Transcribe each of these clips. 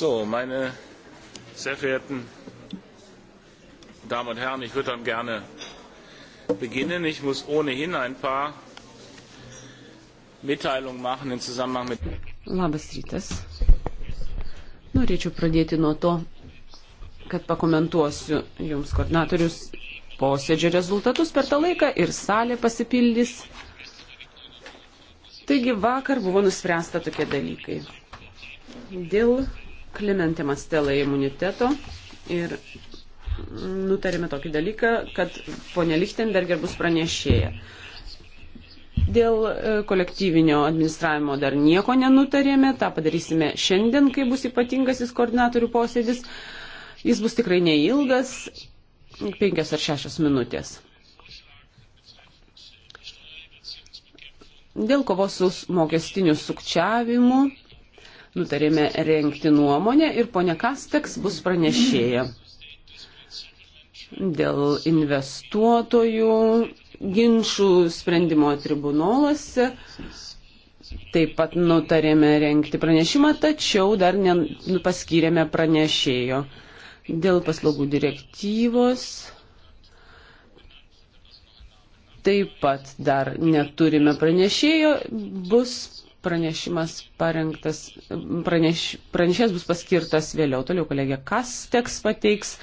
So, meine sehr verehrten Damen und Herren, ich würde dann gerne beginnen. Ich muss ohnehin ein paar Mitteilungen machen im Zusammenhang mit. Labas rytas. Norėčiau pradėti nuo to, kad pakomentuosiu Jums koordinatorius posėdžio rezultatus per tą laiką ir salė pasipildys. Taigi vakar buvo nuspręsta tokie dalykai. Dėl Klimentė Mastelai imuniteto ir nutarėme tokį dalyką, kad ponė Lichtenberger bus pranešėja. Dėl e, kolektyvinio administravimo dar nieko nenutarėme, tą padarysime šiandien, kai bus ypatingasis koordinatorių posėdis. Jis bus tikrai neilgas, penkios ar šešios minutės. Dėl kovos su mokestiniu sukčiavimu nutarėme renkti nuomonę ir ponia Kasteks bus pranešėja dėl investuotojų ginčių sprendimo tribunoluose. Taip pat nutarėme renkti pranešimą, tačiau dar nepaskyrėme nu, pranešėjo dėl paslaugų direktyvos. Taip pat dar neturime pranešėjo, bus pranešimas parengtas, praneš, pranešės bus paskirtas vėliau. Toliau kolegė Kasteks pateiks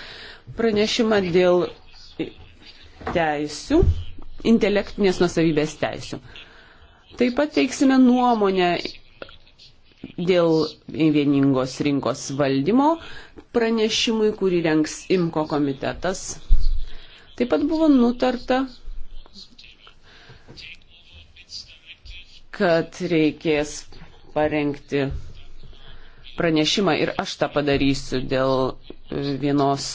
pranešimą dėl teisių, intelektinės nusavybės teisių. Taip pat teiksime nuomonę dėl vieningos rinkos valdymo pranešimui, kurį rengs IMKO komitetas. Taip pat buvo nutarta kad reikės parengti pranešimą ir aš tą padarysiu dėl e, vienos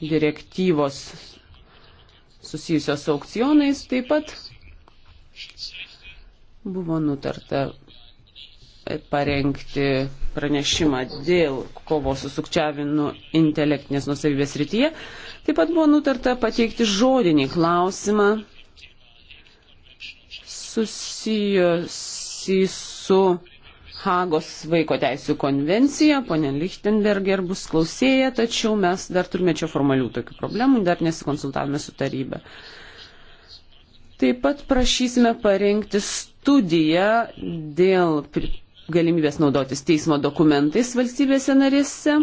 direktyvos susijusios su aukcionais taip pat buvo nutarta parengti pranešimą dėl kovos su sukčiavimu intelektinės nusavybės rytyje. Taip pat buvo nutarta pateikti žodinį klausimą susijusi su Hagos vaiko teisų konvencija, ponė Lichtenberger bus klausėja, tačiau mes dar turime čia formalių tokių problemų, dar nesikonsultavome su taryba. Taip pat prašysime parengti studiją dėl galimybės naudotis teismo dokumentais valstybėse narėse.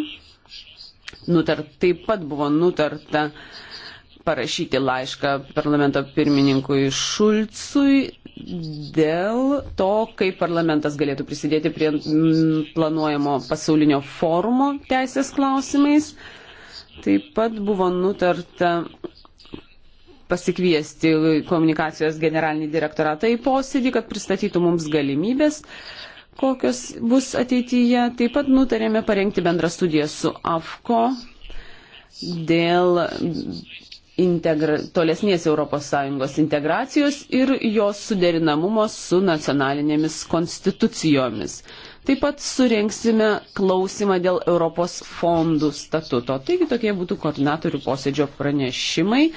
Nutart, taip pat buvo nutarta parašyti laišką parlamento pirmininkui Šulcui dėl to, kaip parlamentas galėtų prisidėti prie mm, planuojamo pasaulinio forumo teisės klausimais. Taip pat buvo nutarta pasikviesti komunikacijos generalinį direktoratą į posėdį, kad pristatytų mums galimybės, kokios bus ateityje. Taip pat nutarėme parengti bendrą studiją su AFCO dėl integra, tolesnės ES integracijos ir jos suderinamumo su nacionalinėmis konstitucijomis. Taip pat surenksime klausimą dėl Europos fondų statuto. Taigi tokie būtų koordinatorių posėdžio pranešimai.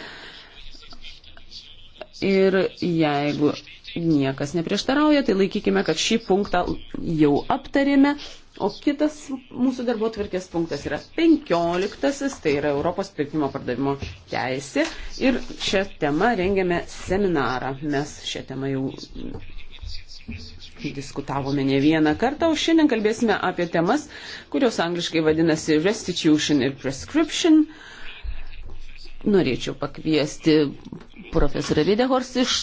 Ir jeigu niekas neprieštarauja, tai laikykime, kad šį punktą jau aptarėme. O kitas mūsų darbo tvarkės punktas yra 15, tai yra Europos pirkimo pardavimo teisė. Ir šią temą rengiame seminarą. Mes šią temą jau diskutavome ne vieną kartą, o šiandien kalbėsime apie temas, kurios angliškai vadinasi restitution ir prescription. Norėčiau pakviesti profesorę Videhors iš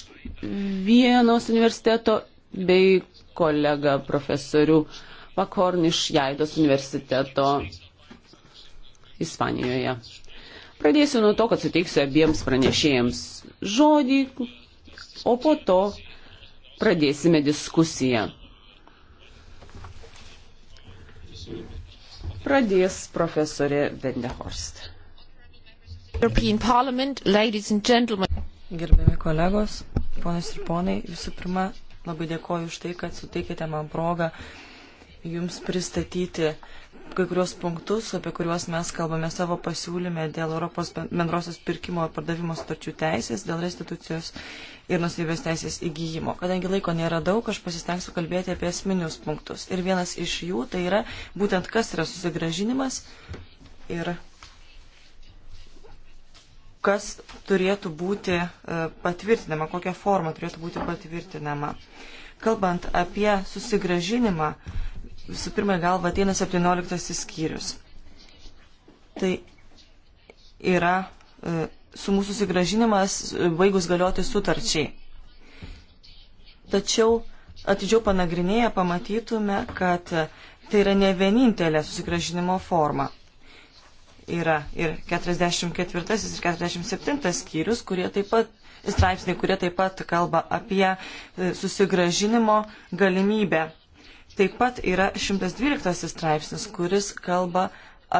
Vienos universiteto bei kolegą profesorių uh, Vakorn iš Jaidos universiteto Ispanijoje. Pradėsiu nuo to, kad suteiksiu abiems pranešėjams žodį, o po to pradėsime diskusiją. Pradės profesorė Vendehorst. Gerbiami kolegos, ponas ir ponai, visų pirma, labai dėkoju už tai, kad suteikėte man progą uh, Jums pristatyti kai kurios punktus, apie kuriuos mes kalbame savo pasiūlyme dėl Europos bendrosios pirkimo ir pardavimo sutarčių teisės, dėl restitucijos ir nusivybės teisės įgyjimo. Kadangi laiko nėra daug, aš pasistengsiu kalbėti apie esminius punktus. Ir vienas iš jų tai yra būtent kas yra susigražinimas ir kas turėtų būti e, patvirtinama, kokia forma turėtų būti patvirtinama. Kalbant apie susigražinimą, visų pirma galva ateina 17 skyrius. Tai yra e, su mūsų susigražinimas e, baigus galioti sutarčiai. Tačiau atidžiau panagrinėję pamatytume, kad e, tai yra ne vienintelė susigražinimo forma. Yra ir 44 ir 47 skyrius, kurie taip pat, straipsniai, kurie taip pat kalba apie e, susigražinimo galimybę Taip pat yra 112 straipsnis, kuris kalba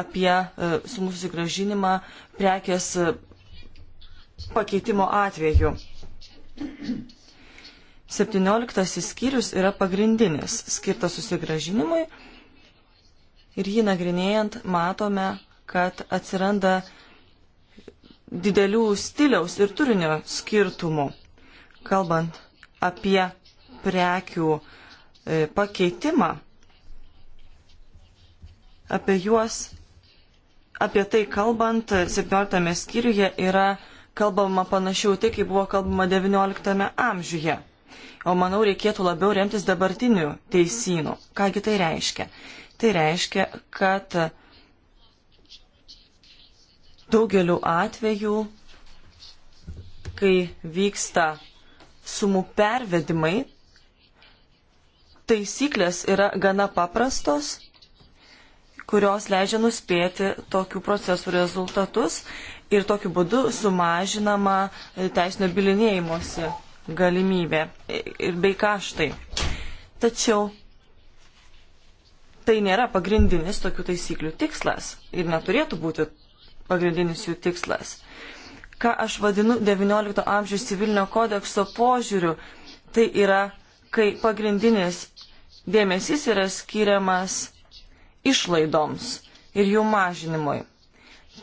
apie e, su mūsų susigražinimą prekės e, pakeitimo atveju. 17 skyrius yra pagrindinis, skirtas susigražinimui ir jį nagrinėjant matome, kad atsiranda didelių stiliaus ir turinio skirtumų, kalbant apie prekių uh, E, pakeitimą, apie juos, apie tai kalbant, 17 skyriuje yra kalbama panašiau tai, kaip buvo kalbama 19 amžiuje. O manau, reikėtų labiau remtis dabartiniu teisynu. Kągi tai reiškia? Tai reiškia, kad daugeliu atveju, kai vyksta sumų pervedimai, taisyklės yra gana paprastos, kurios leidžia nuspėti tokių procesų rezultatus ir tokiu būdu sumažinama teisinio bilinėjimosi galimybė ir bei kaštai. Tačiau tai nėra pagrindinis tokių taisyklių tikslas ir neturėtų būti pagrindinis jų tikslas. Ką aš vadinu XIX amžiaus civilinio kodekso požiūriu, tai yra, kai pagrindinis dėmesys yra skiriamas išlaidoms ir jų mažinimui.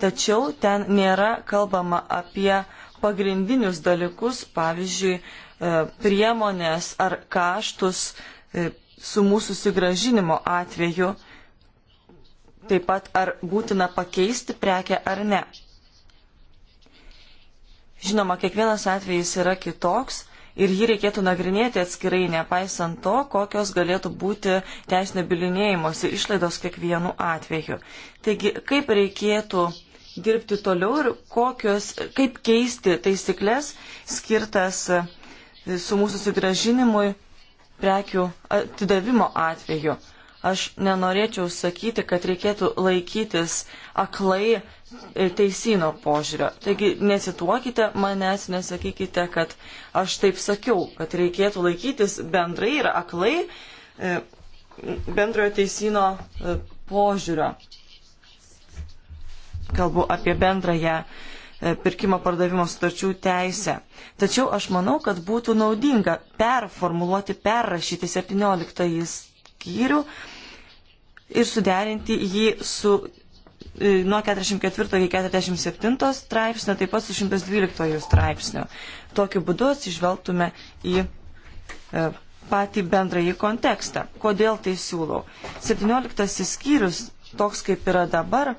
Tačiau ten nėra kalbama apie pagrindinius dalykus, pavyzdžiui, e, priemonės ar kaštus e, su mūsų sugražinimo atveju, taip pat ar būtina pakeisti prekę ar ne. Žinoma, kiekvienas atvejis yra kitoks, ir jį reikėtų nagrinėti atskirai, nepaisant to, kokios galėtų būti teisinio bilinėjimosi išlaidos kiekvienu atveju. Taigi, kaip reikėtų dirbti toliau ir kokios, kaip keisti taisyklės skirtas e, su mūsų sugražinimui prekių atidavimo atveju. Aš nenorėčiau sakyti, kad reikėtų laikytis aklai E, teisino požiūrio. Taigi necituokite manęs, nesakykite, kad aš taip sakiau, kad reikėtų laikytis bendrai ir aklai e, bendrojo teisino e, požiūrio. Kalbu apie bendrąją pirkimo pardavimo sutarčių teisę. Tačiau aš manau, kad būtų naudinga performuluoti, perrašyti 17 skyrių ir suderinti jį su E, nuo 44 iki 47 straipsnio, taip pat su 112 straipsnio. Tokiu būdu atsižvelgtume į e, patį bendrąjį kontekstą. Kodėl tai siūlau? 17 skyrius, toks kaip yra dabar,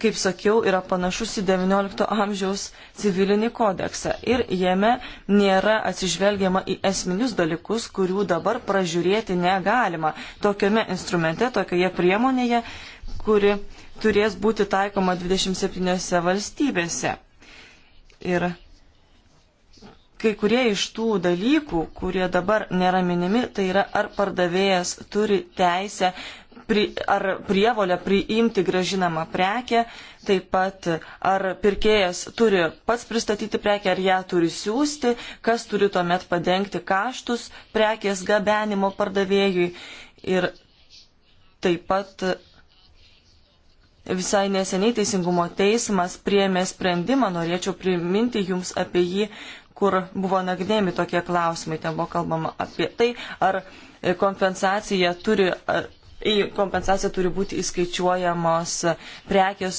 kaip sakiau, yra panašus į XIX amžiaus civilinį kodeksą ir jame nėra atsižvelgiama į esminius dalykus, kurių dabar pražiūrėti negalima. Tokiame instrumente, tokioje priemonėje kuri turės būti taikoma 27 valstybėse. Ir kai kurie iš tų dalykų, kurie dabar nėra minimi, tai yra ar pardavėjas turi teisę pri, ar prievolę priimti gražinamą prekę, taip pat ar pirkėjas turi pats pristatyti prekę, ar ją turi siūsti, kas turi tuomet padengti kaštus prekės gabenimo pardavėjui ir taip pat Visai neseniai Teisingumo teismas priėmė sprendimą, norėčiau priminti jums apie jį, kur buvo nagrinėjami tokie klausimai. Ten buvo kalbama apie tai, ar kompensacija turi, ar, į kompensaciją turi būti įskaičiuojamos prekės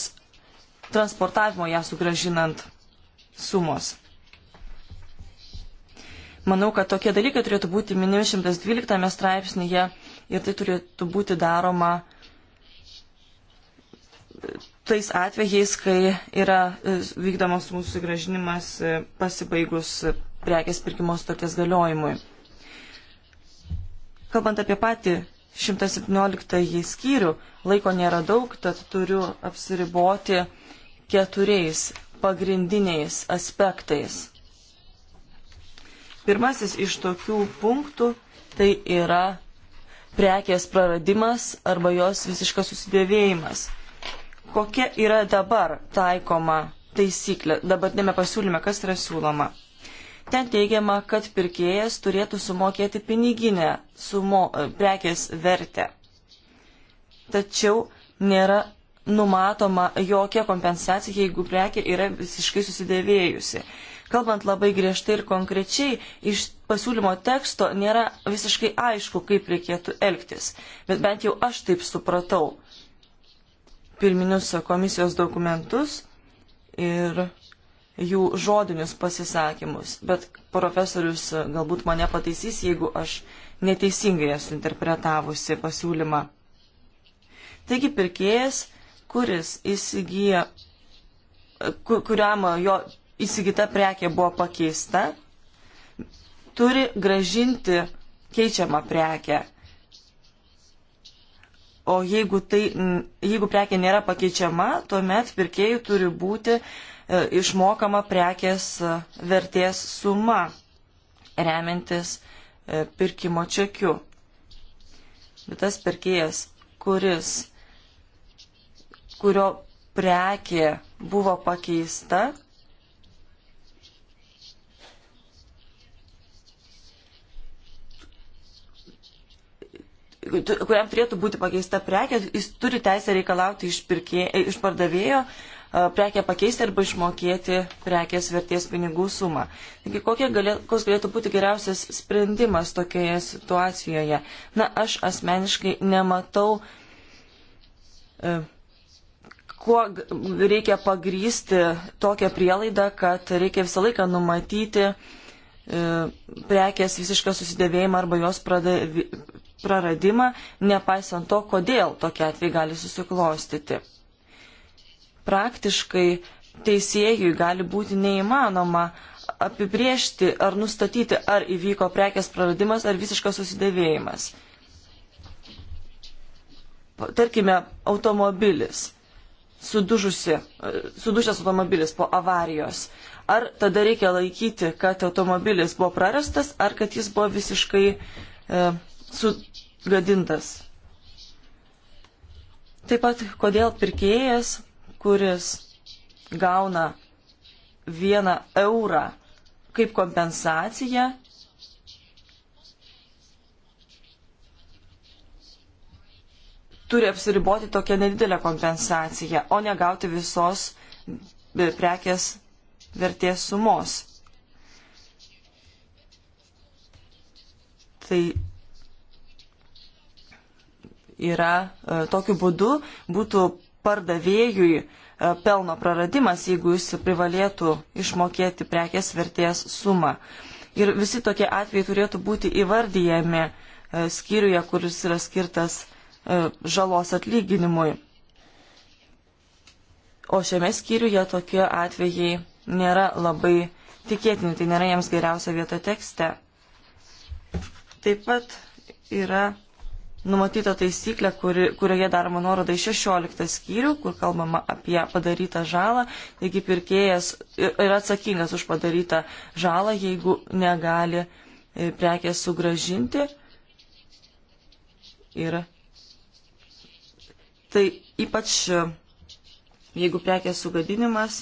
transportavimo ją sugražinant sumos. Manau, kad tokie dalykai turėtų būti minimi 112 straipsnėje ir tai turėtų būti daroma tais atvejais, kai yra e, vykdomas mūsų sugražinimas e, pasibaigus prekės pirkimo stoties galiojimui. Kalbant apie patį 117 skyrių, laiko nėra daug, tad turiu apsiriboti keturiais pagrindiniais aspektais. Pirmasis iš tokių punktų tai yra prekės praradimas arba jos visiškas susidėvėjimas kokia yra dabar taikoma taisyklė, dabartinėme pasiūlyme, kas yra siūloma. Ten teigiama, kad pirkėjas turėtų sumokėti piniginę sumo, e, prekės vertę. Tačiau nėra numatoma jokia kompensacija, jeigu prekė yra visiškai susidėvėjusi. Kalbant labai griežtai ir konkrečiai, iš pasiūlymo teksto nėra visiškai aišku, kaip reikėtų elgtis. Bet bent jau aš taip supratau pirminius komisijos dokumentus ir jų žodinius pasisakymus, bet profesorius galbūt mane pataisys, jeigu aš neteisingai esu interpretavusi pasiūlymą. Taigi pirkėjas, kuris įsigyja, kuriam jo įsigyta prekė buvo pakeista, turi gražinti keičiamą prekę O jeigu, tai, jeigu prekė nėra pakeičiama, tuomet pirkėjai turi būti e, išmokama prekės e, vertės suma, remiantis e, pirkimo čekiu. Bet tas pirkėjas, kuris, kurio prekė buvo pakeista, kuriam turėtų būti pakeista prekė, jis turi teisę reikalauti iš, pirkė, iš pardavėjo e, prekę pakeisti arba išmokėti prekės vertės pinigų sumą. Taigi, galė, koks galėtų būti geriausias sprendimas tokioje situacijoje? Na, aš asmeniškai nematau, e, kuo reikia pagrysti tokią prielaidą, kad reikia visą laiką numatyti e, prekės visišką susidėvėjimą arba jos pradavi, praradimą, nepaisant to, kodėl tokie atvejai gali susiklostyti. Praktiškai teisėjui gali būti neįmanoma apibriežti ar nustatyti, ar įvyko prekės praradimas ar visiškas susidėvėjimas. Tarkime, automobilis, sudužusi, sudužęs automobilis po avarijos ar tada reikia laikyti, kad automobilis buvo prarastas, ar kad jis buvo visiškai e, su, gadintas. Taip pat, kodėl pirkėjas, kuris gauna vieną eurą kaip kompensaciją, turi apsiriboti tokią nedidelę kompensaciją, o negauti visos prekės vertės sumos. Tai yra e, tokiu būdu būtų pardavėjui e, pelno praradimas, jeigu jis privalėtų išmokėti prekės vertės sumą. Ir visi tokie atvejai turėtų būti įvardyjami e, skyriuje, kuris yra skirtas žalos atlyginimui. O šiame skyriuje tokie atvejai nėra labai tikėtini, tai nėra jiems geriausia vieta tekste. Taip pat yra numatyta taisyklė, kuri, kurioje daroma nuoroda į 16 skyrių, kur kalbama apie padarytą žalą. Taigi pirkėjas yra atsakingas už padarytą žalą, jeigu negali e, prekės sugražinti. Ir tai ypač e, jeigu prekės sugadinimas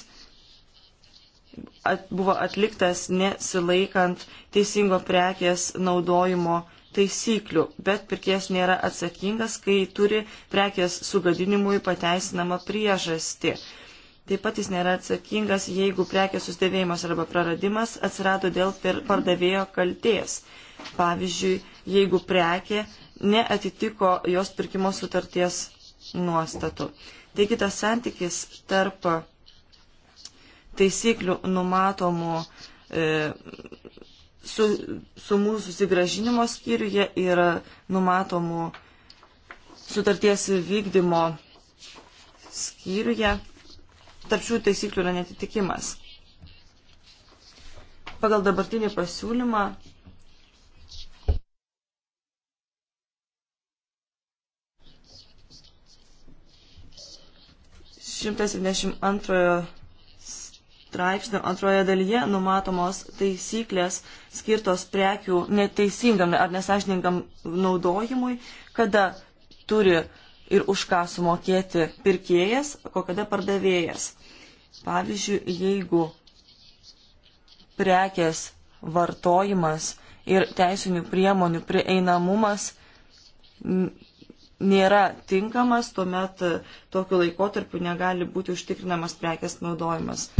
at, buvo atliktas nesilaikant teisingo prekės naudojimo taisyklių, bet pirkėjas nėra atsakingas, kai turi prekės sugadinimui pateisinamą priežastį. Taip pat jis nėra atsakingas, jeigu prekės susidėvėjimas arba praradimas atsirado dėl pardavėjo kalties. Pavyzdžiui, jeigu prekė neatitiko jos pirkimo sutarties nuostatų. Taigi tas santykis tarp taisyklių numatomų e, su, sumų susigražinimo skyriuje yra numatomų sutarties vykdymo skyriuje. Tarp šių taisyklių yra netitikimas. Pagal dabartinį pasiūlymą šimtas septyniasdešimt antrojo straipsnio antroje dalyje numatomos taisyklės skirtos prekių neteisingam ar nesažiningam naudojimui, kada turi ir už ką sumokėti pirkėjas, o kada pardavėjas. Pavyzdžiui, jeigu prekės vartojimas ir teisinių priemonių prieinamumas nėra tinkamas, tuomet tokiu laikotarpiu negali būti užtikrinamas prekės naudojimas.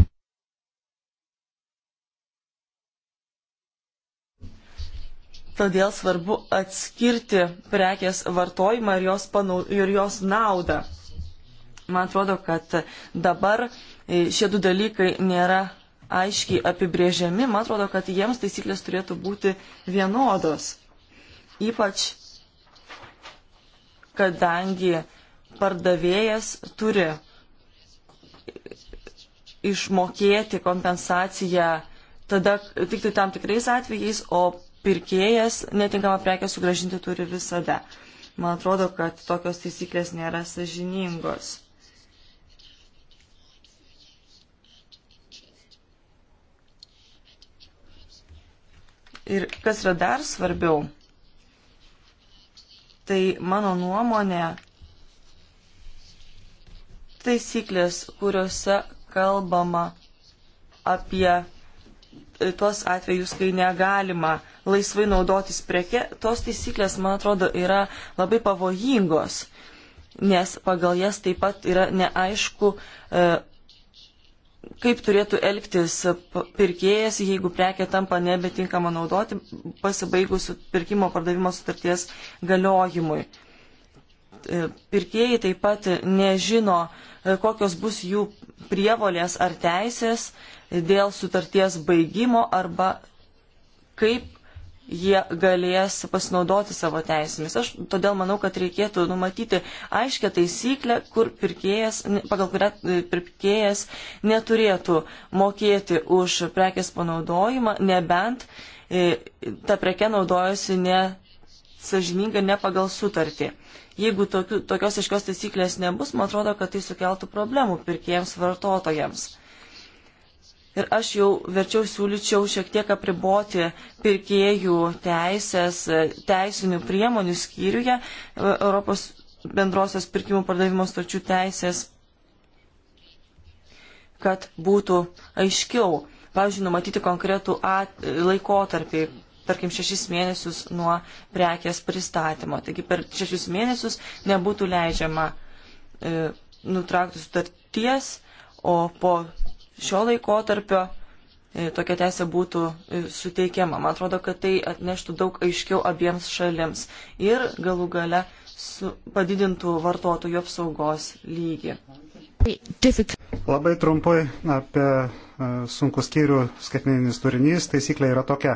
todėl svarbu atskirti prekės vartojimą ir jos, panau, ir jos naudą. Man atrodo, kad dabar e, šie du dalykai nėra aiškiai apibrėžiami, man atrodo, kad jiems taisyklės turėtų būti vienodos. Ypač, kadangi pardavėjas turi išmokėti kompensaciją tada tik tai tam tikrais atvejais, o pirkėjas netinkamą prekę sugražinti turi visada. Man atrodo, kad tokios taisyklės nėra sažiningos. Ir kas yra dar svarbiau, tai mano nuomonė, taisyklės, kuriuose kalbama apie tuos atvejus, kai negalima laisvai naudotis preke, tos taisyklės, man atrodo, yra labai pavojingos, nes pagal jas taip pat yra neaišku, e, kaip turėtų elgtis pirkėjas, jeigu prekė tampa nebetinkama naudoti pasibaigus pirkimo pardavimo sutarties galiojimui. E, pirkėjai taip pat nežino, e, kokios bus jų prievolės ar teisės dėl sutarties baigimo arba kaip jie galės pasinaudoti savo teisėmis. Aš todėl manau, kad reikėtų numatyti aiškę taisyklę, kur pirkėjas, pagal kurią e, pirkėjas neturėtų mokėti už prekės panaudojimą, nebent ta preke naudojasi ne sažininga, ne pagal sutartį. Jeigu tokiu, tokios iškios taisyklės nebus, man atrodo, kad tai sukeltų problemų pirkėjams vartotojams. Ir aš jau verčiau siūlyčiau šiek tiek apriboti pirkėjų teisės, teisinių priemonių skyriuje e, Europos bendrosios pirkimų pardavimo starčių teisės, kad būtų aiškiau, pavyzdžiui, numatyti konkretų at, laikotarpį, tarkim, šešis mėnesius nuo prekės pristatymo. Taigi per šešis mėnesius nebūtų leidžiama e, nutraukti sutarties, o po šio laikotarpio e, tokia teisė būtų e, suteikiama. Man atrodo, kad tai atneštų daug aiškiau abiems šalims ir galų gale su, padidintų vartotojų apsaugos lygį. Labai trumpai apie e, sunkus skyrių skaitmeninis turinys. Taisyklė yra tokia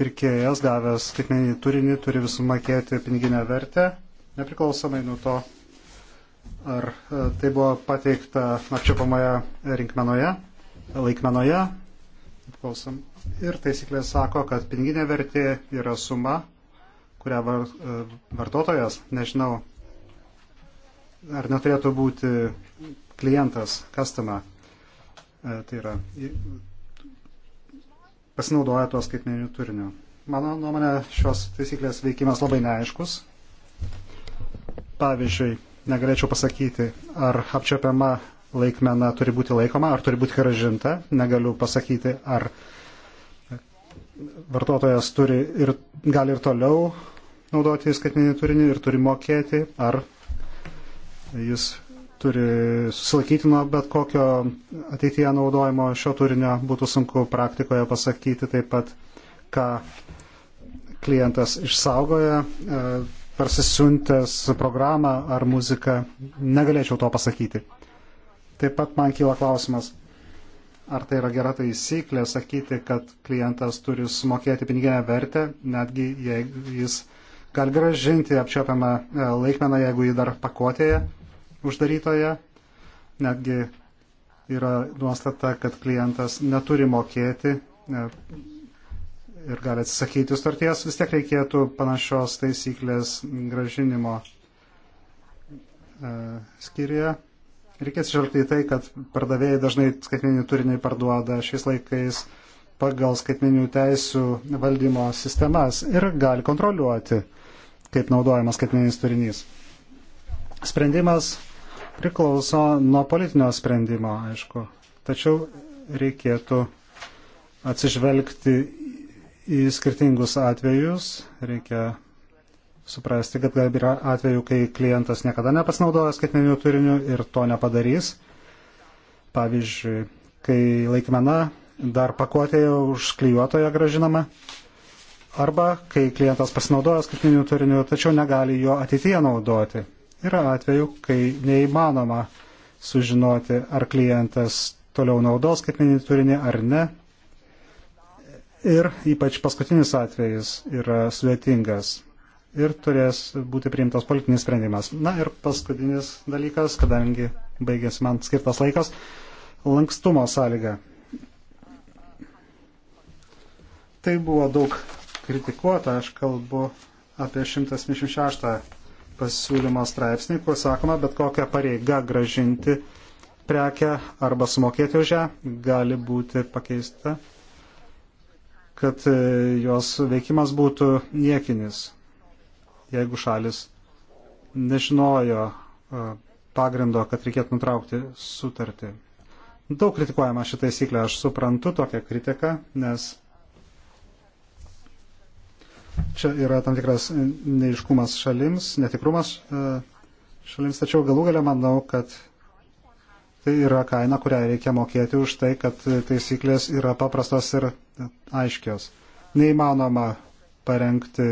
pirkėjas gavęs skaitmeninį turinį turi visumokėti piniginę vertę, nepriklausomai nuo to, ar e, tai buvo pateikta apčiopamoje rinkmenoje, laikmenoje. Klausom. Ir taisyklė sako, kad piniginė vertė yra suma, kurią e, vartotojas, nežinau, ar neturėtų būti klientas, kastama. E, tai yra pasinaudoja tuo skaitmeniniu turiniu. Mano nuomonė, šios taisyklės veikimas labai neaiškus. Pavyzdžiui, negalėčiau pasakyti, ar apčiopiama laikmena turi būti laikoma, ar turi būti gražinta. Negaliu pasakyti, ar vartotojas turi ir gali ir toliau naudoti skaitinį turinį ir turi mokėti, ar jis turi susilaikyti nuo bet kokio ateityje naudojimo šio turinio, būtų sunku praktikoje pasakyti taip pat, ką klientas išsaugoja, e, persisiuntęs programą ar muziką, negalėčiau to pasakyti. Taip pat man kyla klausimas, ar tai yra gera taisyklė sakyti, kad klientas turi sumokėti piniginę vertę, netgi jei jis gali gražinti apčiopiamą e, laikmeną, jeigu jį dar pakuotėje uždarytoje. Netgi yra nuostata, kad klientas neturi mokėti e, ir gali atsisakyti sutarties, vis tiek reikėtų panašios taisyklės gražinimo e, skyriuje. Reikės žvelgti į tai, kad pardavėjai dažnai skaitmeninį turinį parduoda šiais laikais pagal skaitmeninių teisų valdymo sistemas ir gali kontroliuoti, kaip naudojamas skaitmeninis turinys. Sprendimas priklauso nuo politinio sprendimo, aišku. Tačiau reikėtų atsižvelgti į skirtingus atvejus, reikia suprasti, kad gal yra atvejų, kai klientas niekada nepasinaudoja skaitmeniniu turiniu ir to nepadarys. Pavyzdžiui, kai laikmena dar pakuotėje užklijuotoje gražinama, arba kai klientas pasinaudoja skaitmeniniu turiniu, tačiau negali jo ateityje naudoti. Yra atveju, kai neįmanoma sužinoti, ar klientas toliau naudos skaitmeninį turinį ar ne. Ir ypač paskutinis atvejis yra sudėtingas ir turės būti priimtas politinis sprendimas. Na ir paskutinis dalykas, kadangi baigėsi man skirtas laikas, lankstumo sąlyga. Tai buvo daug kritikuota, aš kalbu apie 176 pasiūlymo straipsnį, kur sakoma, bet kokia pareiga gražinti prekę arba sumokėti už ją gali būti pakeista, kad e, jos veikimas būtų niekinis, jeigu šalis nežinojo e, pagrindo, kad reikėtų nutraukti sutartį. Daug kritikuojama šitą taisyklę, aš suprantu tokią kritiką, nes Čia yra tam tikras neiškumas šalims, netikrumas e, šalims, tačiau galų galę manau, kad tai yra kaina, kurią reikia mokėti už tai, kad taisyklės yra paprastos ir aiškios. Neįmanoma parengti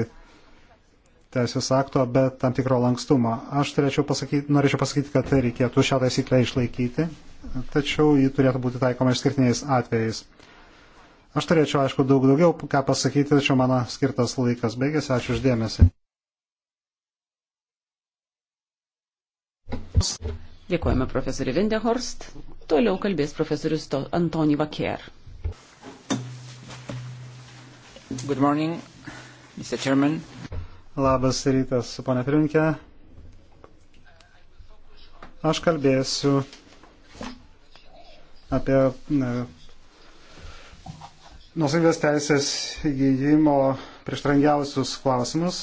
teisės akto, bet tam tikro lankstumo. Aš pasakyti, norėčiau pasakyti, kad tai reikėtų šią taisyklę išlaikyti, tačiau ji turėtų būti taikoma išskirtiniais atvejais. Aš turėčiau, aišku, daug daugiau ką pasakyti, tačiau mano skirtas laikas baigėsi. Ačiū uždėmesi. Dėkojame profesoriui Vendehorst. Toliau kalbės profesorius Antony Vakier. Good morning, Mr. Chairman. Labas rytas, ponė Pirinkė. Aš kalbėsiu apie nusavybės teisės įgyjimo prieštrangiausius klausimus,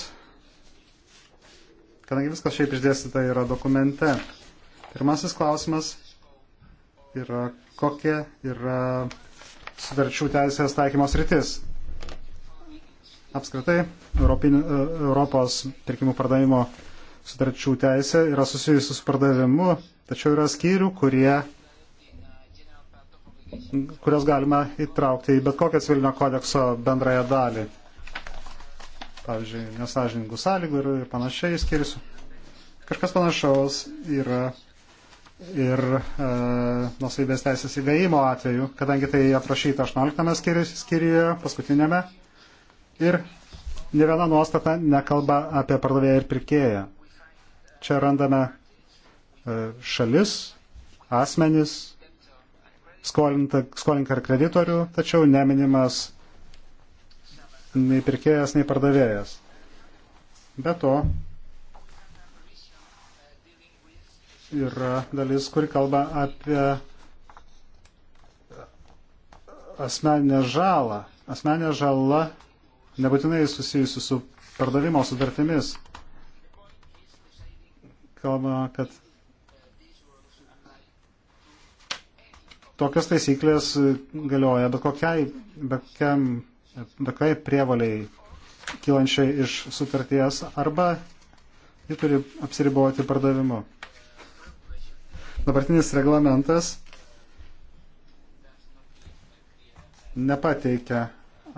kadangi viskas šiaip išdėstyta yra dokumente. Pirmasis klausimas yra, kokia yra sudarčių teisės taikymos rytis. Apskritai, Europin, e, Europos pirkimų pardavimo sudarčių teisė yra susijusi su pardavimu, tačiau yra skyrių, kurie kurias galima įtraukti į bet kokią civilinio kodekso bendrąją dalį. Pavyzdžiui, nesažiningų sąlygų ir, ir panašiai skirsiu. Kažkas panašaus yra ir e, nusaibės teisės įgajimo atveju, kadangi tai aprašyta 18 skyriuje, paskutinėme. Ir ne viena nuostata nekalba apie pardavėją ir pirkėją. Čia randame e, šalis, asmenis, skolinką ar kreditorių, tačiau neminimas nei pirkėjas, nei pardavėjas. Be to, yra dalis, kuri kalba apie asmeninę žalą. Asmeninė žala nebūtinai susijusi su pardavimo sutartimis. Kalba, kad Tokios taisyklės galioja bet kokiai, bet kokiam, bet kokiai prievaliai kylančiai iš sutarties arba ji turi apsiriboti pardavimu. Dabartinis reglamentas nepateikia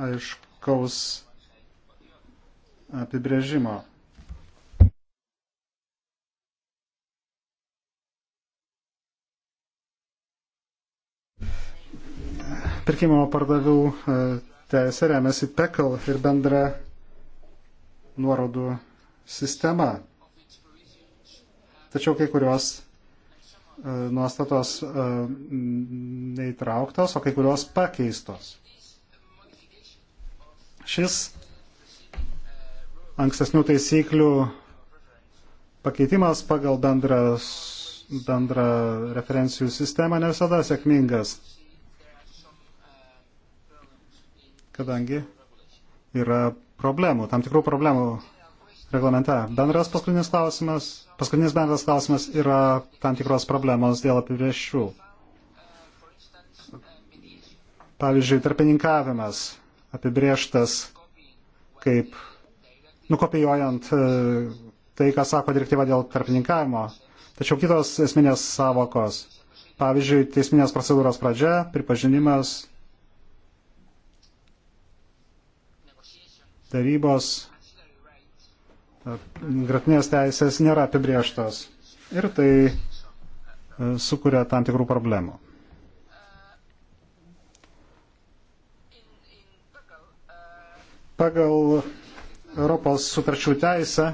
aiškaus apibrėžimo. pirkimo pardavų e, teisė remiasi PECL ir bendra nuorodų sistema. Tačiau kai kurios e, nuostatos e, neįtrauktos, o kai kurios pakeistos. Šis ankstesnių taisyklių pakeitimas pagal bendrą, bendrą referencijų sistemą ne visada sėkmingas. kadangi yra problemų, tam tikrų problemų reglamente. Bendras paskutinis klausimas, paskutinis bendras klausimas yra tam tikros problemos dėl apibrėžčių. Pavyzdžiui, tarpininkavimas apibrėžtas kaip nukopijuojant e, tai, ką sako direktyva dėl tarpininkavimo. Tačiau kitos esminės savokos, pavyzdžiui, teisminės procedūros pradžia, pripažinimas, tarybos e, gratinės teisės nėra apibrieštos ir tai e, sukuria tam tikrų problemų. Pagal Europos sutarčių teisę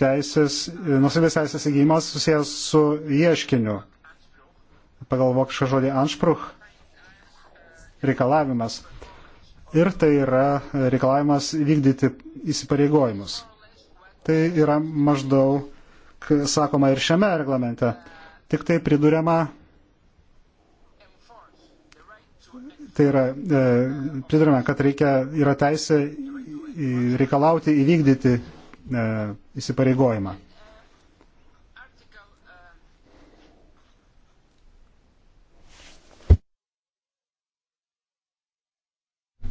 teisės, nusavės teisės įgymas susijęs su ieškiniu. Pagal vokišką žodį anšpruch reikalavimas ir tai yra reikalavimas vykdyti įsipareigojimus. Tai yra maždaug, sakoma, ir šiame reglamente. Tik tai priduriama, tai yra, e, priduriama, kad reikia, yra teisė reikalauti įvykdyti e, įsipareigojimą.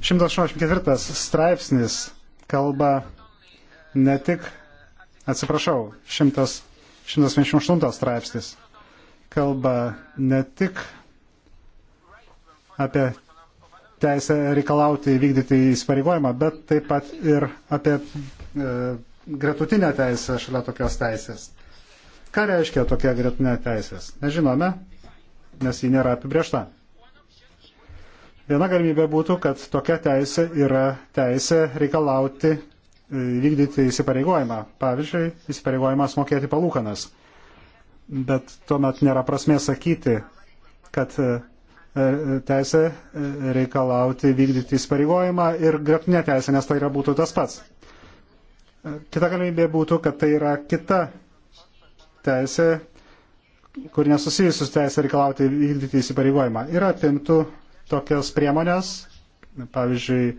184 straipsnis kalba ne tik, atsiprašau, 100, 188 straipsnis kalba ne tik apie teisę reikalauti vykdyti įsipareigojimą, bet taip pat ir apie e, gretutinę teisę šalia tokios teisės. Ką reiškia tokia gretutinė teisės? Nežinome, nes ji nėra apibriešta. Viena galimybė būtų, kad tokia teisė yra teisė reikalauti e, vykdyti įsipareigojimą. Pavyzdžiui, įsipareigojimas mokėti palūkanas. Bet tuomet nėra prasmės sakyti, kad e, e, teisė reikalauti vykdyti įsipareigojimą ir greptinė teisė, nes tai yra būtų tas pats. Kita galimybė būtų, kad tai yra kita teisė, kur nesusijusius teisė reikalauti vykdyti įsipareigojimą ir apimtų tokias priemonės, pavyzdžiui,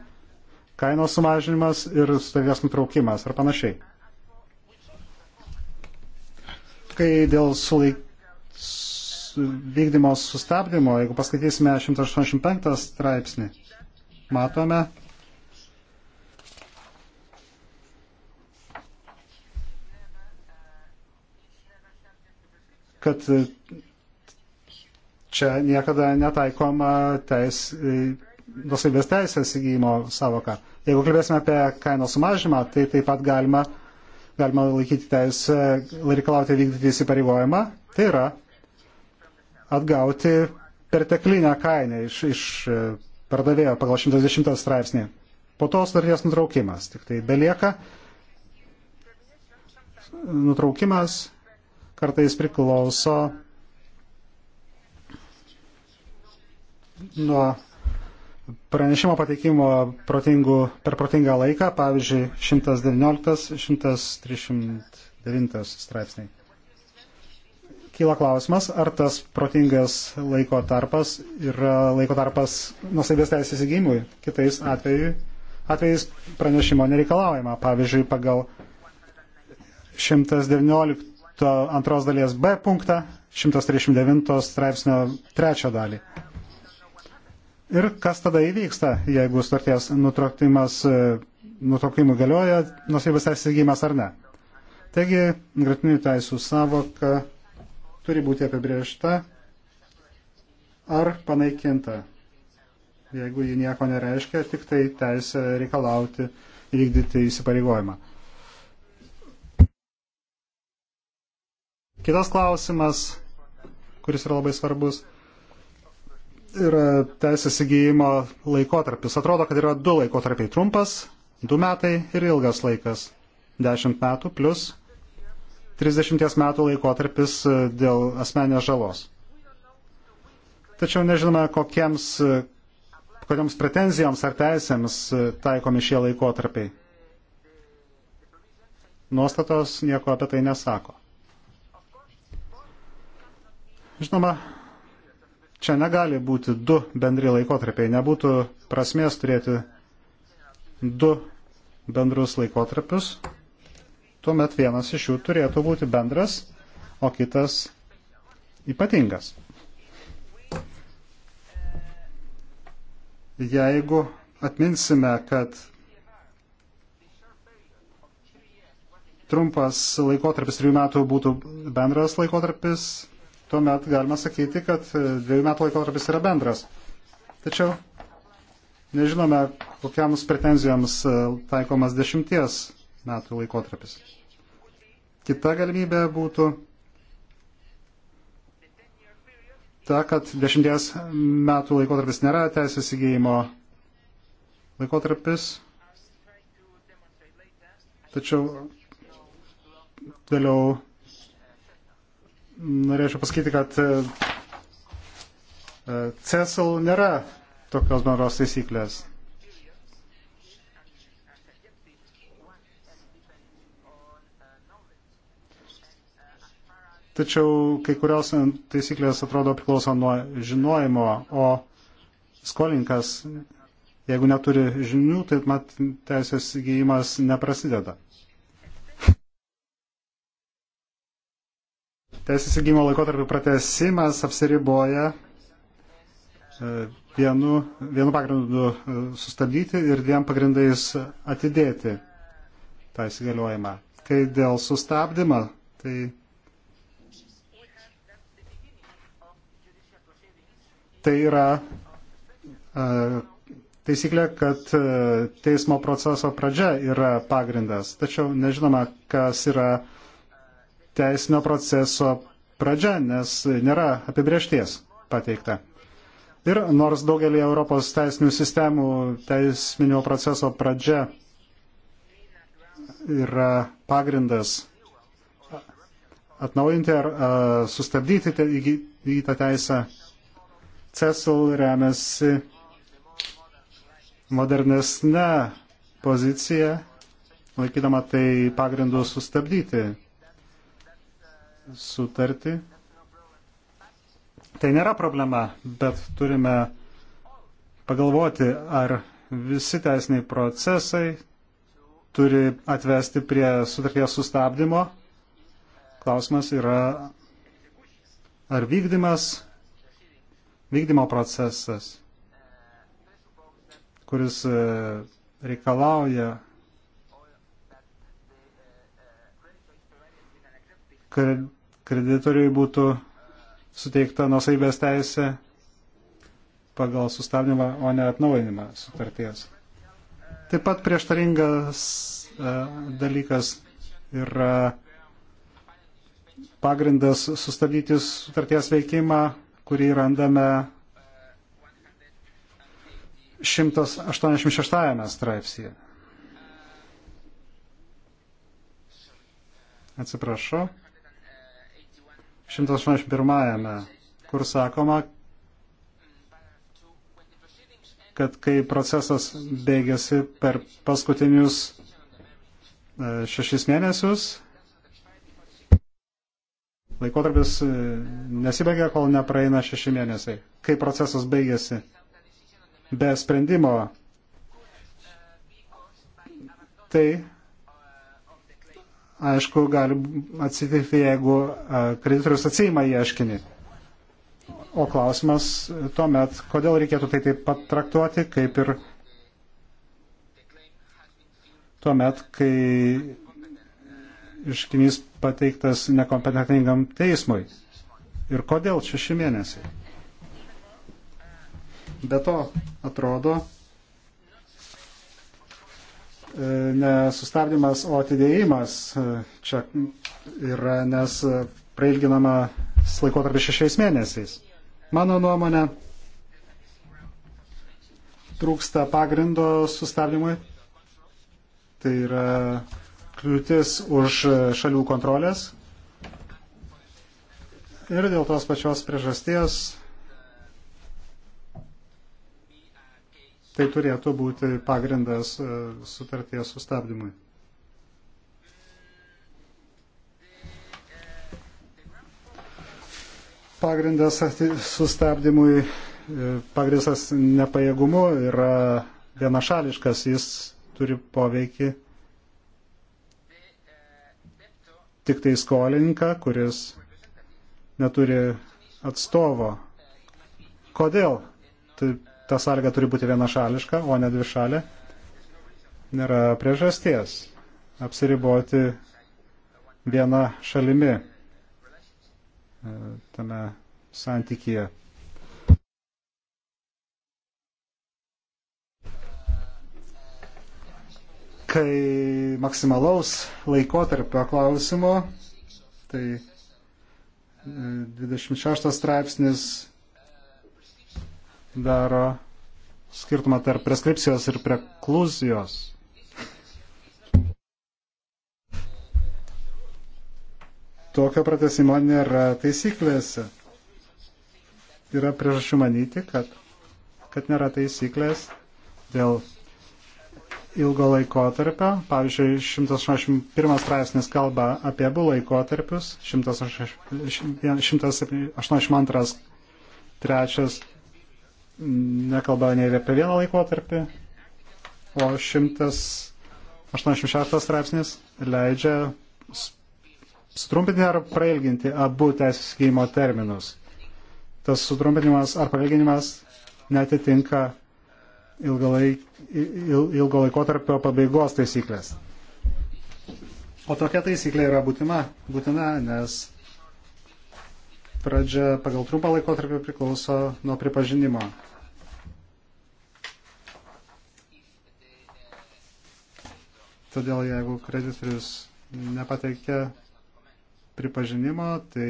kainos sumažinimas ir stovės nutraukimas ar panašiai. Kai dėl sulaik... vykdymo sustabdymo, jeigu paskaitysime 185 straipsnį, matome, kad čia niekada netaikoma teis, nusavybės teisės įgyjimo savoka. Jeigu kalbėsime apie kainos sumažymą, tai taip pat galima, galima laikyti teisę, reikalauti vykdyti įsipareigojimą, tai yra atgauti perteklinę kainą iš, iš e, pardavėjo pagal 110 straipsnį. Po to sutarties nutraukimas. Tik tai belieka nutraukimas kartais priklauso nuo pranešimo pateikimo protingų, per protingą laiką, pavyzdžiui, 119-139 straipsniai. Kyla klausimas, ar tas protingas laiko tarpas yra laiko tarpas nusavės teisės įsigymui. Kitais atveju, atvejais pranešimo nereikalaujama. Pavyzdžiui, pagal 119 antros dalies B punktą, 139 straipsnio trečią dalį Ir kas tada įvyksta, jeigu sutarties nutraukimas, e, nutraukimų galioja nusivybės įsigymas ar ne. Taigi, gratinių teisų savoka turi būti apibriešta ar panaikinta, jeigu ji nieko nereiškia, tik tai teisė reikalauti įvykdyti įsipareigojimą. Kitas klausimas, kuris yra labai svarbus yra teisės įgyjimo laikotarpis. Atrodo, kad yra du laikotarpiai - trumpas, du metai ir ilgas laikas - dešimt metų plus 30 metų laikotarpis e, dėl asmenės žalos. Tačiau nežinome, kokiems, e, kokiems pretenzijoms ar teisėms e, taikomi šie laikotarpiai. Nuostatos nieko apie tai nesako. Žinoma, Čia negali būti du bendri laikotarpiai, nebūtų prasmės turėti du bendrus laikotarpius, tuomet vienas iš jų turėtų būti bendras, o kitas ypatingas. Jeigu atminsime, kad trumpas laikotarpis trijų metų būtų bendras laikotarpis, tuomet galima sakyti, kad e, dviejų metų laikotarpis yra bendras. Tačiau nežinome, kokiams pretenzijoms e, taikomas dešimties metų laikotarpis. Kita galimybė būtų ta, kad dešimties metų laikotarpis nėra teisės įgyjimo laikotarpis. Tačiau vėliau norėčiau pasakyti, kad e, e, CESL nėra tokios bendros taisyklės. Tačiau kai kurios taisyklės atrodo priklauso nuo žinojimo, o skolininkas, jeigu neturi žinių, tai mat teisės įgyjimas neprasideda. Teisės įgymo laikotarpių pratesimas apsiriboja e, vienu, vienu pagrindu e, sustabdyti ir dviem pagrindais atidėti tą įsigaliojimą. Kai dėl sustabdymo, tai tai yra e, taisyklė, kad teismo proceso pradžia yra pagrindas. Tačiau nežinoma, kas yra teisinio proceso pradžia, nes nėra apibriešties pateikta. Ir nors daugelį Europos teisinių sistemų teisminio proceso pradžia yra pagrindas atnaujinti ar a, sustabdyti te, į, į tą teisę, CESL remiasi modernesnę poziciją, laikydama tai pagrindu sustabdyti sutartį. Tai nėra problema, bet turime pagalvoti, ar visi teisiniai procesai turi atvesti prie sutarties sustabdymo. Klausimas yra, ar vykdymas, vykdymo procesas, kuris e, reikalauja kad kreditoriui būtų suteikta nusaibės teisė pagal sustabdymą, o ne atnaujinimą sutarties. Taip pat prieštaringas e, dalykas yra pagrindas sustabdyti sutarties veikimą, kurį randame 186 straipsyje. Atsiprašau. 181, kur sakoma, kad kai procesas baigėsi per paskutinius e, šešis mėnesius, laikotarpis e, nesibaigia, kol nepraeina šeši mėnesiai. Kai procesas baigėsi be sprendimo, tai aišku, gali atsitikti, jeigu e, kreditorius atsima ieškinį. O klausimas tuomet, kodėl reikėtų tai taip pat traktuoti, kaip ir tuomet, kai iškinys pateiktas nekompetentingam teismui. Ir kodėl šeši mėnesiai? Be to, atrodo, E, ne sustabdymas, o atidėjimas e, čia yra, nes e, prailginama laikotarpį šešiais mėnesiais. Mano nuomonė, trūksta pagrindo sustabdymui. Tai yra kliūtis už šalių kontrolės. Ir dėl tos pačios priežasties tai turėtų būti pagrindas e, sutarties sustabdymui. Pagrindas sustabdymui, e, pagrindas nepajėgumu yra vienašališkas, jis turi poveikį tik tai skolininką, kuris neturi atstovo. Kodėl taip ta sąlyga turi būti vienašališka, o ne dvišalė, nėra priežasties apsiriboti viena šalimi e, tame santykyje. kai maksimalaus laikotarpio klausimo, tai 26 e, straipsnis daro skirtumą tarp preskripcijos ir prekluzijos. Tokio pratesimo nėra taisyklėse. Yra priežasčių manyti, kad, kad nėra taisyklės dėl ilgo laikotarpio. Pavyzdžiui, 181 straipsnis kalba apie abu laikotarpius, 182 trečias nekalba ne apie vieną laikotarpį, o 186 straipsnis leidžia sutrumpinti ar prailginti abu teisės įgyjimo terminus. Tas sutrumpinimas ar prailginimas netitinka ilgo, laik, il, ilgo laikotarpio pabaigos taisyklės. O tokia taisyklė yra būtima, būtina, nes pradžia pagal trumpą laikotarpį priklauso nuo pripažinimo. Todėl jeigu kreditorius nepateikia pripažinimo, tai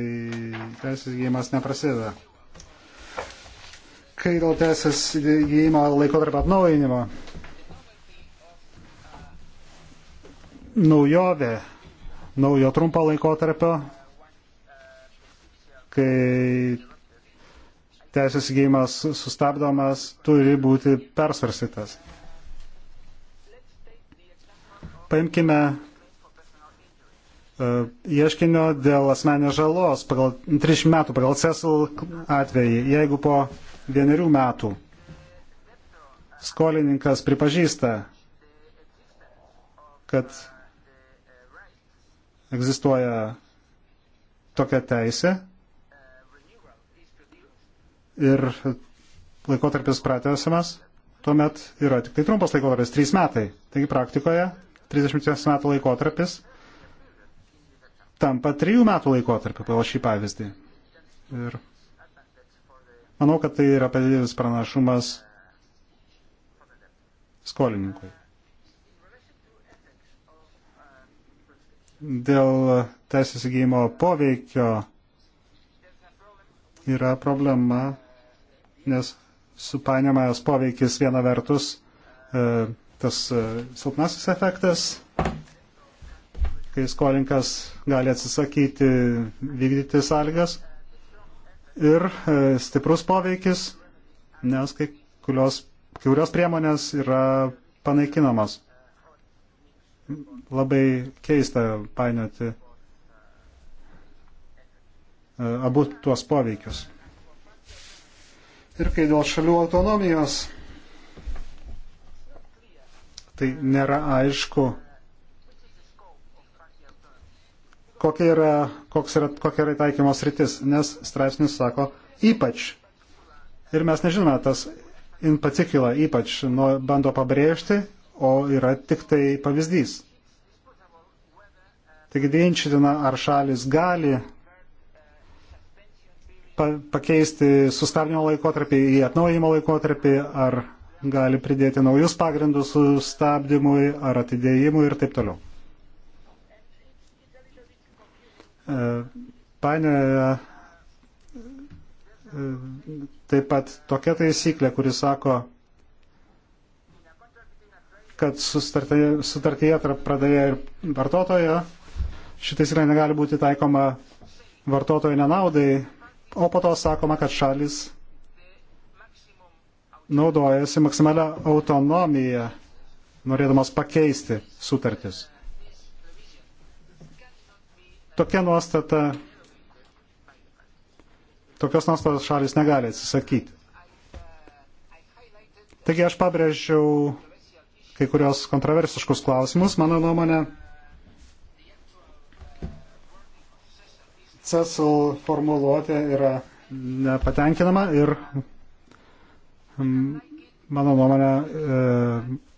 teisės įgyjimas neprasideda. Kai dėl teisės įgyjimo laiko tarp atnaujinimo, naujovė, naujo trumpo laiko tarpio, kai teisės įgyjimas sustabdomas, turi būti persvarstytas. Paimkime e, ieškinio dėl asmenės žalos pagal 30 metų pagal CESL atvejį, jeigu po vienerių metų skolininkas pripažįsta, kad egzistuoja tokia teisė ir laikotarpis pratesamas, tuomet yra tik tai trumpas laikotarpis - 3 metai. Taigi praktikoje 30 metų laikotarpis tampa 3 metų laikotarpiu, pagal šį pavyzdį. Ir manau, kad tai yra padidėjus pranašumas skolininkui. Dėl teisės įgyjimo poveikio yra problema, nes supainiamas poveikis viena vertus e, tas e, silpnasis efektas, kai skolinkas gali atsisakyti vykdyti sąlygas. Ir e, stiprus poveikis, nes kai kurios, kai kurios priemonės yra panaikinamas. Labai keista painioti e, abu tuos poveikius. Ir kai dėl šalių autonomijos tai nėra aišku, kokia yra, yra, kokia yra taikymos rytis, nes straipsnis sako ypač. Ir mes nežinome, tas in particular ypač nu, bando pabrėžti, o yra tik tai pavyzdys. Taigi ginčytina, ar šalis gali pa, pakeisti sustabdymo laikotarpį į atnaujimo laikotarpį, ar gali pridėti naujus pagrindus sustabdymui ar atidėjimui ir taip toliau. E, painioja e, taip pat tokia taisyklė, kuri sako, kad sutartyje tarp pradėjo ir vartotojo šitais yra negali būti taikoma vartotojo nenaudai, o po to sakoma, kad šalis naudojasi maksimalią autonomiją, norėdamas pakeisti sutartis. Tokia nuostata, tokios nuostatos šalis negali atsisakyti. Taigi aš pabrėžiau kai kurios kontroversiškus klausimus, mano nuomonė. CESL formuluotė yra nepatenkinama ir Mm, mano nuomonė, e,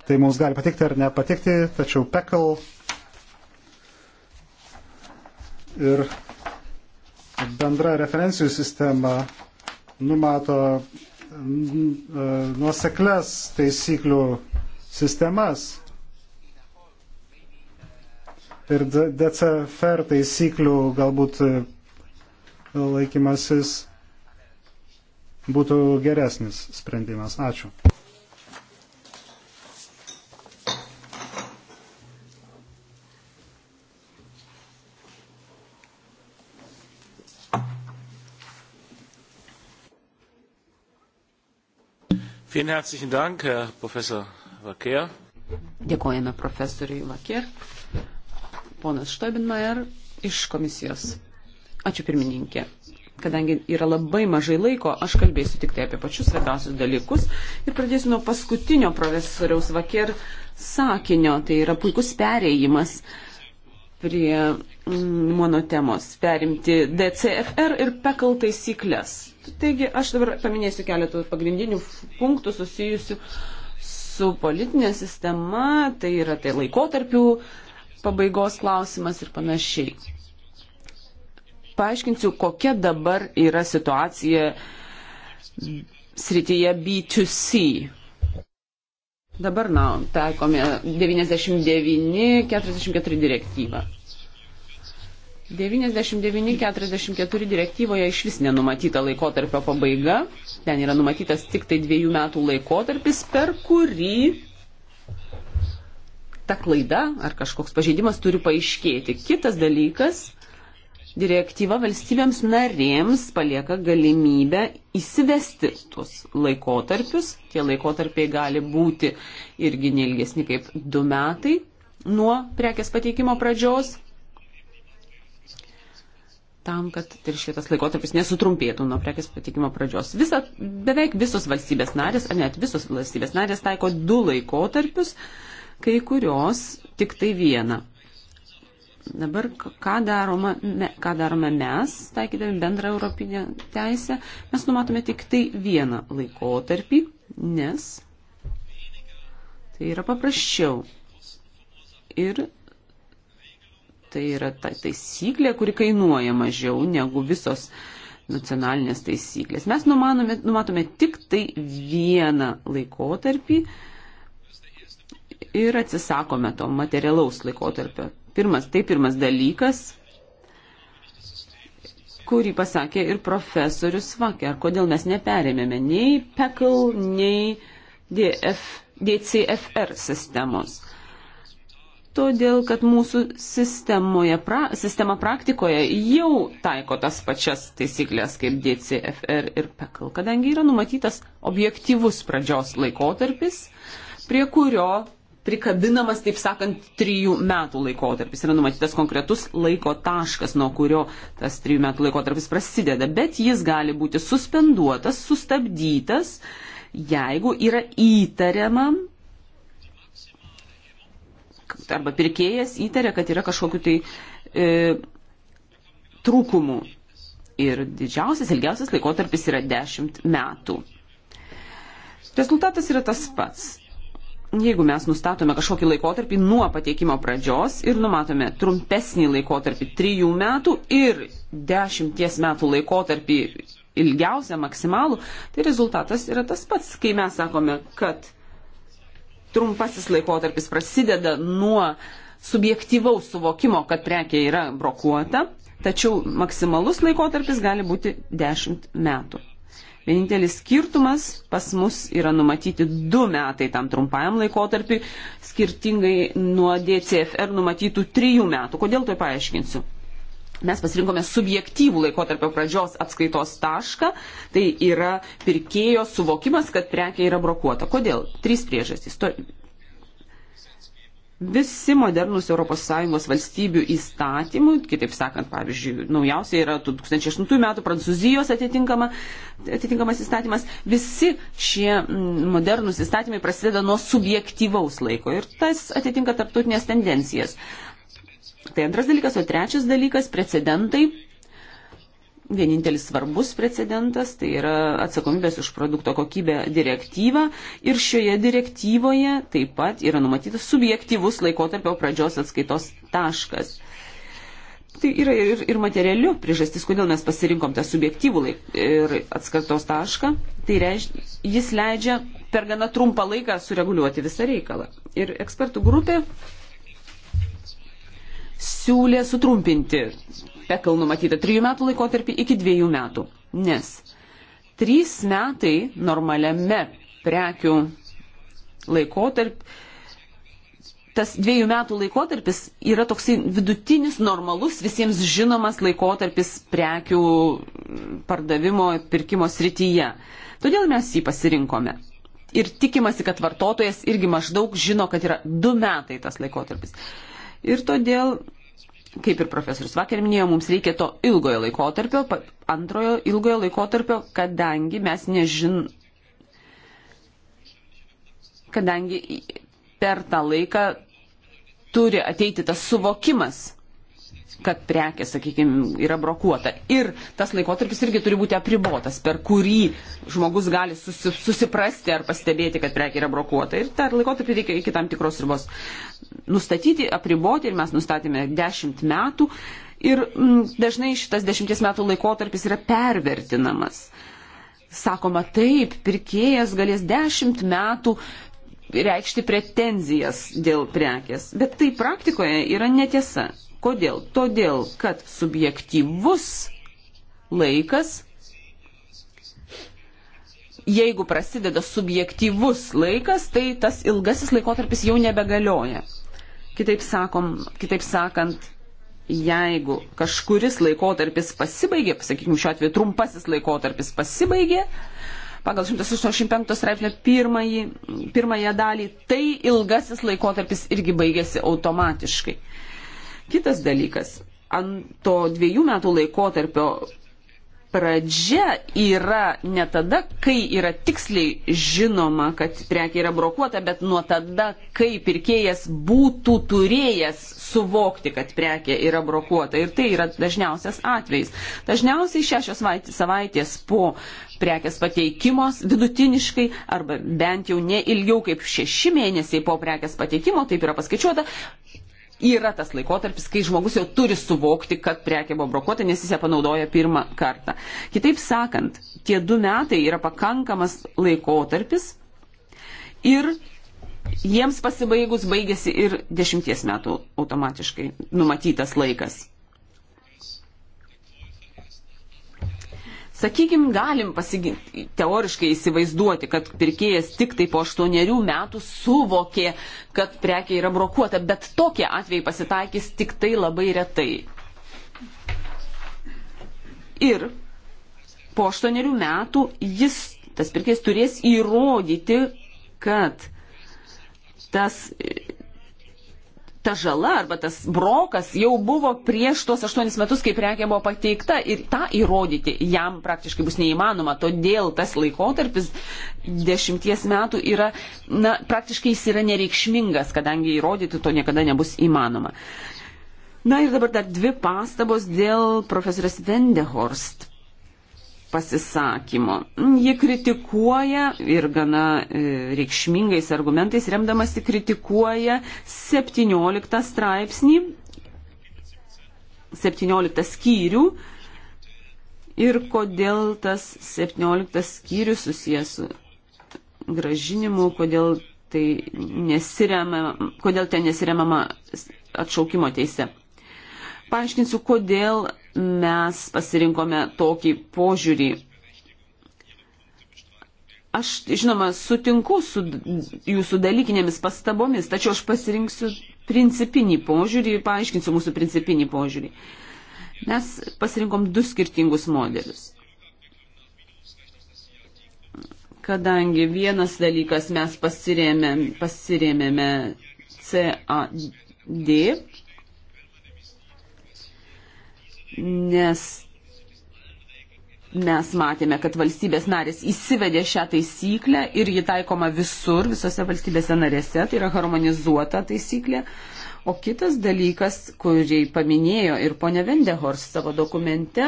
tai mums gali patikti ar nepatikti, tačiau Pekel ir bendra referencijų sistema numato e, nuosekles taisyklių sistemas ir DCFR taisyklių galbūt laikymasis būtų geresnis sprendimas. Ačiū. Vielen herzlichen Dank, Herr Professor Vakier. Dėkojame profesoriui Vakier. Ponas Štabinmajer iš komisijos. Ačiū pirmininkė. Kadangi yra labai mažai laiko, aš kalbėsiu tik tai apie pačius svarbiausius dalykus ir pradėsiu nuo paskutinio profesoriaus Vaker sakinio. Tai yra puikus perėjimas prie mm, mano temos - perimti DCFR ir PECL taisyklės. Taigi aš dabar paminėsiu keletą pagrindinių punktų susijusių su politinė sistema, tai yra tai laikotarpių pabaigos klausimas ir panašiai paaiškinsiu, kokia dabar yra situacija srityje B2C. Dabar, na, taikome 99-44 direktyvą. 99-44 direktyvoje iš vis nenumatyta laikotarpio pabaiga. Ten yra numatytas tik tai dviejų metų laikotarpis, per kurį ta klaida ar kažkoks pažeidimas turi paaiškėti. Kitas dalykas direktyva valstybėms narėms palieka galimybę įsivesti tuos laikotarpius. Tie laikotarpiai gali būti irgi neilgesni kaip du metai nuo prekės pateikimo pradžios, tam, kad ir šitas laikotarpis nesutrumpėtų nuo prekės pateikimo pradžios. Visa, beveik visos valstybės narės, ar net visos valstybės narės taiko du laikotarpius, kai kurios tik tai vieną. Dabar ką darome, ką darome mes, taikydami bendrą europinę teisę, mes numatome tik tai vieną laikotarpį, nes tai yra paprasčiau. Ir tai yra ta taisyklė, kuri kainuoja mažiau negu visos nacionalinės taisyklės. Mes numanome, numatome tik tai vieną laikotarpį ir atsisakome to materialaus laikotarpio Pirmas, tai pirmas dalykas, kurį pasakė ir profesorius Vakė. Ar kodėl mes neperėmėme nei PECL, nei DF, DCFR sistemos? Todėl, kad mūsų pra, sistema praktikoje jau taiko tas pačias taisyklės kaip DCFR ir PECL, kadangi yra numatytas objektyvus pradžios laikotarpis, prie kurio prikabinamas, taip sakant, trijų metų laikotarpis. Yra numatytas konkretus laiko taškas, nuo kurio tas trijų metų laikotarpis prasideda, bet jis gali būti suspenduotas, sustabdytas, jeigu yra įtariama arba pirkėjas įtaria, kad yra kažkokiu tai e, trūkumu. Ir didžiausias, ilgiausias laikotarpis yra 10 metų. Rezultatas yra tas pats jeigu mes nustatome kažkokį laikotarpį nuo pateikimo pradžios ir numatome trumpesnį laikotarpį trijų metų ir dešimties metų laikotarpį ilgiausią maksimalų, tai rezultatas yra tas pats, kai mes sakome, kad trumpasis laikotarpis prasideda nuo subjektyvaus suvokimo, kad prekė yra brokuota, tačiau maksimalus laikotarpis gali būti 10 metų. Vienintelis skirtumas pas mus yra numatyti du metai tam trumpajam laikotarpiu, skirtingai nuo DCFR numatytų trijų metų. Kodėl tai paaiškinsiu? Mes pasirinkome subjektyvų laikotarpio pradžios atskaitos tašką, tai yra pirkėjo suvokimas, kad prekia yra brokuota. Kodėl? Trys priežastys visi modernus ES valstybių įstatymų, kitaip sakant, pavyzdžiui, naujausia yra 2008 metų Prancūzijos atitinkama, atitinkamas įstatymas, visi šie mm, modernus įstatymai prasideda nuo subjektyvaus laiko ir tas atitinka tarptautinės tendencijas. Tai antras dalykas, o trečias dalykas - precedentai vienintelis svarbus precedentas, tai yra atsakomybės už produkto kokybę direktyva ir šioje direktyvoje taip pat yra numatytas subjektyvus laikotarpio pradžios atskaitos taškas. Tai yra ir, ir materialių priežastis, kodėl mes pasirinkom tą subjektyvų laik ir atskaitos tašką. Tai reiškia, jis leidžia per gana trumpą laiką sureguliuoti visą reikalą. Ir ekspertų grupė siūlė sutrumpinti Pekal numatyta trijų metų laikotarpį iki dviejų metų, nes trys metai normaliame prekių laikotarp, tas dviejų metų laikotarpis yra toksai vidutinis, normalus, visiems žinomas laikotarpis prekių pardavimo, pirkimo srityje. Todėl mes jį pasirinkome. Ir tikimasi, kad vartotojas irgi maždaug žino, kad yra du metai tas laikotarpis. Ir todėl kaip ir profesorius vakar minėjo, mums reikia to ilgojo laikotarpio, antrojo ilgojo laikotarpio, kadangi mes nežin. kadangi per tą laiką turi ateiti tas suvokimas kad prekė, sakykime, yra brokuota. Ir tas laikotarpis irgi turi būti apribotas, per kurį žmogus gali susi, susiprasti ar pastebėti, kad prekė yra brokuota. Ir tą laikotarpį reikia iki tam tikros ribos nustatyti, apriboti ir mes nustatėme 10 metų. Ir m, mm, dažnai šitas 10 metų laikotarpis yra pervertinamas. Sakoma taip, pirkėjas galės 10 metų reikšti pretenzijas dėl prekės. Bet tai praktikoje yra netiesa. Kodėl? Todėl, kad subjektyvus laikas, jeigu prasideda subjektyvus laikas, tai tas ilgasis laikotarpis jau nebegalioja. Kitaip, sakom, kitaip sakant, jeigu kažkuris laikotarpis pasibaigė, sakykime šiuo atveju trumpasis laikotarpis pasibaigė, pagal 185 straipsnio pirmąją dalį, tai ilgasis laikotarpis irgi baigėsi automatiškai. Kitas dalykas, ant to dviejų metų laikotarpio pradžia yra ne tada, kai yra tiksliai žinoma, kad prekė yra brokuota, bet nuo tada, kai pirkėjas būtų turėjęs suvokti, kad prekė yra brokuota. Ir tai yra dažniausias atvejs. Dažniausiai šešios savaitės po prekės pateikimos vidutiniškai, arba bent jau ne ilgiau kaip šeši mėnesiai po prekės pateikimo, taip yra paskaičiuota, yra tas laikotarpis, kai žmogus jau turi suvokti, kad prekė buvo brokuota, nes jis ją panaudoja pirmą kartą. Kitaip sakant, tie du metai yra pakankamas laikotarpis ir jiems pasibaigus baigėsi ir dešimties metų automatiškai numatytas laikas. Sakykim, galim pasiginti, teoriškai įsivaizduoti, kad pirkėjas tik tai po aštuonerių metų suvokė, kad prekia yra brokuota, bet tokie atvejai pasitaikys tik tai labai retai. Ir po aštuonerių metų jis, tas pirkėjas, turės įrodyti, kad tas ta žala arba tas brokas jau buvo prieš tuos aštuonis metus, kai prekė buvo pateikta ir tą įrodyti jam praktiškai bus neįmanoma. Todėl tas laikotarpis dešimties metų yra, na, praktiškai jis yra nereikšmingas, kadangi įrodyti to niekada nebus įmanoma. Na ir dabar dar dvi pastabos dėl profesorės Vendehorst pasisakymo. Ji kritikuoja ir gana e, reikšmingais argumentais remdamasi kritikuoja 17 straipsnį, 17 skyrių ir kodėl tas 17 skyrius susijęs su gražinimu, kodėl, tai nesiremama, kodėl ten nesiremama atšaukimo teise. Paaiškinsiu, kodėl mes pasirinkome tokį požiūrį. Aš, žinoma, sutinku su jūsų dalykinėmis pastabomis, tačiau aš pasirinksiu principinį požiūrį ir paaiškinsiu mūsų principinį požiūrį. Mes pasirinkom du skirtingus modelius. Kadangi vienas dalykas mes pasirėmėme, pasirėmėme CAD nes mes matėme, kad valstybės narės įsivedė šią taisyklę ir ji taikoma visur, visose valstybėse narėse, tai yra harmonizuota taisyklė. O kitas dalykas, kurį paminėjo ir ponia Vendehors savo dokumente,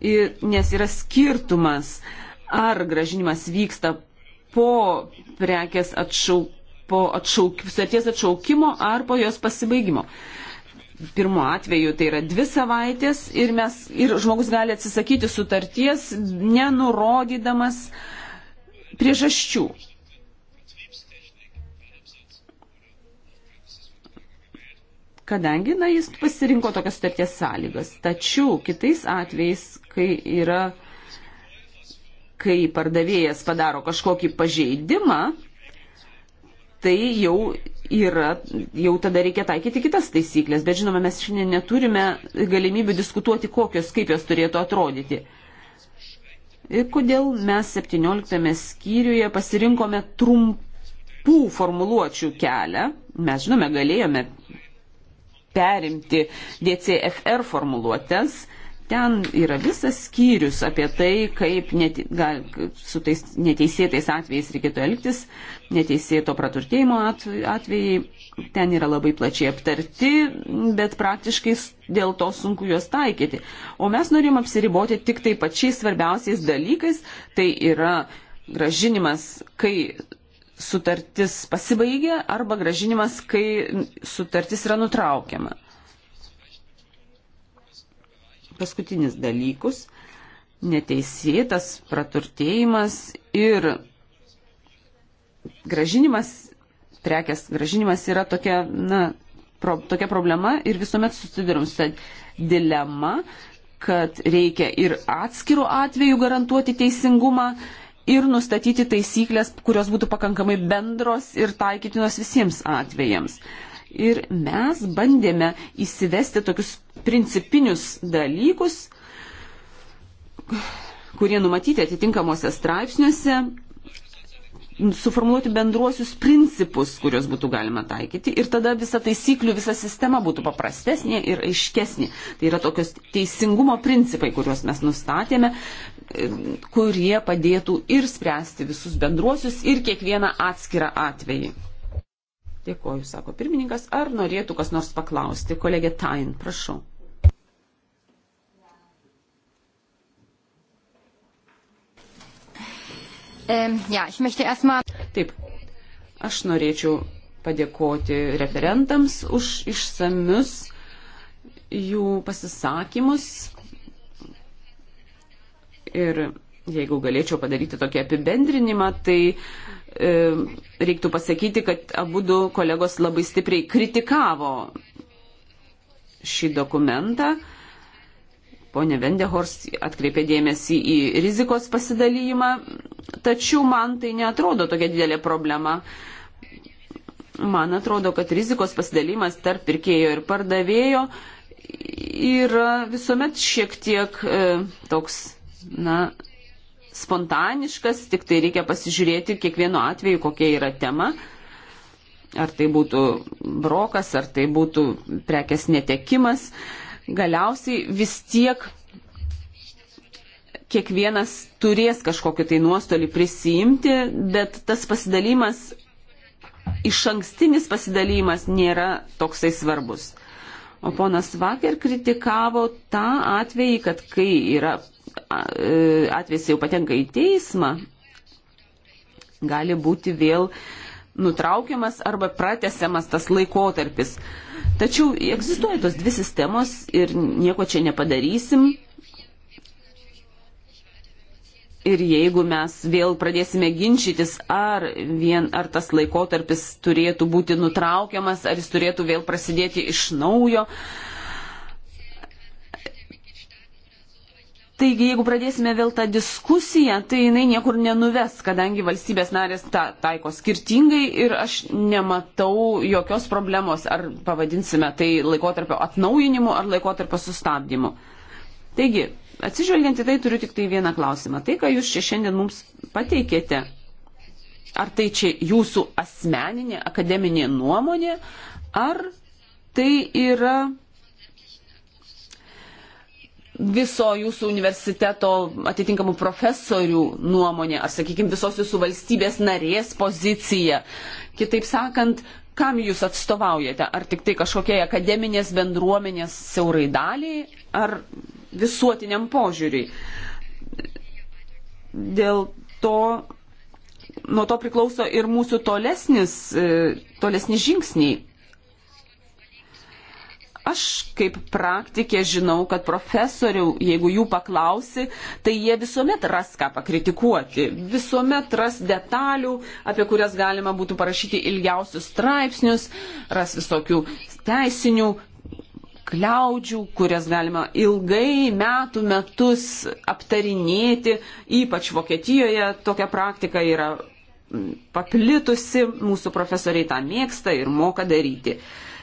ir, nes yra skirtumas, ar gražinimas vyksta po prekės atšauk, po atšauk, sutarties atšaukimo ar po jos pasibaigimo. Uh, pirmo atveju tai yra dvi savaitės ir, mes, ir žmogus gali atsisakyti sutarties, nenurodydamas priežasčių. Kadangi na, jis pasirinko tokias sutarties sąlygas. Tačiau kitais atvejais, kai yra kai pardavėjas padaro kažkokį pažeidimą, tai jau yra, jau tada reikia taikyti kitas taisyklės, bet žinoma, mes šiandien neturime galimybių diskutuoti, kokios, kaip jos turėtų atrodyti. Ir kodėl mes 17 skyriuje pasirinkome trumpų formuluočių kelią, mes žinome, galėjome perimti DCFR formuluotės, ten yra visas skyrius apie tai, kaip neti, gal, su tais neteisėtais atvejais reikėtų elgtis, neteisėto praturtėjimo atvejai ten yra labai plačiai aptarti, bet praktiškai dėl to sunku juos taikyti. O mes norim apsiriboti tik tai pačiais svarbiausiais dalykais, tai yra gražinimas, kai sutartis pasibaigia arba gražinimas, kai sutartis yra nutraukiama paskutinis dalykus - neteisėtas praturtėjimas ir gražinimas, prekės gražinimas yra tokia, na, pro, tokia problema ir visuomet susidurim su dilema, kad reikia ir atskirų atvejų garantuoti teisingumą ir nustatyti taisyklės, kurios būtų pakankamai bendros ir taikytinos visiems atvejams. Ir mes bandėme įsivesti tokius principinius dalykus, kurie numatyti atitinkamuose straipsniuose, suformuoluoti bendruosius principus, kuriuos būtų galima taikyti ir tada visa taisyklių, visa sistema būtų paprastesnė ir aiškesnė. Tai yra tokios teisingumo principai, kuriuos mes nustatėme, kurie padėtų ir spręsti visus bendruosius ir kiekvieną atskirą atvejį. Dėkoju, sako pirmininkas. Ar norėtų kas nors paklausti? Kolegė Tain, prašau. Taip, aš norėčiau padėkoti referentams už išsamius jų pasisakymus. Ir jeigu galėčiau padaryti tokį apibendrinimą, tai e, reiktų pasakyti, kad abu du kolegos labai stipriai kritikavo šį dokumentą. E, Pone Vendehors atkreipė dėmesį į rizikos pasidalyjimą, tačiau man tai netrodo tokia didelė problema. Man atrodo, kad rizikos pasidalymas tarp pirkėjo ir pardavėjo yra visuomet šiek tiek e, toks, na, spontaniškas, tik tai reikia pasižiūrėti kiekvienu atveju, kokia yra tema. Ar tai būtų brokas, ar tai būtų prekės netekimas. E, galiausiai vis tiek kiekvienas turės kažkokį tai nuostolį prisijimti, bet tas pasidalymas, iš ankstinis pasidalymas nėra toksai svarbus. O ponas vakar kritikavo tą atvejį, kad kai yra e, atvejs jau patenka į teismą, gali būti vėl uh, nutraukiamas arba pratesiamas tas laikotarpis. Tačiau egzistuoja tos dvi sistemos ir nieko čia nepadarysim. Ir jeigu mes vėl pradėsime ginčytis, ar, vien, ar tas laikotarpis turėtų būti nutraukiamas, ar jis turėtų vėl prasidėti iš naujo, uh, Taigi, jeigu pradėsime vėl tą diskusiją, tai jinai niekur nenuves, kadangi valstybės narės ta, taiko skirtingai ir aš nematau jokios problemos, ar pavadinsime tai laikotarpio atnaujinimu ar laikotarpio sustabdymu. Taigi, atsižvelgiant į tai, turiu tik tai vieną klausimą. Tai, ką jūs čia šiandien mums pateikėte, ar tai čia jūsų asmeninė akademinė nuomonė, ar tai yra viso jūsų universiteto atitinkamų profesorių nuomonė, ar sakykime, visos jūsų valstybės narės pozicija. Kitaip sakant, kam jūs atstovaujate? Ar tik tai kažkokiai akademinės bendruomenės siaurai daliai, ar visuotiniam požiūriui? Dėl to, nuo to priklauso ir mūsų tolesnis, e, tolesni žingsniai Aš kaip praktikė žinau, kad profesorių, jeigu jų paklausi, tai jie visuomet ras ką pakritikuoti, visuomet ras detalių, apie kurias galima būtų parašyti ilgiausius straipsnius, ras visokių teisinių kliaudžių, kurias galima ilgai metų metus aptarinėti, ypač Vokietijoje tokia praktika yra paplitusi, mūsų profesoriai tą mėgsta ir moka daryti.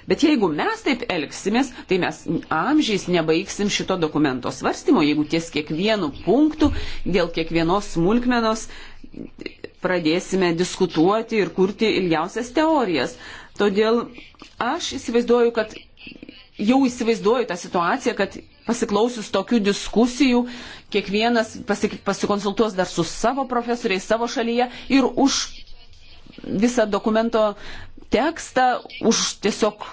Bet jeigu mes taip elgsimės, tai mes amžiais nebaigsim šito dokumento svarstymo, jeigu ties kiekvienu punktu, dėl kiekvienos smulkmenos pradėsime diskutuoti ir kurti ilgiausias teorijas. Todėl aš įsivaizduoju, kad jau įsivaizduoju tą situaciją, kad pasiklausius tokių diskusijų, kiekvienas pasik pasikonsultuos dar su savo profesoriais savo šalyje ir už visą dokumento tekstą, už tiesiog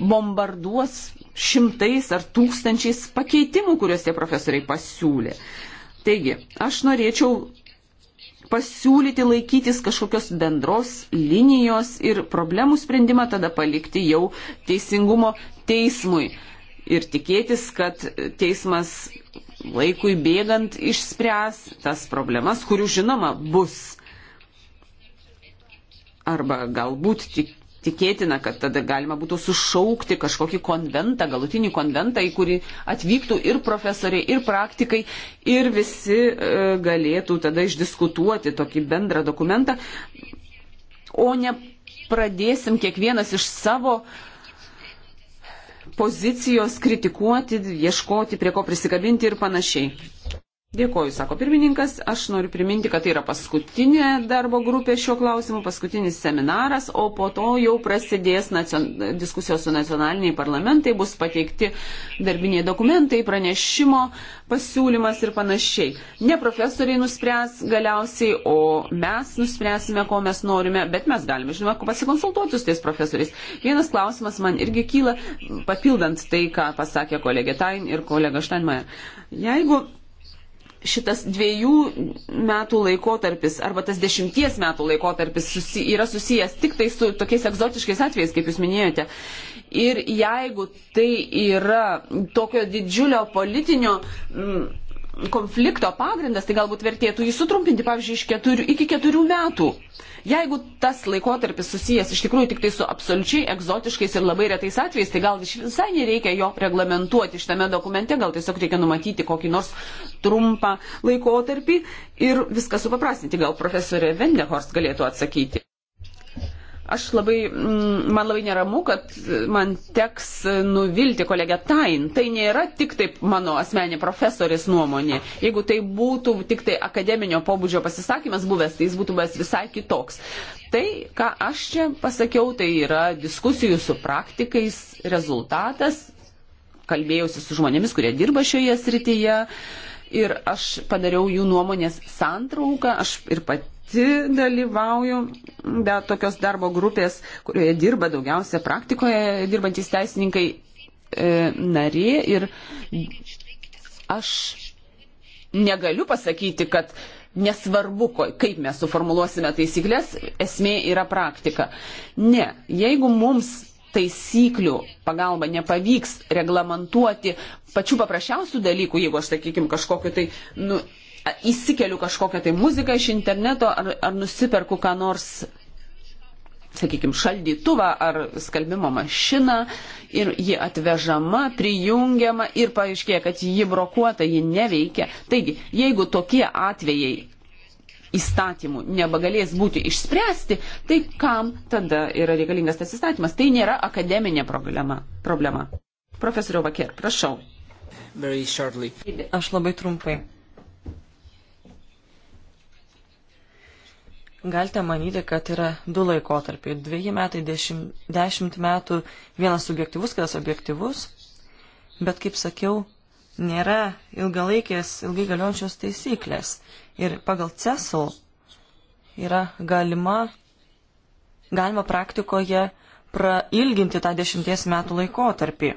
bombarduos šimtais ar tūkstančiais pakeitimų, kuriuos tie profesoriai pasiūlė. Taigi, aš norėčiau pasiūlyti laikytis kažkokios bendros linijos ir problemų sprendimą tada palikti jau teisingumo teismui. Ir tikėtis, kad teismas laikui bėgant išspręs tas problemas, kurių žinoma bus. Arba galbūt tik tikėtina, kad tada galima būtų sušaukti kažkokį konventą, galutinį konventą, į kurį atvyktų ir profesoriai, ir praktikai, ir visi e, galėtų tada išdiskutuoti tokį bendrą dokumentą, o ne pradėsim kiekvienas iš savo pozicijos kritikuoti, ieškoti, prie ko prisikabinti ir panašiai. Dėkoju, sako pirmininkas. Aš noriu priminti, kad tai yra paskutinė darbo grupė šiuo klausimu, paskutinis seminaras, o po to jau prasidės nacion... diskusijos su nacionaliniai parlamentai, bus pateikti darbiniai dokumentai, pranešimo pasiūlymas ir panašiai. Ne profesoriai nuspręs galiausiai, o mes nuspręsime, ko mes norime, bet mes galime, žinoma, pasikonsultuoti su tais profesoriais. Vienas klausimas man irgi kyla, papildant tai, ką pasakė kolegė Tain ir kolega Štainmajer. Jeigu šitas dviejų metų laikotarpis arba tas dešimties metų laikotarpis susi, yra susijęs tik tai su tokiais egzotiškais atvejais, kaip jūs minėjote. Ir jeigu tai yra tokio didžiulio politinio. Mm, konflikto pagrindas, tai galbūt vertėtų jį sutrumpinti, pavyzdžiui, keturių, iki keturių metų. Jeigu tas laikotarpis susijęs iš tikrųjų tik tai su absoliučiai egzotiškais ir labai retais atvejais, tai gal visai nereikia jo reglamentuoti šitame dokumente, gal tiesiog reikia numatyti kokį nors trumpą laikotarpį ir viską supaprastinti. Gal profesorė Vendehorst galėtų atsakyti. Aš labai, mm, man labai neramu, kad man teks nuvilti kolegę Tain. Tai nėra tik taip mano asmeninė profesorės nuomonė. Jeigu tai būtų tik tai akademinio pobūdžio pasisakymas buvęs, tai jis būtų buvęs visai kitoks. Tai, ką aš čia pasakiau, tai yra diskusijų su praktikais rezultatas. Kalbėjausi su žmonėmis, kurie dirba šioje srityje. Uh, ir aš padariau jų nuomonės santrauką, aš ir pati dalyvauju da, tokios darbo grupės, kurioje dirba daugiausia praktikoje dirbantys teisininkai e, narė ir aš negaliu pasakyti, kad nesvarbu, kaip mes suformuluosime taisyklės, esmė yra praktika. Ne, jeigu mums taisyklių pagalba nepavyks reglamentuoti pačių paprasčiausių dalykų, jeigu aš, sakykime, kažkokiu tai nu, įsikeliu kažkokią tai muziką iš interneto ar, ar nusiperku ką nors, sakykime, šaldytuvą ar skalbimo mašiną ir ji atvežama, prijungiama ir paaiškėja, kad ji brokuota, ji neveikia. Taigi, jeigu tokie atvejai įstatymų nebegalės būti išspręsti, tai kam tada yra reikalingas tas įstatymas? Tai nėra akademinė problema. problema. Profesoriu Vakir, prašau. Aš labai trumpai. Galite manyti, kad yra du laikotarpiai. Dviejai metai, dešimt, dešimt metų, vienas subjektivus, kitas objektivus. Bet kaip sakiau, nėra ilgalaikės, ilgai galiojančios taisyklės. Ir pagal CESL yra galima, galima praktikoje prailginti tą dešimties metų laikotarpį.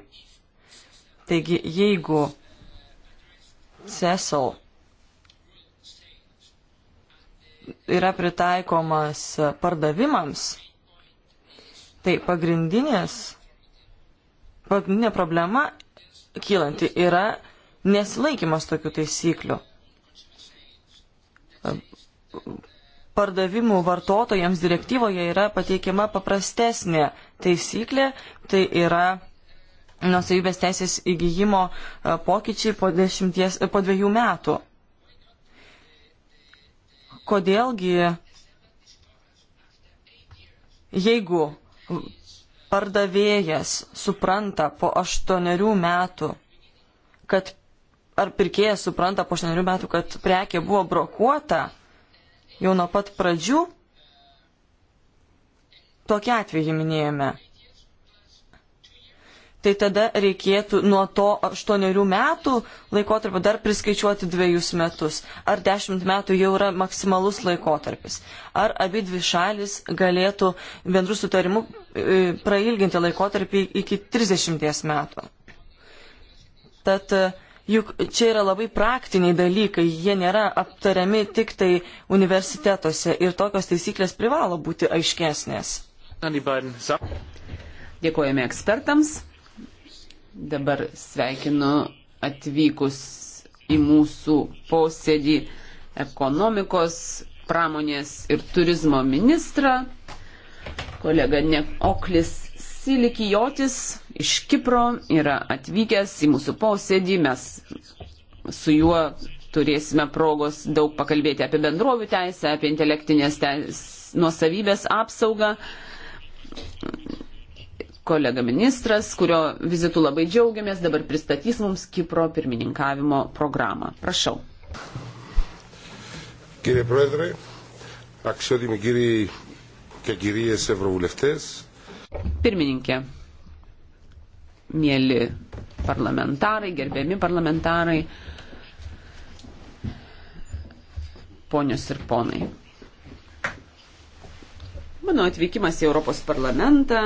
Taigi, jeigu CESL yra pritaikomas pardavimams, tai pagrindinės, pagrindinė problema kylanti yra nesilaikimas tokių taisyklių. Pardavimų vartotojams direktyvoje yra pateikiama paprastesnė taisyklė, tai yra nusavybės teisės įgyjimo e, pokyčiai po, dešimties, e, po dviejų metų. Kodėlgi, jeigu pardavėjas supranta po aštuonerių metų, kad ar pirkėjas supranta po 8 metų, kad prekė buvo brokuota jau nuo pat pradžių, tokį atvejį minėjome. Tai tada reikėtų nuo to 8 metų laikotarpio dar priskaičiuoti dviejus metus. Ar 10 metų jau yra maksimalus laikotarpis. Ar abi dvi šalis galėtų bendrų sutarimų e, prailginti laikotarpį iki 30 metų. Tad uh, Juk čia yra labai praktiniai dalykai, jie nėra aptariami tik tai universitetuose ir tokios taisyklės privalo būti aiškesnės. Dėkojame ekspertams. Dabar sveikinu atvykus į mūsų posėdį ekonomikos, pramonės ir turizmo ministrą, kolega Neoklis Silikijotis iš Kipro yra atvykęs į mūsų posėdį, mes su juo turėsime progos daug pakalbėti apie bendrovių teisę, apie intelektinės teis, nuosavybės apsaugą. Kolega ministras, kurio vizitu labai džiaugiamės, dabar pristatys mums Kipro pirmininkavimo programą. Prašau. Κύριε Πρόεδρε, αξιότιμοι κύριοι και κυρίες Ευρωβουλευτές, Pirmininkė, mėly parlamentarai, gerbiami parlamentarai, ponios ir ponai. Mano atvykimas į Europos parlamentą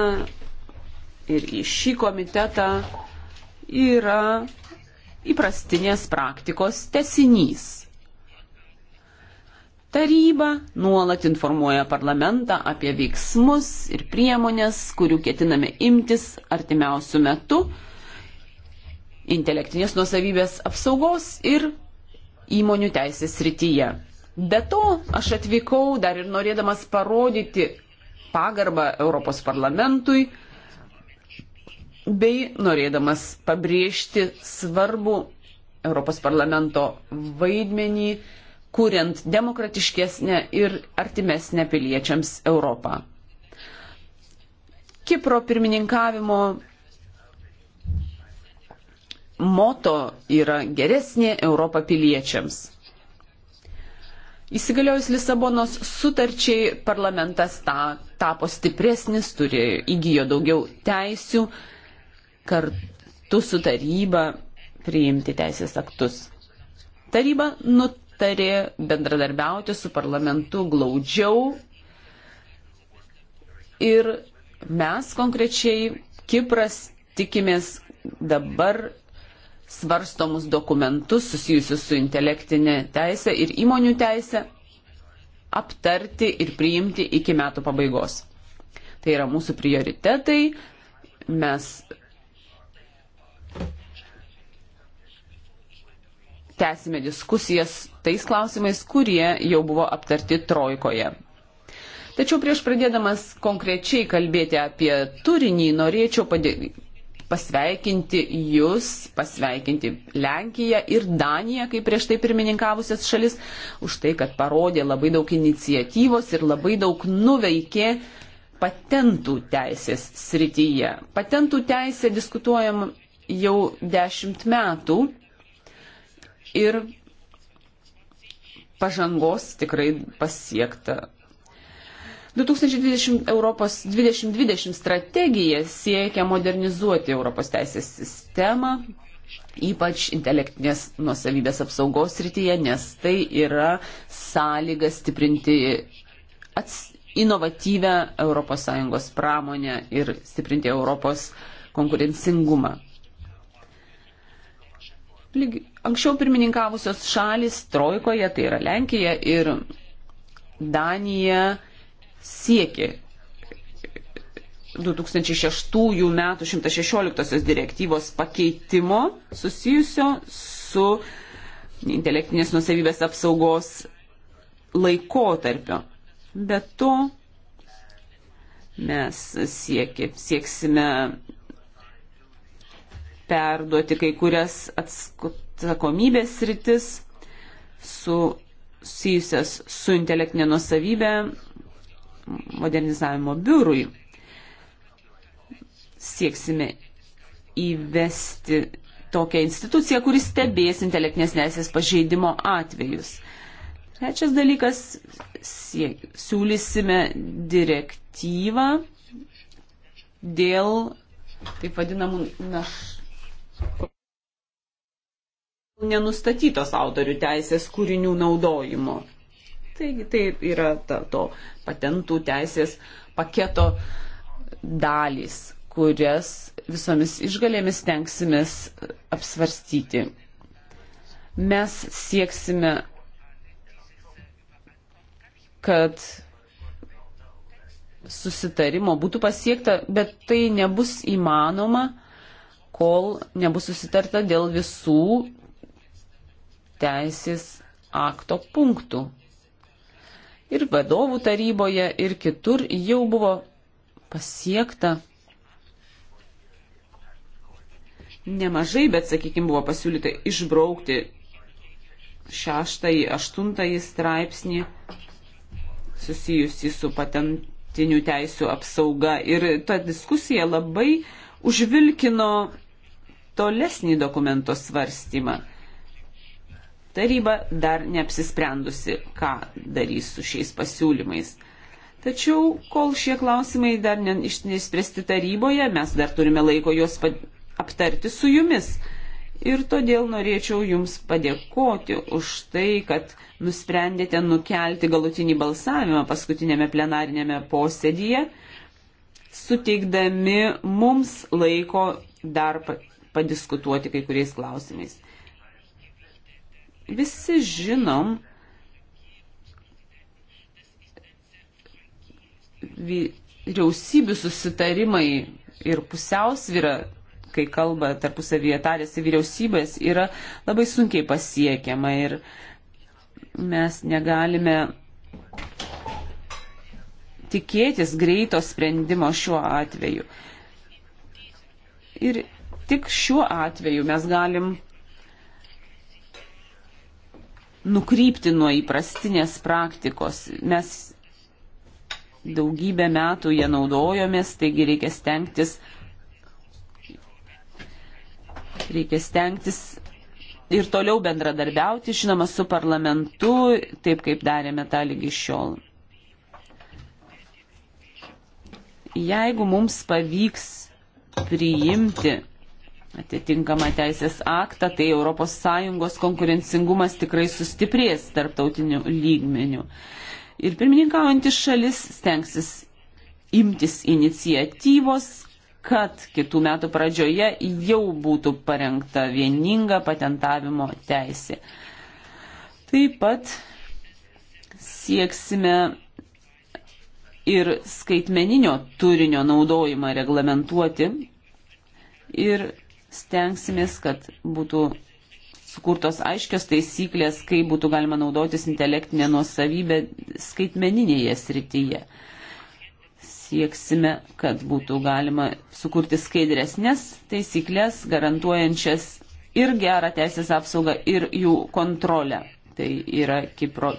ir į šį komitetą yra įprastinės praktikos tesinys. Taryba nuolat informuoja parlamentą apie veiksmus ir priemonės, kurių ketiname imtis artimiausių metų intelektinės nuosavybės apsaugos ir įmonių teisės srityje. Be to, aš atvykau dar ir norėdamas parodyti pagarbą Europos parlamentui, bei norėdamas pabrėžti svarbų Europos parlamento vaidmenį kuriant demokratiškesnę ir artimesnę piliečiams Europą. Kipro pirmininkavimo moto yra geresnė Europa piliečiams. Įsigaliojus Lisabonos sutarčiai parlamentas ta, tapo stipresnis, turi įgyjo daugiau teisių kartu su taryba priimti teisės aktus. Taryba nut sutarė bendradarbiauti su parlamentu glaudžiau. Ir mes konkrečiai, Kipras, tikimės dabar svarstomus dokumentus susijusius su intelektinė teisė ir įmonių teisė aptarti ir priimti iki metų pabaigos. Tai yra mūsų prioritetai. Mes tęsime diskusijas tais klausimais, kurie jau buvo aptarti trojkoje. Tačiau prieš pradėdamas konkrečiai kalbėti apie turinį, norėčiau padė... pasveikinti Jūs, pasveikinti Lenkiją ir Daniją, kaip prieš tai pirmininkavusias šalis, už tai, kad parodė labai daug iniciatyvos ir labai daug nuveikė patentų teisės srityje. Patentų teisė diskutuojam jau dešimt metų ir pažangos tikrai pasiekta. 2020 Europos 2020 strategija siekia modernizuoti Europos teisės sistemą, ypač intelektinės nuosavybės apsaugos srityje, nes tai yra sąlyga stiprinti ats, inovatyvę ES pramonę ir stiprinti Europos konkurencingumą lyg, anksčiau pirmininkavusios šalis Trojkoje, tai yra Lenkija ir Danija siekė 2006 metų 116 direktyvos pakeitimo susijusio su intelektinės nusavybės apsaugos laikotarpio. Be to mes siekė, sieksime perduoti kai kurias atsakomybės sritis susijusias su intelektinė nusavybė modernizavimo biurui. Sieksime įvesti tokią instituciją, kuris stebės intelektinės teisės pažeidimo atvejus. Trečias dalykas - siūlysime direktyvą dėl taip vadinamų naš, nenustatytos autorių teisės kūrinių naudojimo. Taigi tai yra ta, to patentų teisės paketo dalys, kurias visomis išgalėmis tenksimės apsvarstyti. Mes sieksime, kad susitarimo būtų pasiekta, bet tai nebus įmanoma kol nebus susitarta dėl visų teisės akto punktų. Ir vadovų taryboje, ir kitur jau buvo pasiekta nemažai, bet, sakykime, buvo pasiūlyta išbraukti šeštąjį, aštuntąjį straipsnį susijusi su patentinių teisų apsauga. Ir ta diskusija labai užvilkino tolesnį dokumento svarstymą. Taryba dar neapsisprendusi, ką darys su šiais pasiūlymais. Tačiau, kol šie klausimai dar neišspręsti taryboje, mes dar turime laiko juos aptarti su jumis. Ir todėl norėčiau Jums padėkoti už tai, kad nusprendėte nukelti galutinį balsavimą paskutinėme plenarinėme posėdyje, suteikdami mums laiko dar padiskutuoti kai kuriais klausimais. Visi žinom, vyriausybių susitarimai ir pusiausvyra, kai kalba tarpusavyje tarėsi vyriausybės, yra labai sunkiai pasiekiama ir mes negalime tikėtis greito sprendimo šiuo atveju. Ir tik šiuo atveju mes galim nukrypti nuo įprastinės praktikos. Mes daugybę metų ją naudojomės, taigi reikia stengtis, reikia stengtis ir toliau bendradarbiauti, žinoma, su parlamentu, taip kaip darėme tą lygi šiol. Jeigu mums pavyks priimti atitinkamą teisės aktą, tai ES konkurencingumas tikrai sustiprės tarptautiniu lygmeniu. Ir pirmininkaujantis šalis stengsis imtis iniciatyvos, kad kitų metų pradžioje jau būtų parengta vieninga patentavimo teisė. Taip pat sieksime ir skaitmeninio turinio naudojimą reglamentuoti ir stengsimės, kad būtų sukurtos aiškios taisyklės, kaip būtų galima naudotis intelektinė nuosavybė skaitmeninėje srityje. Sieksime, kad būtų galima sukurti skaidresnės taisyklės, garantuojančias ir gerą teisės apsaugą, ir jų kontrolę. Tai yra Kipro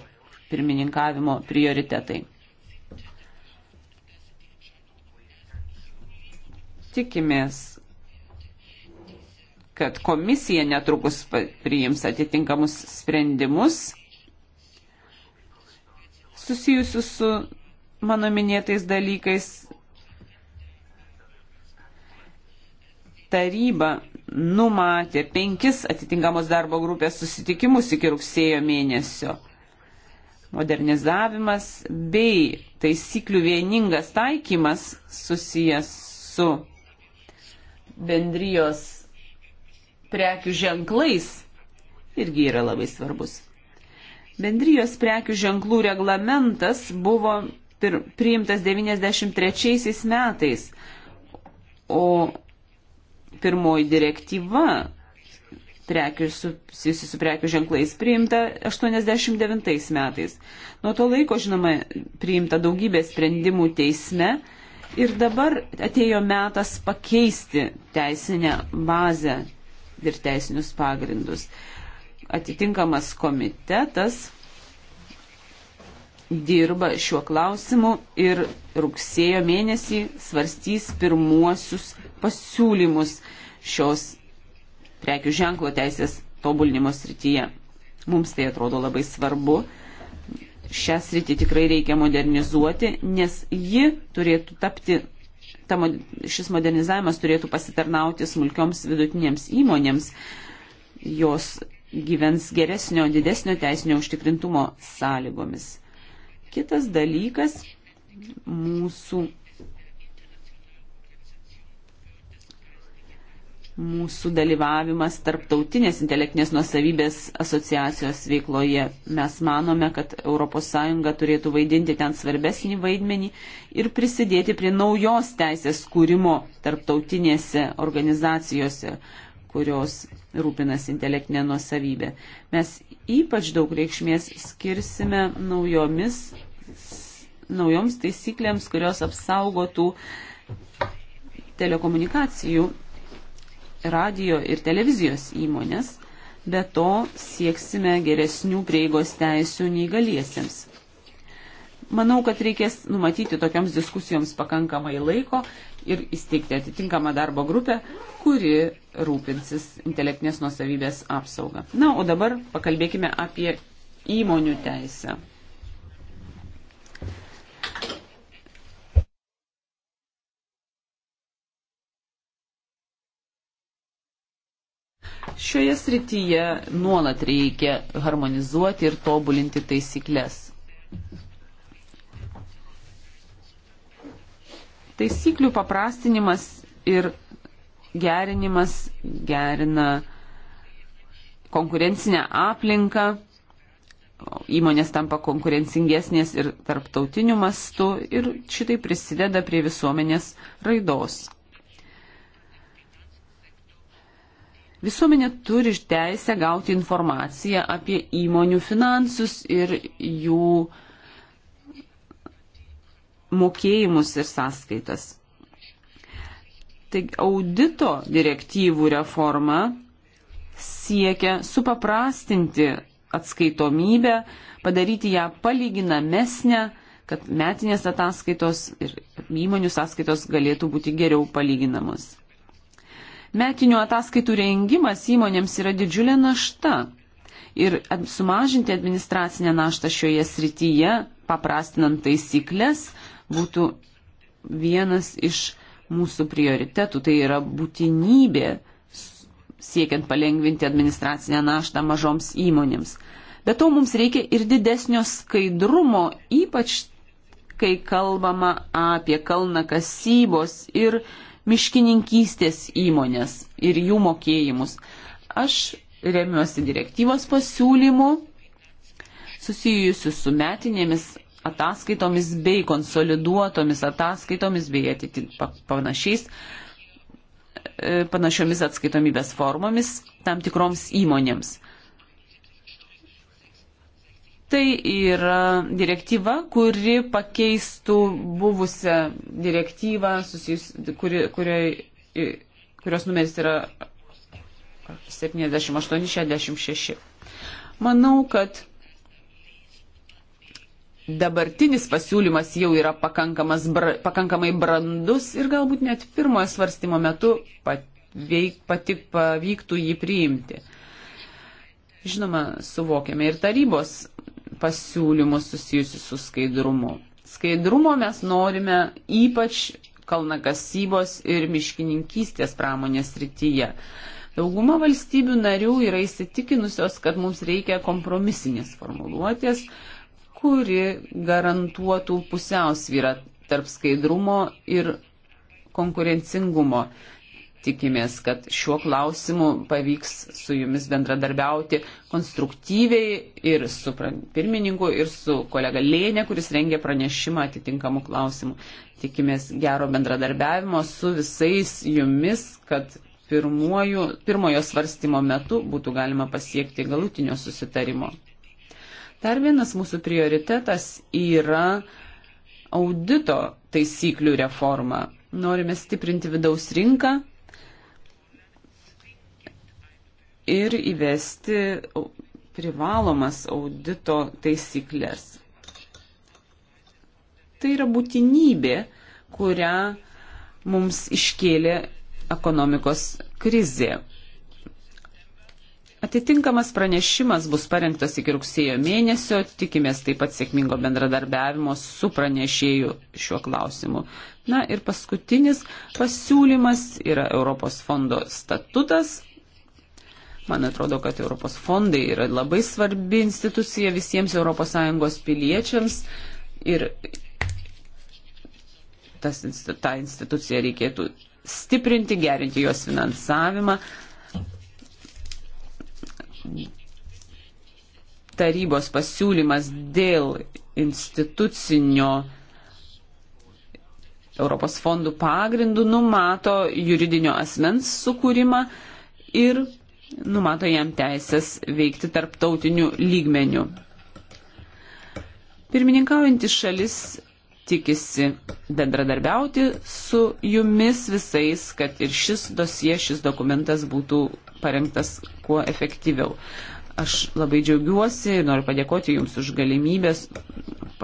pirmininkavimo prioritetai. Tikimės, kad komisija netrukus priims atitinkamus sprendimus susijusius su mano minėtais dalykais. Taryba numatė penkis atitinkamos darbo grupės susitikimus iki rugsėjo mėnesio. Modernizavimas bei taisyklių vieningas taikymas susijęs su bendrijos prekių ženklais irgi yra labai svarbus. Bendrijos prekių ženklų reglamentas buvo priimtas 93 metais, o pirmoji direktyva prekių susijusi su prekių ženklais priimta 89 metais. Nuo to laiko, žinoma, priimta daugybė sprendimų teisme ir dabar atėjo metas pakeisti teisinę bazę ir teisinius pagrindus. Atitinkamas komitetas dirba šiuo klausimu ir rugsėjo mėnesį svarstys pirmuosius pasiūlymus šios prekių ženklo teisės tobulinimo srityje. Mums tai atrodo labai svarbu. Šią sritį tikrai reikia modernizuoti, nes ji turėtų tapti ta, šis modernizavimas turėtų pasitarnauti smulkioms vidutinėms įmonėms. Jos gyvens geresnio, didesnio teisinio užtikrintumo sąlygomis. Kitas dalykas - mūsų mūsų dalyvavimas tarptautinės intelektinės nuosavybės asociacijos veikloje. Mes manome, kad ES turėtų vaidinti ten svarbesnį vaidmenį ir prisidėti prie naujos teisės kūrimo tarptautinėse organizacijose, kurios rūpinasi intelektinė nuosavybė. Mes ypač daug reikšmės skirsime naujomis, naujoms taisyklėms, kurios apsaugotų telekomunikacijų radio ir televizijos įmonės, be to sieksime geresnių prieigos teisių neįgaliesiems. Manau, kad reikės numatyti tokiams diskusijoms pakankamai laiko ir įsteigti atitinkamą darbo grupę, kuri rūpinsis intelektinės nuosavybės apsaugą. Na, o dabar pakalbėkime apie įmonių teisę. Šioje srityje nuolat reikia harmonizuoti ir tobulinti taisyklės. Taisyklių paprastinimas ir gerinimas gerina konkurencinę aplinką, įmonės tampa konkurencingesnės ir tarptautiniu mastu ir šitai prisideda prie visuomenės raidos. Visuomenė turi teisę gauti informaciją apie įmonių finansus ir jų mokėjimus ir sąskaitas. Taigi audito direktyvų reforma siekia supaprastinti atskaitomybę, padaryti ją palyginamesnę, kad metinės ataskaitos ir įmonių sąskaitos galėtų būti geriau palyginamos. Metinių ataskaitų rengimas įmonėms yra didžiulė našta. Ir sumažinti administracinę naštą šioje srityje, paprastinant taisyklės, būtų vienas iš mūsų prioritetų. Tai yra būtinybė siekiant palengvinti administracinę naštą mažoms įmonėms. Bet to mums reikia ir didesnio skaidrumo, ypač kai kalbama apie kalnakasybos ir uh, miškininkystės įmonės ir jų mokėjimus. Aš remiuosi direktyvos pasiūlymu susijusiu su metinėmis ataskaitomis bei konsoliduotomis ataskaitomis bei panašiais, e, panašiomis atskaitomybės formomis tam tikroms įmonėms. Tai yra direktyva, kuri pakeistų buvusią direktyvą, susijus, kuri, kuriai, kurios numeris yra 78-66. Manau, kad dabartinis pasiūlymas jau yra bra, pakankamai brandus ir galbūt net pirmojo svarstymo metu paveik, pati pavyktų jį priimti. Žinoma, suvokiame ir tarybos pasiūlymus susijusius su skaidrumu. Skaidrumo mes norime ypač kalnakasybos ir miškininkystės pramonės rytyje. Dauguma valstybių narių yra įsitikinusios, kad mums reikia kompromisinės formuluotės, kuri garantuotų pusiausvyrą tarp skaidrumo ir konkurencingumo. Tikimės, kad šiuo klausimu pavyks su jumis bendradarbiauti konstruktyviai ir su pirmininku, ir su kolega Lėnė, kuris rengia pranešimą atitinkamų klausimų. Tikimės gero bendradarbiavimo su visais jumis, kad pirmuoju, pirmojo svarstymo metu būtų galima pasiekti galutinio susitarimo. Dar vienas mūsų prioritetas yra audito taisyklių reforma. Norime stiprinti vidaus rinką ir įvesti privalomas audito taisyklės. Tai yra būtinybė, kurią mums iškėlė ekonomikos krizė. Atitinkamas pranešimas bus parengtas iki rugsėjo mėnesio, tikimės taip pat sėkmingo bendradarbiavimo su pranešėju šiuo klausimu. Na ir paskutinis pasiūlymas yra Europos fondo statutas. Man atrodo, kad Europos fondai yra labai svarbi institucija visiems ES piliečiams ir tas, tą instituciją reikėtų stiprinti, gerinti jos finansavimą. Tarybos pasiūlymas dėl institucinio Europos fondų pagrindų numato juridinio asmens sukūrimą ir numato jam teisės veikti tarptautiniu lygmeniu. Pirmininkaujantis šalis tikisi bendradarbiauti su jumis visais, kad ir šis dosie, šis dokumentas būtų parengtas kuo efektyviau. Aš labai džiaugiuosi ir noriu padėkoti Jums už galimybės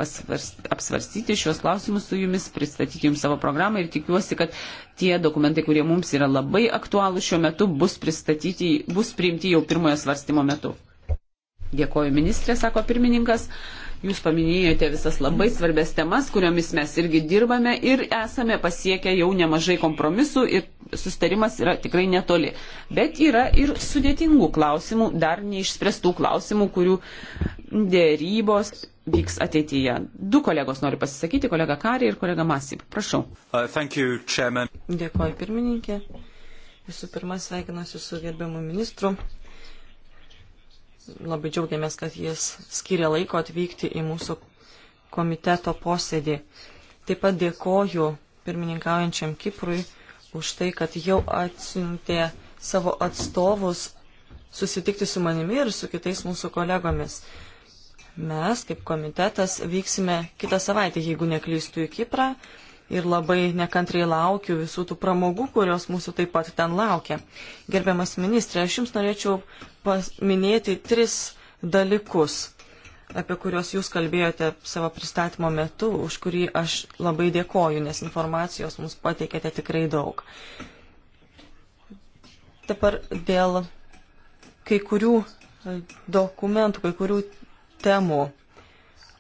apsvarstyti šios klausimus su Jumis, pristatyti Jums savo programą ir tikiuosi, kad tie dokumentai, kurie mums yra labai aktualūs šiuo metu, bus, bus priimti jau pirmojo svarstymo metu. Dėkoju ministrė, sako pirmininkas. Jūs paminėjote visas labai svarbės temas, kuriomis mes irgi dirbame ir esame pasiekę jau nemažai kompromisų ir sustarimas yra tikrai netoli. Bet yra ir sudėtingų klausimų, dar neišspręstų klausimų, kurių dėrybos vyks ateityje. Du kolegos nori pasisakyti, kolega Kari ir kolega Masip. Prašau. Uh, you, Dėkuoju, pirmininkė. Visų pirma, sveikinuosi su gerbiamu ministru. Labai džiaugiamės, kad jis skiria laiko atvykti į mūsų komiteto posėdį. Taip pat dėkoju pirmininkaujančiam Kiprui už tai, kad jau atsiuntė savo atstovus susitikti su manimi ir su kitais mūsų kolegomis. Mes, kaip komitetas, vyksime kitą savaitę, jeigu neklystų į Kiprą, ir labai nekantriai laukiu visų tų pramogų, kurios mūsų taip pat ten laukia. Gerbiamas ministrė, aš Jums norėčiau paminėti tris dalykus, apie kuriuos Jūs kalbėjote savo pristatymo metu, už kurį aš labai dėkoju, nes informacijos mums pateikėte tikrai daug. Dabar dėl kai kurių e, dokumentų, kai kurių temų.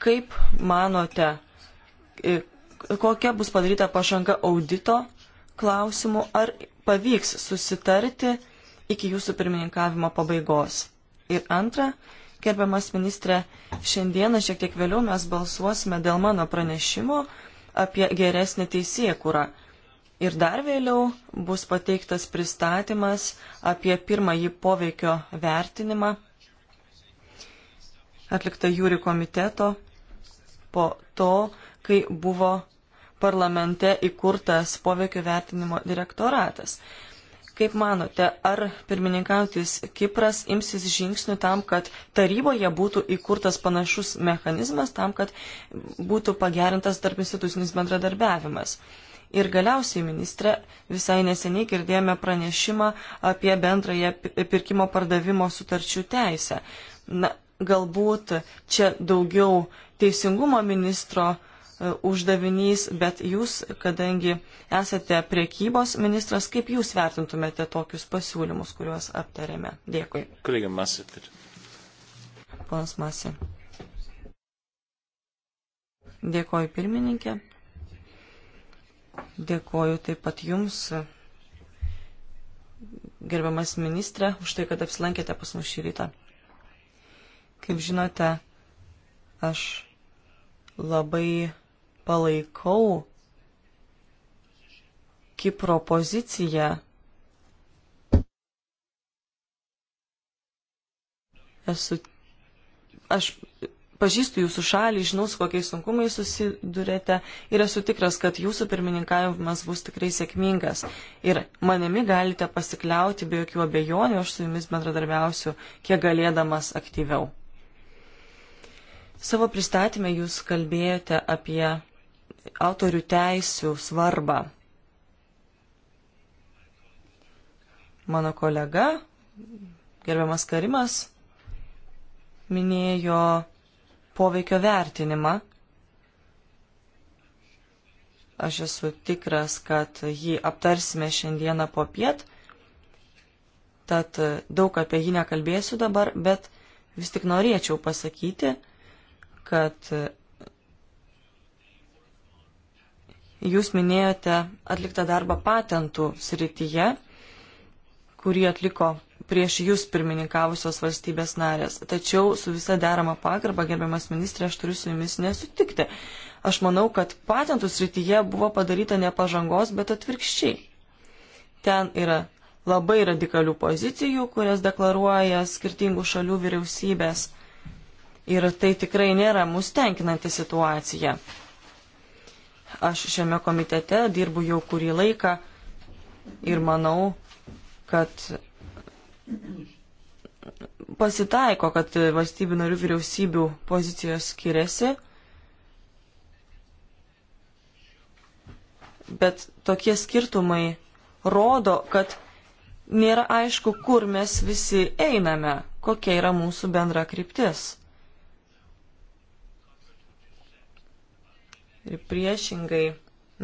Kaip manote, e, kokia bus padaryta pažanga audito klausimu, ar pavyks susitarti iki jūsų pirmininkavimo pabaigos. Ir antra, gerbiamas ministrė, šiandieną šiek tiek vėliau mes balsuosime dėl mano pranešimo apie geresnį teisėkurą. Ir dar vėliau bus pateiktas pristatymas apie pirmąjį poveikio vertinimą atliktą jūri komiteto po to, kai buvo parlamente įkurtas poveikio vertinimo direktoratas. Kaip manote, ar pirmininkautis Kipras imsis žingsnių tam, kad taryboje būtų įkurtas panašus mechanizmas, tam, kad būtų pagerintas tarp institucinis bendradarbiavimas? Ir galiausiai, ministrė, visai neseniai girdėjome pranešimą apie bendrąją pirkimo pardavimo sutarčių teisę. Na, galbūt čia daugiau teisingumo ministro uh, E, uždavinys, bet jūs, kadangi esate priekybos ministras, kaip jūs vertintumėte tokius pasiūlymus, kuriuos aptarėme? Dėkui. Kolegė Masi. Ponas Masi. Dėkoju pirmininkė. Dėkoju taip pat jums, gerbiamas ministrė, už tai, kad apsilankėte pas mus šį rytą. Kaip žinote, aš labai palaikau Kipro poziciją. Esu, aš pažįstu jūsų šalį, žinau, su kokiais sunkumais susidurėte ir esu tikras, kad jūsų pirmininkavimas bus tikrai sėkmingas. Ir manimi galite pasikliauti be jokių abejonių, aš su jumis bendradarbiausiu, kiek galėdamas aktyviau. Savo pristatymę jūs kalbėjote apie autorių teisių svarbą. Mano kolega, gerbiamas Karimas, minėjo poveikio vertinimą. Aš esu tikras, kad jį aptarsime šiandieną po piet, tad daug apie jį nekalbėsiu dabar, bet vis tik norėčiau pasakyti, kad Jūs minėjote atliktą darbą patentų srityje, kurį atliko prieš jūs pirmininkavusios valstybės narės. Tačiau su visa derama pagarba, gerbiamas ministrė, aš turiu su jumis nesutikti. Aš manau, kad patentų srityje buvo padaryta ne pažangos, bet atvirkščiai. Ten yra labai radikalių pozicijų, kurias deklaruoja skirtingų šalių vyriausybės. Ir tai tikrai nėra mūsų tenkinanti situacija. Aš šiame komitete dirbu jau kurį laiką ir manau, kad pasitaiko, kad valstybių narių vyriausybių pozicijos skiriasi, bet tokie skirtumai rodo, kad nėra aišku, kur mes visi einame, kokia yra mūsų bendra kryptis. ir priešingai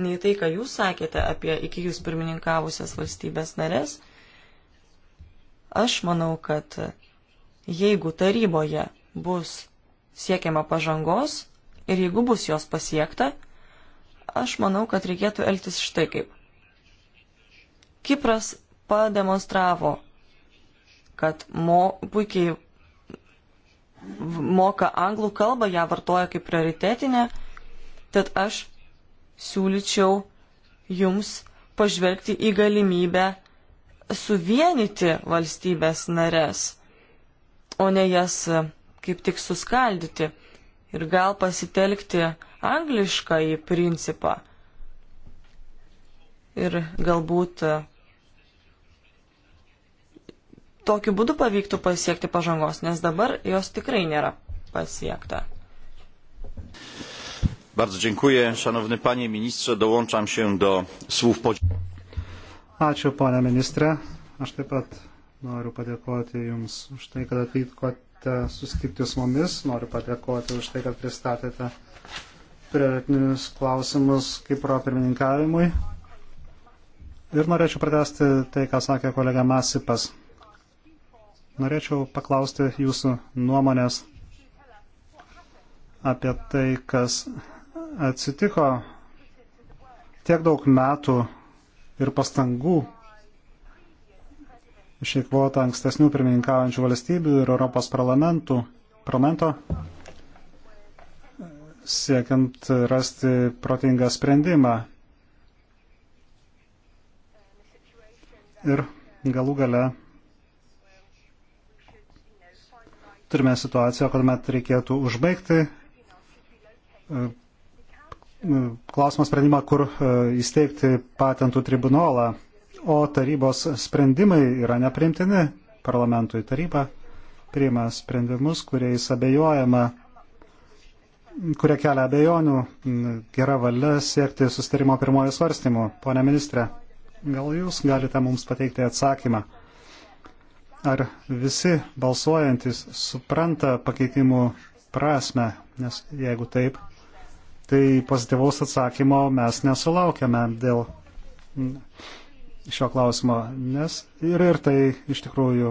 nei tai, ką jūs sakėte apie iki jūs pirmininkavusias valstybės narės, aš manau, kad jeigu taryboje bus siekiama pažangos ir jeigu bus jos pasiekta, aš manau, kad reikėtų elgtis štai kaip. Kipras pademonstravo, kad mo, puikiai moka anglų kalbą, ją vartoja kaip prioritetinę Tad aš siūlyčiau jums pažvelgti į galimybę suvienyti valstybės narės, o ne jas e, kaip tik suskaldyti ir gal pasitelkti anglišką į principą. Ir galbūt e, tokiu būdu pavyktų pasiekti pažangos, nes dabar jos tikrai nėra pasiekta. Bardzo dziękuję. Szanowny panie ministrze, dołączam się do słów Ačiū, pone ministre. Aš taip pat noriu padėkoti Jums už tai, kad atvykote susitikti su mumis. Noriu padėkoti už tai, kad pristatėte prioritetinius klausimus kaip pro pirmininkavimui. Ir norėčiau pratesti tai, ką sakė kolega Masipas. Norėčiau paklausti Jūsų nuomonės apie tai, kas atsitiko tiek daug metų ir pastangų išeikvota ankstesnių pirmininkaujančių valstybių ir Europos parlamentų, parlamento siekiant rasti protingą sprendimą. Ir galų gale turime situaciją, kuomet reikėtų užbaigti Nu, klausimo sprendimą, kur e, įsteigti patentų tribunolą, o tarybos sprendimai yra neprimtini parlamentui. Taryba priima sprendimus, kuriais abejojama, kurie kelia abejonių gera valia siekti sustarimo pirmojo svarstymu. Pone ministrė, gal jūs galite mums pateikti atsakymą? Ar visi balsuojantis supranta pakeitimų prasme, nes jeigu taip, tai pozityvaus atsakymo mes nesulaukėme dėl šio klausimo, nes ir, ir tai iš tikrųjų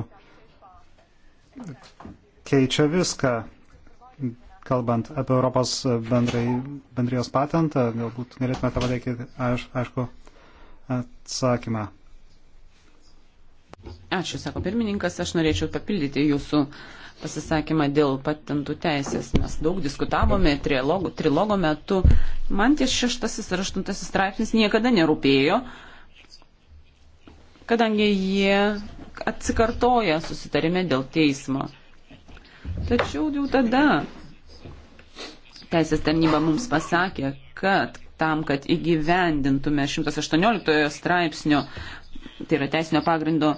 keičia viską, kalbant apie Europos bendrai, bendrijos patentą, galbūt galėtume tą pateikti, aiš, aišku, atsakymą. Ačiū, sako pirmininkas, aš norėčiau papildyti jūsų uh, pasisakymą dėl patentų teisės. Mes daug diskutavome trilogo, trilogo metu. Man ties šeštasis ir aštuntasis straipsnis niekada nerūpėjo, kadangi jie atsikartoja susitarime dėl teismo. Tačiau jau tada teisės tarnyba mums pasakė, kad tam, kad įgyvendintume 118 straipsnio, tai yra teisinio pagrindo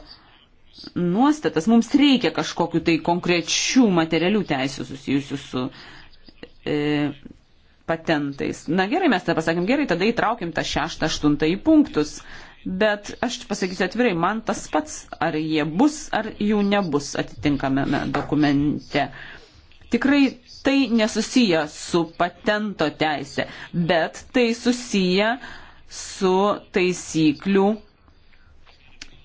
nuostatas, mums reikia kažkokiu tai konkrečių materialių teisų susijusių su e, patentais. Na gerai, mes tą pasakėm, gerai, tada įtraukim tą šeštą, aštuntą į punktus. Bet aš pasakysiu atvirai, man tas pats, ar jie bus, ar jų nebus atitinkamame dokumente. Tikrai tai nesusiję su patento teisė, bet tai susiję su taisyklių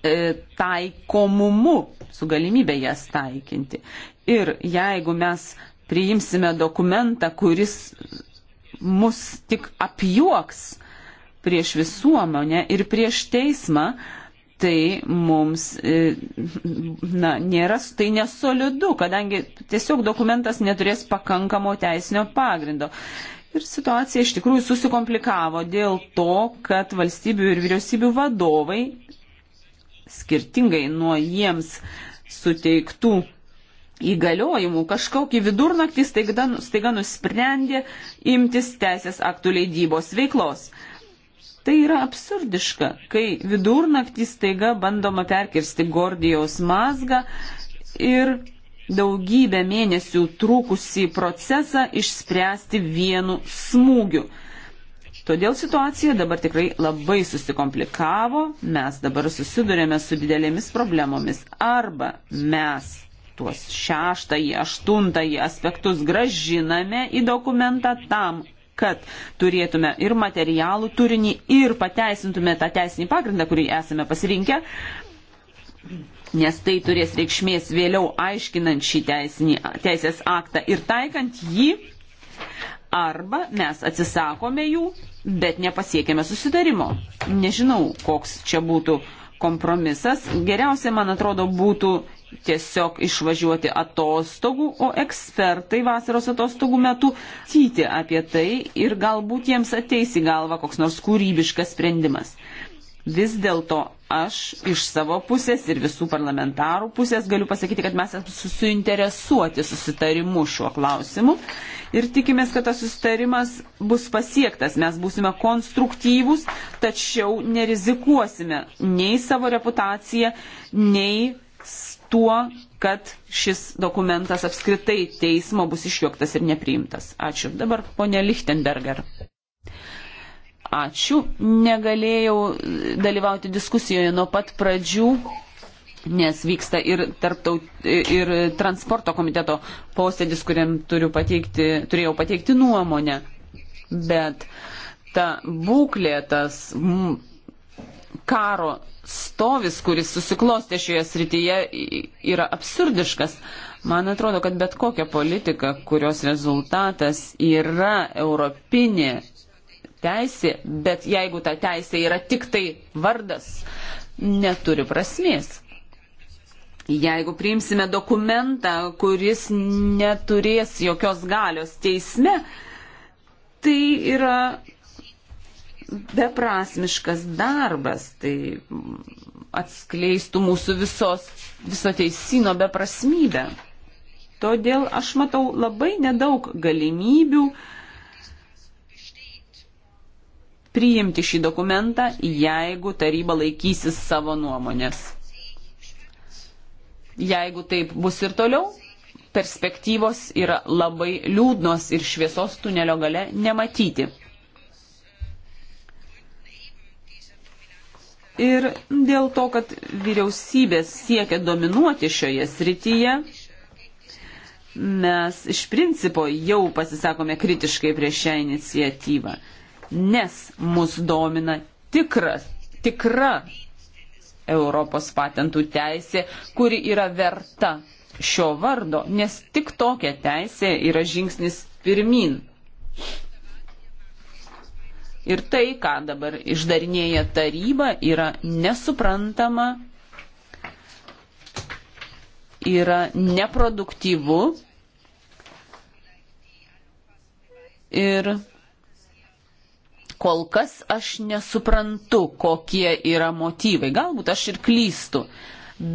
E, taikomumu, su galimybė jas taikinti. Ir jeigu mes priimsime dokumentą, kuris mus tik apjuoks prieš visuomenę ir prieš teismą, tai mums e, na, nėra, tai nesolidu, kadangi tiesiog dokumentas neturės pakankamo teisinio pagrindo. Ir situacija iš tikrųjų susikomplikavo dėl to, kad valstybių ir vyriausybių vadovai skirtingai nuo jiems suteiktų įgaliojimų kažkokį vidurnaktį staiga, staiga nusprendė imtis teisės aktų leidybos veiklos. Tai yra absurdiška, kai vidurnaktį staiga bandoma perkirsti Gordijaus mazgą ir daugybę mėnesių trūkusį procesą išspręsti vienu smūgiu. Todėl situacija dabar tikrai labai susikomplikavo, mes dabar susidurėme su didelėmis problemomis. Arba mes tuos šeštąjį, aštuntąjį aspektus gražiname į dokumentą tam, kad turėtume ir materialų turinį, ir pateisintume tą teisinį pagrindą, kurį esame pasirinkę, nes tai turės reikšmės vėliau aiškinant šį teisinį, teisės aktą ir taikant jį, arba mes atsisakome jų, bet nepasiekėme susitarimo. Nežinau, koks čia būtų kompromisas. Geriausia, man atrodo, būtų tiesiog išvažiuoti atostogų, o ekspertai vasaros atostogų metu tyti apie tai ir galbūt jiems ateis į galvą koks nors kūrybiškas sprendimas. Vis dėlto aš iš savo pusės ir visų parlamentarų pusės galiu pasakyti, kad mes suinteresuoti susitarimu šiuo klausimu ir tikimės, kad tas susitarimas bus pasiektas. Mes būsime konstruktyvūs, tačiau nerizikuosime nei savo reputaciją, nei tuo, kad šis dokumentas apskritai teismo bus išjuoktas ir nepriimtas. Ačiū. Dabar ponė Lichtenberger. Ačiū. Negalėjau dalyvauti diskusijoje nuo pat pradžių nes vyksta ir, tarptaut, ir transporto komiteto posėdis, kuriam pateikti, turėjau pateikti nuomonę. Bet ta būklė, tas m, karo stovis, kuris susiklostė šioje srityje, yra absurdiškas. Man atrodo, kad bet kokia politika, kurios rezultatas yra europinė teisė, bet jeigu ta teisė yra tik tai vardas, neturi prasmės. Jeigu priimsime dokumentą, kuris neturės jokios galios teisme, tai yra beprasmiškas darbas, tai atskleistų mūsų visos, viso teisino beprasmybę. Todėl aš matau labai nedaug galimybių priimti šį dokumentą, jeigu taryba laikysis savo nuomonės. Jeigu taip bus ir toliau, perspektyvos yra labai liūdnos ir šviesos tunelio gale nematyti. Ir dėl to, kad vyriausybės siekia dominuoti šioje srityje, mes iš principo jau pasisakome kritiškai prieš šią iniciatyvą, nes mus domina tikras, tikra Europos patentų teisė, kuri yra verta šio vardo, nes tik tokia teisė yra žingsnis pirmin. Ir tai, ką dabar išdarinėja taryba, yra nesuprantama, yra neproduktyvu ir Kol kas aš nesuprantu, kokie yra motyvai. Galbūt aš ir klystu,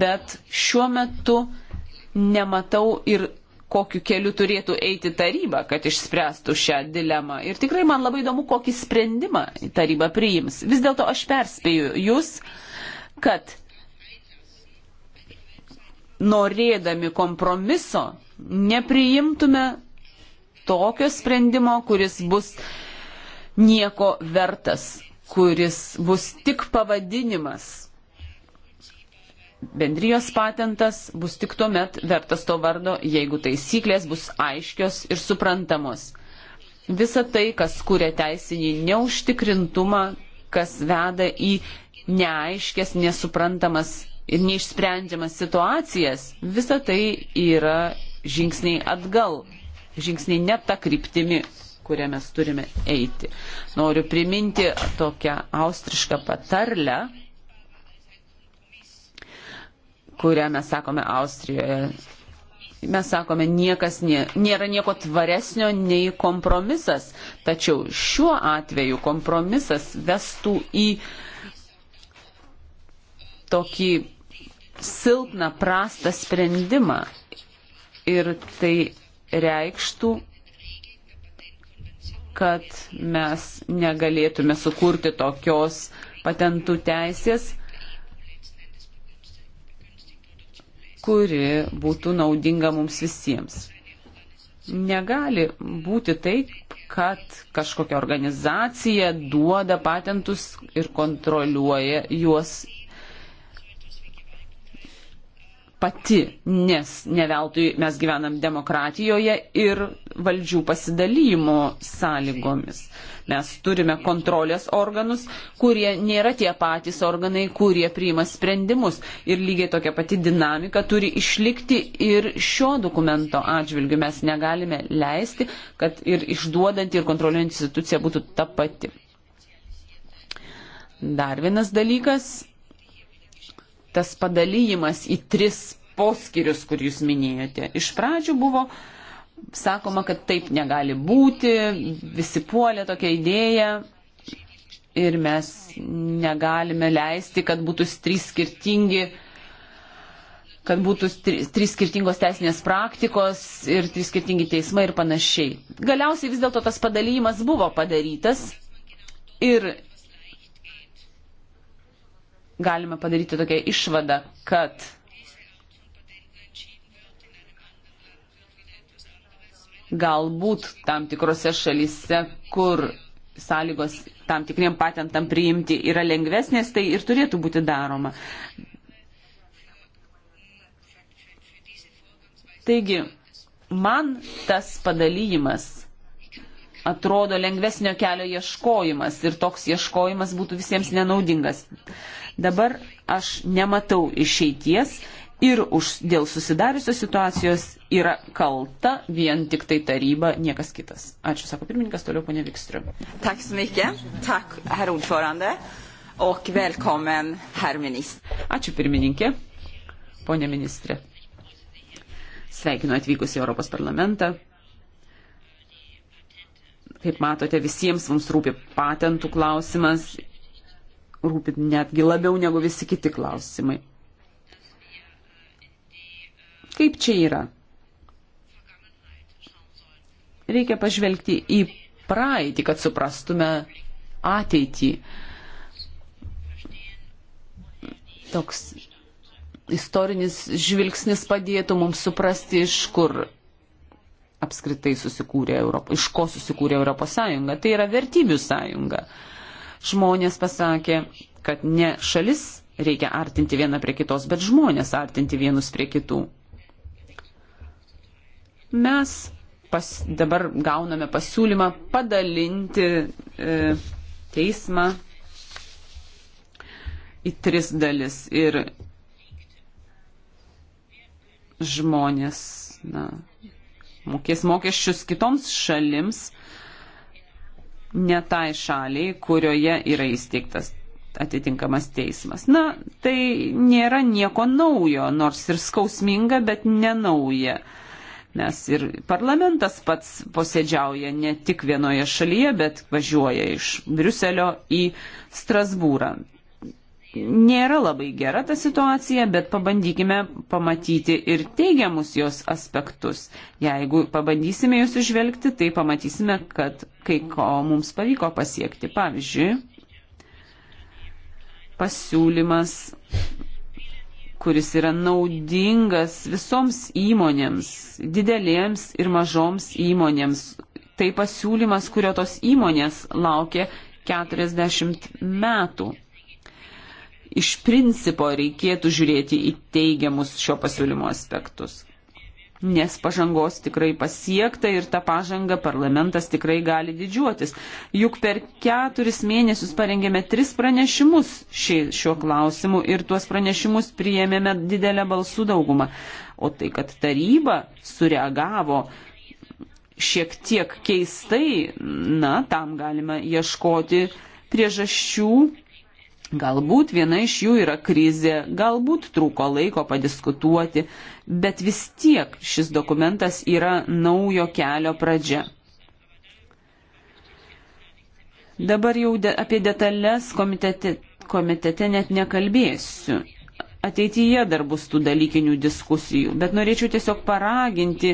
bet šiuo metu nematau ir kokiu keliu turėtų eiti taryba, kad išspręstų šią dilemą. Ir tikrai man labai įdomu, kokį sprendimą taryba priims. Vis dėlto aš perspėju jūs, kad norėdami kompromiso nepriimtume tokio sprendimo, kuris bus uh, nieko vertas, kuris bus tik pavadinimas. Bendrijos patentas bus tik tuo met vertas to vardo, jeigu taisyklės bus aiškios ir suprantamos. Visa tai, kas kūrė teisinį neužtikrintumą, kas veda į neaiškės, nesuprantamas ir neišsprendžiamas situacijas, visa tai yra žingsniai atgal, žingsniai ne tą kryptimį, kurią mes turime eiti. Noriu priminti tokią austrišką patarlę, kurią mes sakome Austrijoje. Mes sakome, niekas nė, nėra nieko tvaresnio nei kompromisas, tačiau šiuo atveju kompromisas vestų į tokį silpną, prastą sprendimą. Ir tai reikštų, kad mes negalėtume sukurti tokios patentų teisės, kuri būtų naudinga mums visiems. Negali būti taip, kad kažkokia organizacija duoda patentus ir kontroliuoja juos pati, nes neveltui mes gyvenam demokratijoje ir valdžių pasidalymo sąlygomis. Mes turime kontrolės organus, kurie nėra tie patys organai, kurie priima sprendimus. Ir lygiai tokia pati dinamika turi išlikti ir šio dokumento atžvilgiu. Mes negalime leisti, kad ir išduodanti, ir kontroliuojanti institucija būtų ta pati. Dar vienas dalykas tas padalyjimas į tris poskirius, kur jūs minėjote. Iš pradžių buvo sakoma, kad taip negali būti, visi puolė tokia idėja ir mes negalime leisti, kad būtų trys skirtingi kad būtų trys skirtingos teisinės praktikos ir trys skirtingi teismai ir panašiai. Galiausiai vis dėlto tas padalymas buvo padarytas ir galime padaryti tokią išvadą, kad galbūt tam tikrose šalyse, kur sąlygos tam tikriem patentam priimti yra lengvesnės, tai ir turėtų būti daroma. Taigi, man tas padalyjimas atrodo lengvesnio kelio ieškojimas ir toks ieškojimas būtų visiems nenaudingas. Dabar aš nematau išeities ir už, dėl susidariusios situacijos yra kalta vien tik tai taryba, niekas kitas. Ačiū, sako pirmininkas, toliau ponė Vikstriu. Tak smikė, tak, herr ordförande, ok velkomen, herr ministr. Ačiū pirmininkė, ponė ministrė. Sveikinu atvykus į Europos parlamentą. Kaip matote, visiems mums rūpi patentų klausimas rūpi netgi labiau negu visi kiti klausimai. Kaip čia yra? Reikia pažvelgti į praeitį, kad suprastume ateitį. Toks istorinis žvilgsnis padėtų mums suprasti, iš kur apskritai susikūrė Europą, iš ko susikūrė Europos Sąjunga. Tai yra vertybių sąjunga. Uh, žmonės pasakė, kad ne šalis reikia artinti vieną prie kitos, bet žmonės artinti vienus prie kitų. Mes pas, dabar gauname pasiūlymą padalinti e, teismą į tris dalis ir žmonės na, mokės mokesčius kitoms šalims, ne tai šaliai, kurioje yra įsteigtas atitinkamas teismas. Na, tai nėra nieko naujo, nors ir skausminga, bet nenauja. Nes ir parlamentas pats posėdžiauja ne tik vienoje šalyje, bet važiuoja iš Briuselio į Strasbūrą nėra labai gera ta situacija, bet pabandykime pamatyti ir teigiamus jos aspektus. Jeigu pabandysime jūs išvelgti, tai pamatysime, kad kai ko mums pavyko pasiekti. Pavyzdžiui, pasiūlymas, kuris yra naudingas visoms įmonėms, didelėms ir mažoms įmonėms. Tai pasiūlymas, kurio tos įmonės laukia 40 metų iš principo reikėtų žiūrėti į teigiamus šio pasiūlymo aspektus. Nes pažangos tikrai pasiekta ir tą pažangą parlamentas tikrai gali didžiuotis. Juk per keturis mėnesius parengėme tris pranešimus ši, šiuo klausimu ir tuos pranešimus priėmėme didelę balsų daugumą. O tai, kad taryba sureagavo šiek tiek keistai, na, tam galima ieškoti priežasčių Galbūt viena iš jų yra krizė, galbūt trūko laiko padiskutuoti, bet vis tiek šis dokumentas yra naujo kelio pradžia. Dabar jau de, apie detalės komitete, komitete net nekalbėsiu. Ateityje dar bus tų dalykinių diskusijų, bet norėčiau tiesiog paraginti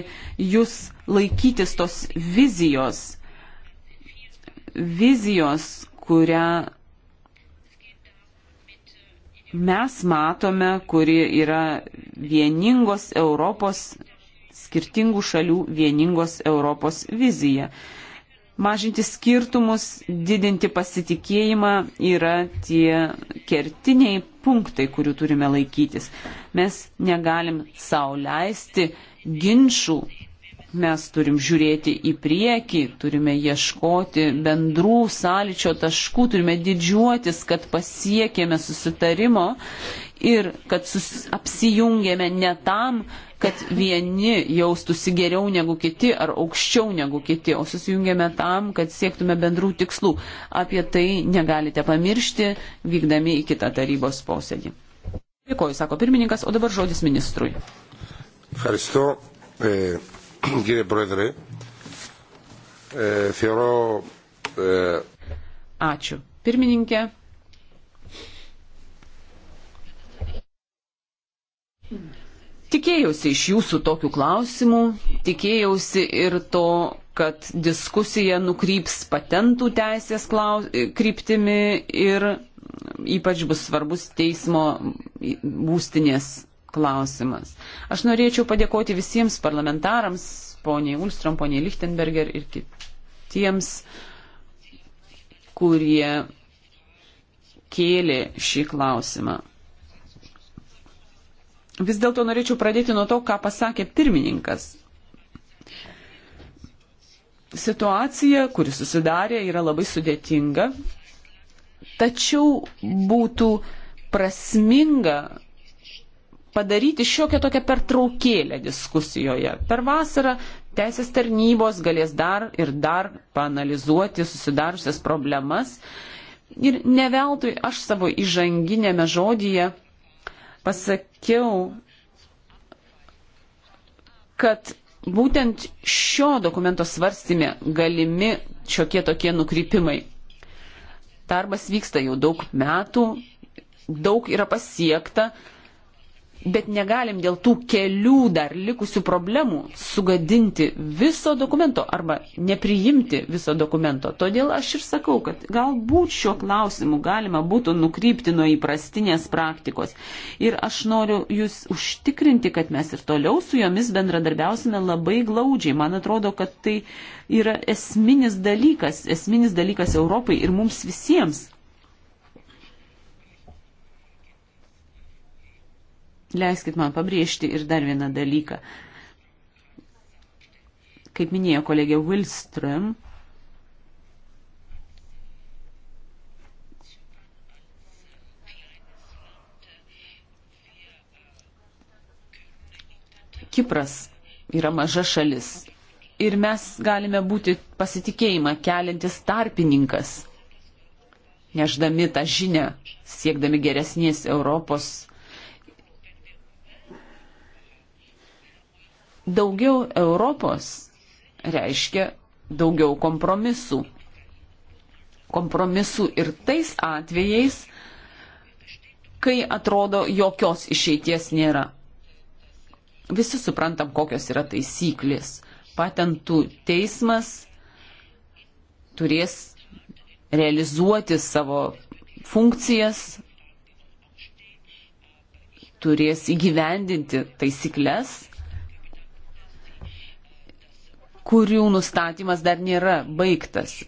jūs laikytis tos vizijos, vizijos, kurią mes matome, kuri yra vieningos Europos, skirtingų šalių vieningos Europos vizija. Mažinti skirtumus, didinti pasitikėjimą yra tie kertiniai punktai, kurių turime laikytis. Mes negalim sauliaisti ginčių Mes turim žiūrėti į priekį, turime ieškoti bendrų sąlyčio taškų, turime didžiuotis, kad pasiekėme susitarimo ir kad sus, apsijungėme ne tam, kad vieni jaustųsi geriau negu kiti ar aukščiau negu kiti, o susijungėme tam, kad siektume bendrų tikslų. Apie tai negalite pamiršti, vykdami į kitą tarybos posėdį. Dėkoju, sako pirmininkas, o dabar žodis ministrui. Haristo, e... κύριε Πρόεδρε. Ε, θεωρώ... Ε... Ačiū. Pirmininkė. Tikėjausi iš jūsų tokių klausimų, tikėjausi ir to, kad diskusija nukryps patentų teisės klaus... kryptimi ir ypač bus svarbus teismo būstinės klausimas. Aš norėčiau padėkoti visiems parlamentarams, poniai Ulstrom, poniai Lichtenberger ir kitiems, kurie kėlė šį klausimą. Vis dėlto norėčiau pradėti nuo to, ką pasakė pirmininkas. Situacija, kuri susidarė, yra labai sudėtinga, tačiau būtų prasminga padaryti šiokią tokią pertraukėlę diskusijoje. Per vasarą teisės tarnybos galės dar ir dar panalizuoti susidariusias problemas. Ir neveltui aš savo įžanginėme žodyje pasakiau, kad būtent šio dokumento svarstymė galimi šiokie tokie nukrypimai. Darbas vyksta jau daug metų, daug yra pasiekta, bet negalim dėl tų kelių dar likusių problemų sugadinti viso dokumento arba nepriimti viso dokumento. Todėl aš ir sakau, kad galbūt šiuo klausimu galima būtų nukrypti nuo įprastinės praktikos. Ir aš noriu jūs užtikrinti, kad mes ir toliau su jomis bendradarbiausime labai glaudžiai. Man atrodo, kad tai yra esminis dalykas, esminis dalykas Europai ir mums visiems. Leiskit man pabrėžti ir dar vieną dalyką. Kaip minėjo kolegė Wilström, Kipras yra maža šalis ir mes galime būti pasitikėjimą keliantis tarpininkas, neždami tą žinę, siekdami geresnės Europos Daugiau Europos reiškia daugiau kompromisų. Kompromisų ir tais atvejais, kai atrodo jokios išeities nėra. Visi suprantam, kokios yra taisyklės. Patentų teismas turės realizuoti savo funkcijas, turės įgyvendinti taisyklės, kurių nustatymas dar nėra baigtas.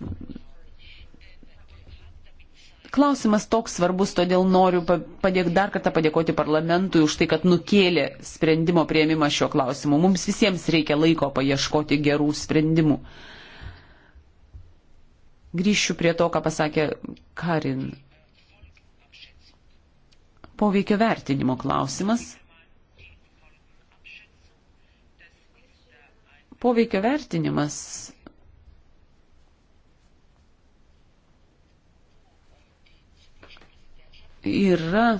Klausimas toks svarbus, todėl noriu padėk, dar kartą padėkoti parlamentui už tai, kad nukėlė sprendimo prieimimą šiuo klausimu. Mums visiems reikia laiko paieškoti gerų sprendimų. Grįšiu prie to, ką pasakė Karin. Poveikio vertinimo klausimas. poveikio vertinimas yra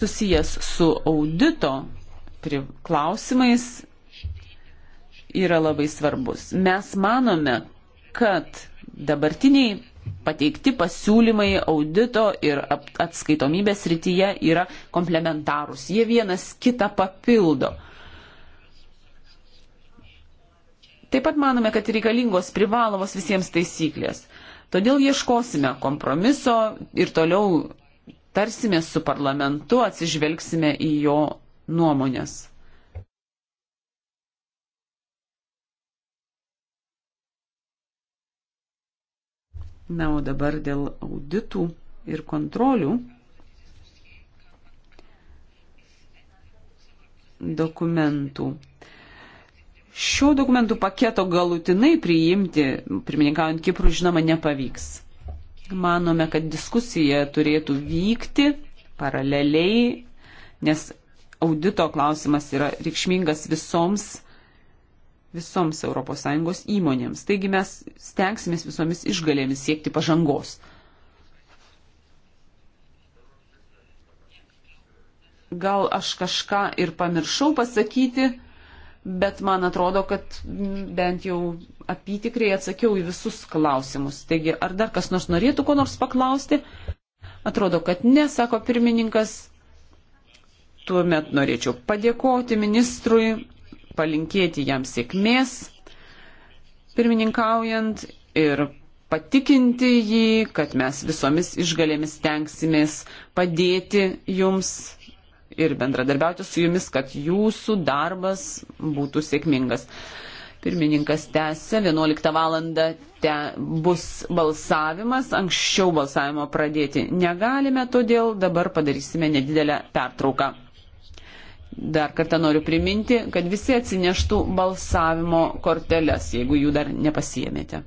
susijęs su audito klausimais yra labai svarbus. Mes manome, kad dabartiniai pateikti pasiūlymai audito ir atskaitomybės rytyje yra komplementarūs. Jie vienas kitą papildo. Taip pat manome, kad reikalingos privalomos visiems taisyklės. Todėl ieškosime kompromiso ir toliau tarsime su parlamentu, atsižvelgsime į jo nuomonės. Na, o dabar dėl auditų ir kontrolių. dokumentų. Šio dokumentų paketo galutinai priimti, pirmininkaujant Kiprų, žinoma, nepavyks. Manome, kad diskusija turėtų vykti paraleliai, nes audito klausimas yra reikšmingas visoms visoms ES įmonėms. Taigi mes stengsime visomis išgalėmis siekti pažangos. Gal aš kažką ir pamiršau pasakyti, bet man atrodo, kad bent jau apytikriai atsakiau į visus klausimus. Taigi, ar dar kas nors norėtų ko nors paklausti? Atrodo, kad ne, sako pirmininkas. Tuomet norėčiau padėkoti ministrui palinkėti jam sėkmės pirmininkaujant ir patikinti jį, kad mes visomis išgalėmis tenksimės padėti jums ir bendradarbiauti su jumis, kad jūsų darbas būtų sėkmingas. Pirmininkas tęsė, 11 val. Te bus balsavimas, anksčiau balsavimo pradėti negalime, todėl dabar padarysime nedidelę pertrauką. Dar kartą noriu priminti, kad visi atsineštų balsavimo korteles, jeigu jų dar nepasiemėte.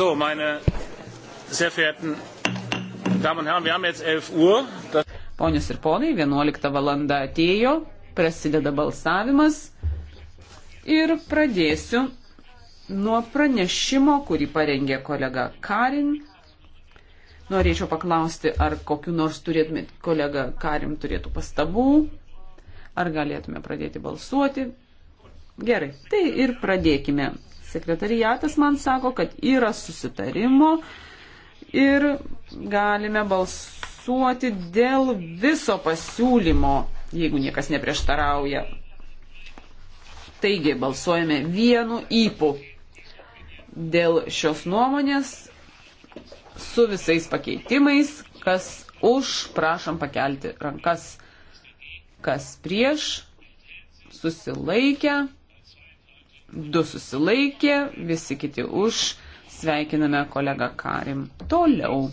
So, meine sehr verehrten Damen und Herren, wir haben jetzt 11 Uhr. Das Ponios ir ponai, 11 valanda atėjo, prasideda balsavimas ir pradėsiu nuo pranešimo, kurį parengė kolega Karin. Norėčiau paklausti, ar kokiu nors turėtumėt, kolega Karim turėtų pastabų, ar galėtume pradėti balsuoti. Gerai, tai ir pradėkime. Sekretariatas man sako, kad yra susitarimo ir galime balsuoti dėl viso pasiūlymo, jeigu niekas neprieštarauja. Taigi balsuojame vienu įpu dėl šios nuomonės su visais pakeitimais, kas už, prašom pakelti rankas, kas prieš, susilaikę du susilaikė, visi kiti už. Sveikiname kolegą Karim. Toliau.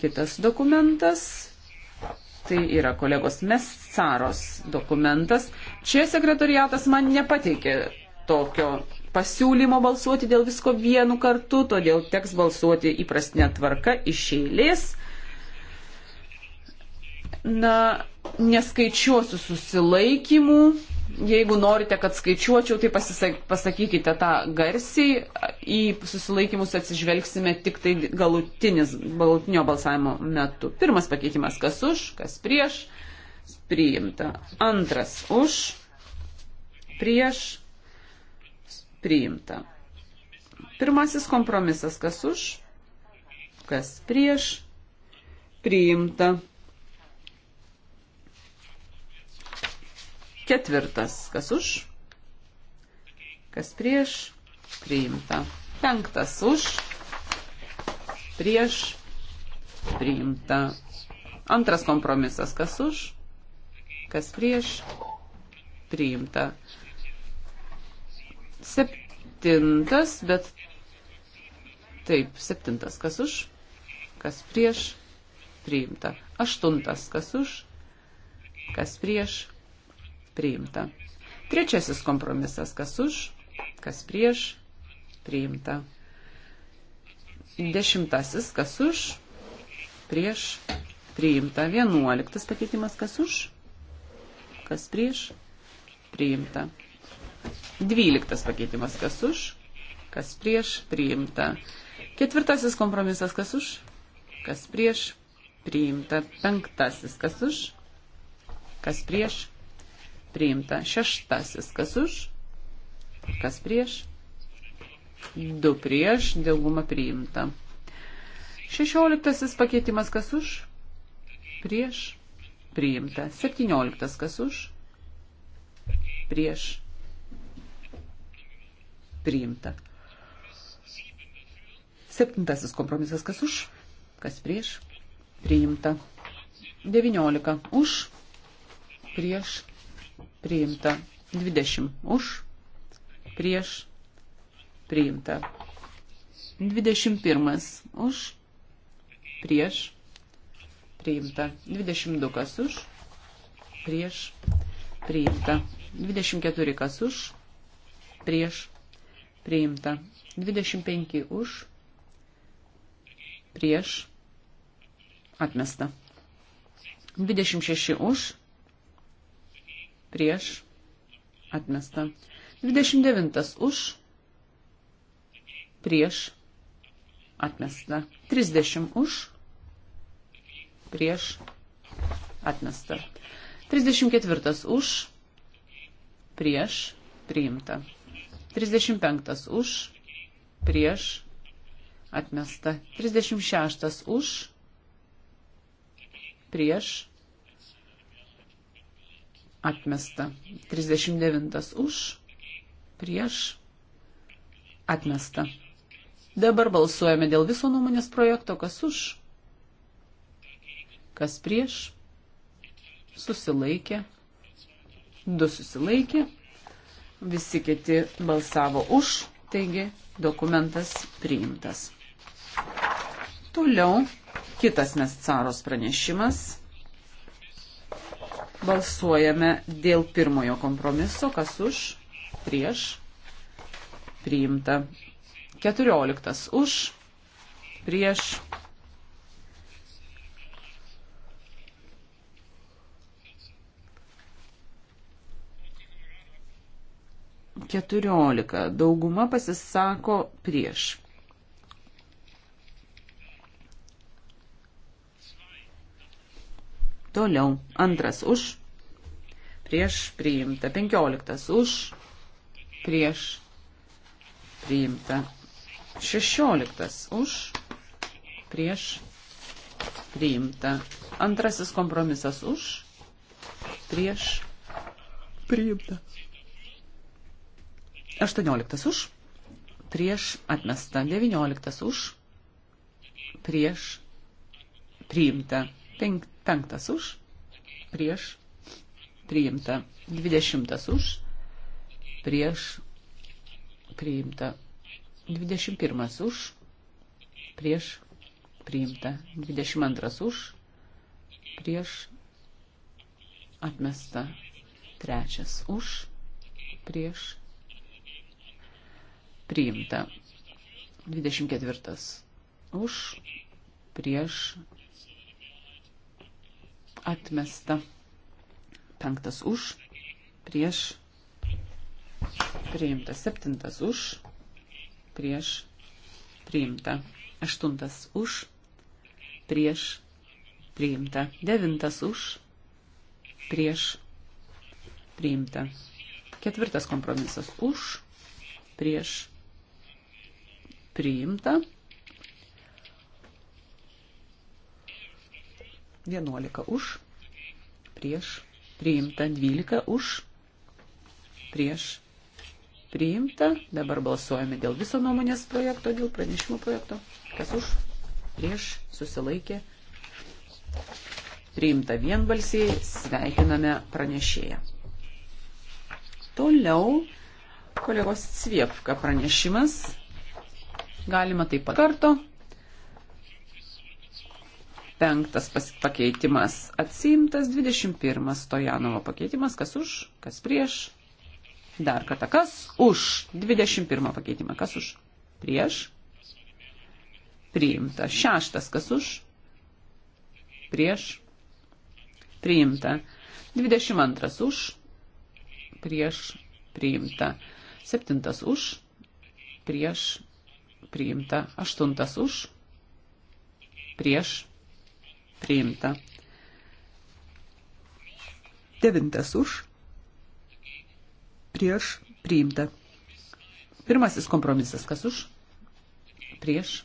Kitas dokumentas. Tai yra kolegos Mescaros dokumentas. Čia sekretariatas man nepateikė tokio pasiūlymo balsuoti dėl visko vienu kartu, todėl teks balsuoti įprastinę tvarką iš eilės. Na, neskaičiuosiu susilaikymų, Jeigu norite, kad skaičiuočiau, tai pasisak, pasakykite tą garsiai. Į susilaikymus atsižvelgsime tik tai galutinio balsavimo metu. Pirmas pakeitimas, kas už, kas prieš, priimta. Antras už, prieš, priimta. Pirmasis kompromisas, kas už, kas prieš, priimta. Ketvirtas. Kas už? Kas prieš? Priimta. Penktas už. Prieš. Priimta. Antras kompromisas. Kas už? Kas prieš? Priimta. Septintas, bet. Taip, septintas. Kas už? Kas prieš? Priimta. Aštuntas. Kas už? Kas prieš? priimta. Trečiasis kompromisas, kas už, kas prieš, priimta. Dešimtasis, kas už, prieš, priimta. Vienuoliktas pakeitimas, kas už, kas prieš, priimta. Dvyliktas pakeitimas, kas už, kas prieš, priimta. Ketvirtasis kompromisas, kas už, kas prieš, priimta. Penktasis, kas už, kas prieš, priimta priimta. Šeštasis, kas už, kas prieš, du prieš, dauguma priimta. Šešioliktasis pakeitimas, kas už, prieš, priimta. Septynioliktas, kas už, prieš, priimta. Septintasis kompromisas, kas už, kas prieš, priimta. Devyniolika, už, prieš, priimta. 20 už, prieš, priimta. 21 už, prieš, priimta. 22 kas už, prieš, priimta. 24 kas už, prieš, priimta. 25 už, prieš, atmesta. 26 už, prieš, atmesta. 29 už, prieš, atmesta. 30 už, prieš, atmesta. 34 už, prieš, priimta. 35 už, prieš, atmesta. 36 už, prieš, atmesta. 39 už, prieš, atmesta. Dabar balsuojame dėl viso nuomonės projekto, kas už, kas prieš, susilaikė, du susilaikė, visi kiti balsavo už, taigi dokumentas priimtas. Toliau kitas mes caros pranešimas. Balsuojame dėl pirmojo kompromiso, kas už, prieš, priimta. Keturioliktas už, prieš. Keturiolika. Dauguma pasisako prieš. Toliau. Antras už. Prieš priimta. Penkioliktas už. Prieš priimta. Šešioliktas už. Prieš priimta. Antrasis kompromisas už. Prieš priimta. Aštuonioliktas už. Prieš atmesta. Devinioliktas už. Prieš priimta. Penk Penktas už, prieš, priimta. Dvidešimtas už, prieš, priimta. Dvidešimt pirmas už, prieš, priimta. Dvidešimt antras už, prieš, atmesta. Trečias už, prieš, priimta. 24. Už, prieš, Atmesta. Penktas už. Prieš. Priimta. Septintas už. Prieš. Priimta. Aštuntas už. Prieš. Priimta. Devintas už. Prieš. Priimta. Ketvirtas kompromisas už. Prieš. Priimta. 11 už, prieš, priimta 12 už, prieš, priimta. Dabar balsuojame dėl viso nuomonės projekto, dėl pranešimo projekto. Kas už, prieš, susilaikė. Priimta vienbalsiai, sveikiname pranešėją. Toliau kolegos Cvievka pranešimas. Galima taip pat karto penktas pakeitimas atsimtas, 21 Stojanovo pakeitimas, kas už, kas prieš. Dar kartą, kas už 21 pakeitimą, kas už, prieš. Priimta. Šeštas, kas už, prieš. Priimta. 22 už, prieš. Priimta. Septintas už, prieš. Priimta. Aštuntas už, prieš priimta. Devintas už, prieš, priimta. Pirmasis kompromisas, kas už, prieš,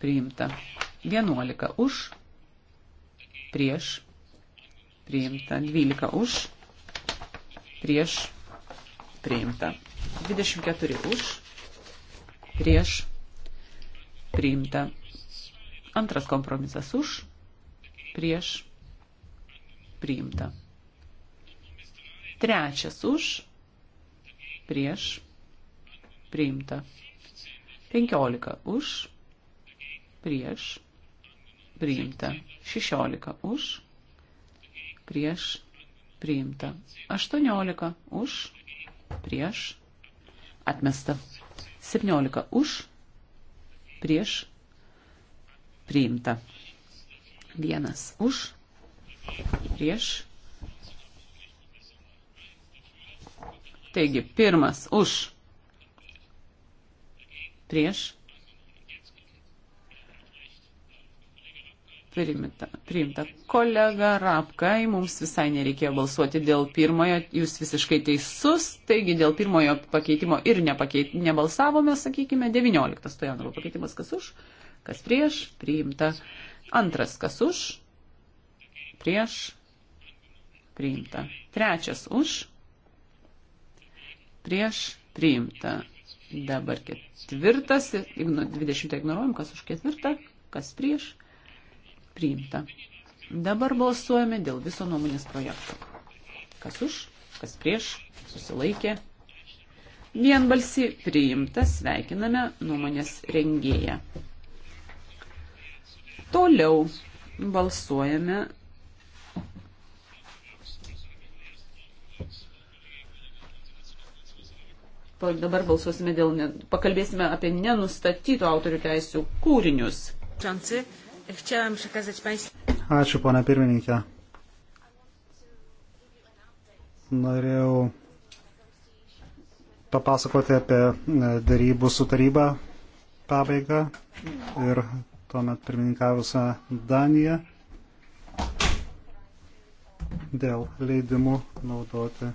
priimta. Vienuolika už, prieš, priimta. Dvylika už, prieš, priimta. 24 už, prieš, priimta. Antras kompromisas už, prieš, priimta. Trečias už, prieš, priimta. Penkiolika už, prieš, priimta. Šešiolika už, prieš, priimta. Aštuoniolika už, prieš, atmesta. Septyniolika už, prieš, priimta. Vienas už, prieš. Taigi, pirmas už, prieš. Priimta, priimta. Kolega Rapkai, mums visai nereikėjo balsuoti dėl pirmojo, jūs visiškai teisus, taigi dėl pirmojo pakeitimo ir nepakeit, nebalsavome, sakykime, 19 stojanovo pakeitimas, kas už, kas prieš, priimta. Antras, kas už, prieš, priimta. Trečias, už, prieš, priimta. Dabar ketvirtas, 20 ignoruojam, kas už ketvirtą, kas prieš, priimta. Dabar balsuojame dėl viso nuomonės projekto. Kas už, kas prieš, susilaikė. Vienbalsi priimta, sveikiname nuomonės rengėją. Toliau balsuojame. Dabar balsuosime dėl, ne, pakalbėsime apie nenustatytų autorių teisų kūrinius. Ačiū, ponia pirmininkė. Norėjau papasakoti apie e, darybų su taryba pabaigą ir tuomet pirmininkavusią Daniją dėl leidimų naudoti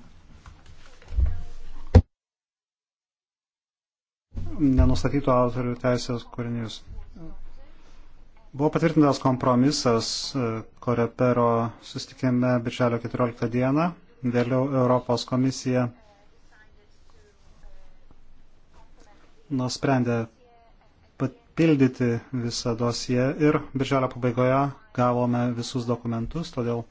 nenustatytų autorių teisės kūrinius. Buvo patvirtintas kompromisas e, Korepero susitikime birželio 14 dieną, vėliau Europos komisija nusprendė pildyti visą dosiją ir birželio pabaigoje gavome visus dokumentus, todėl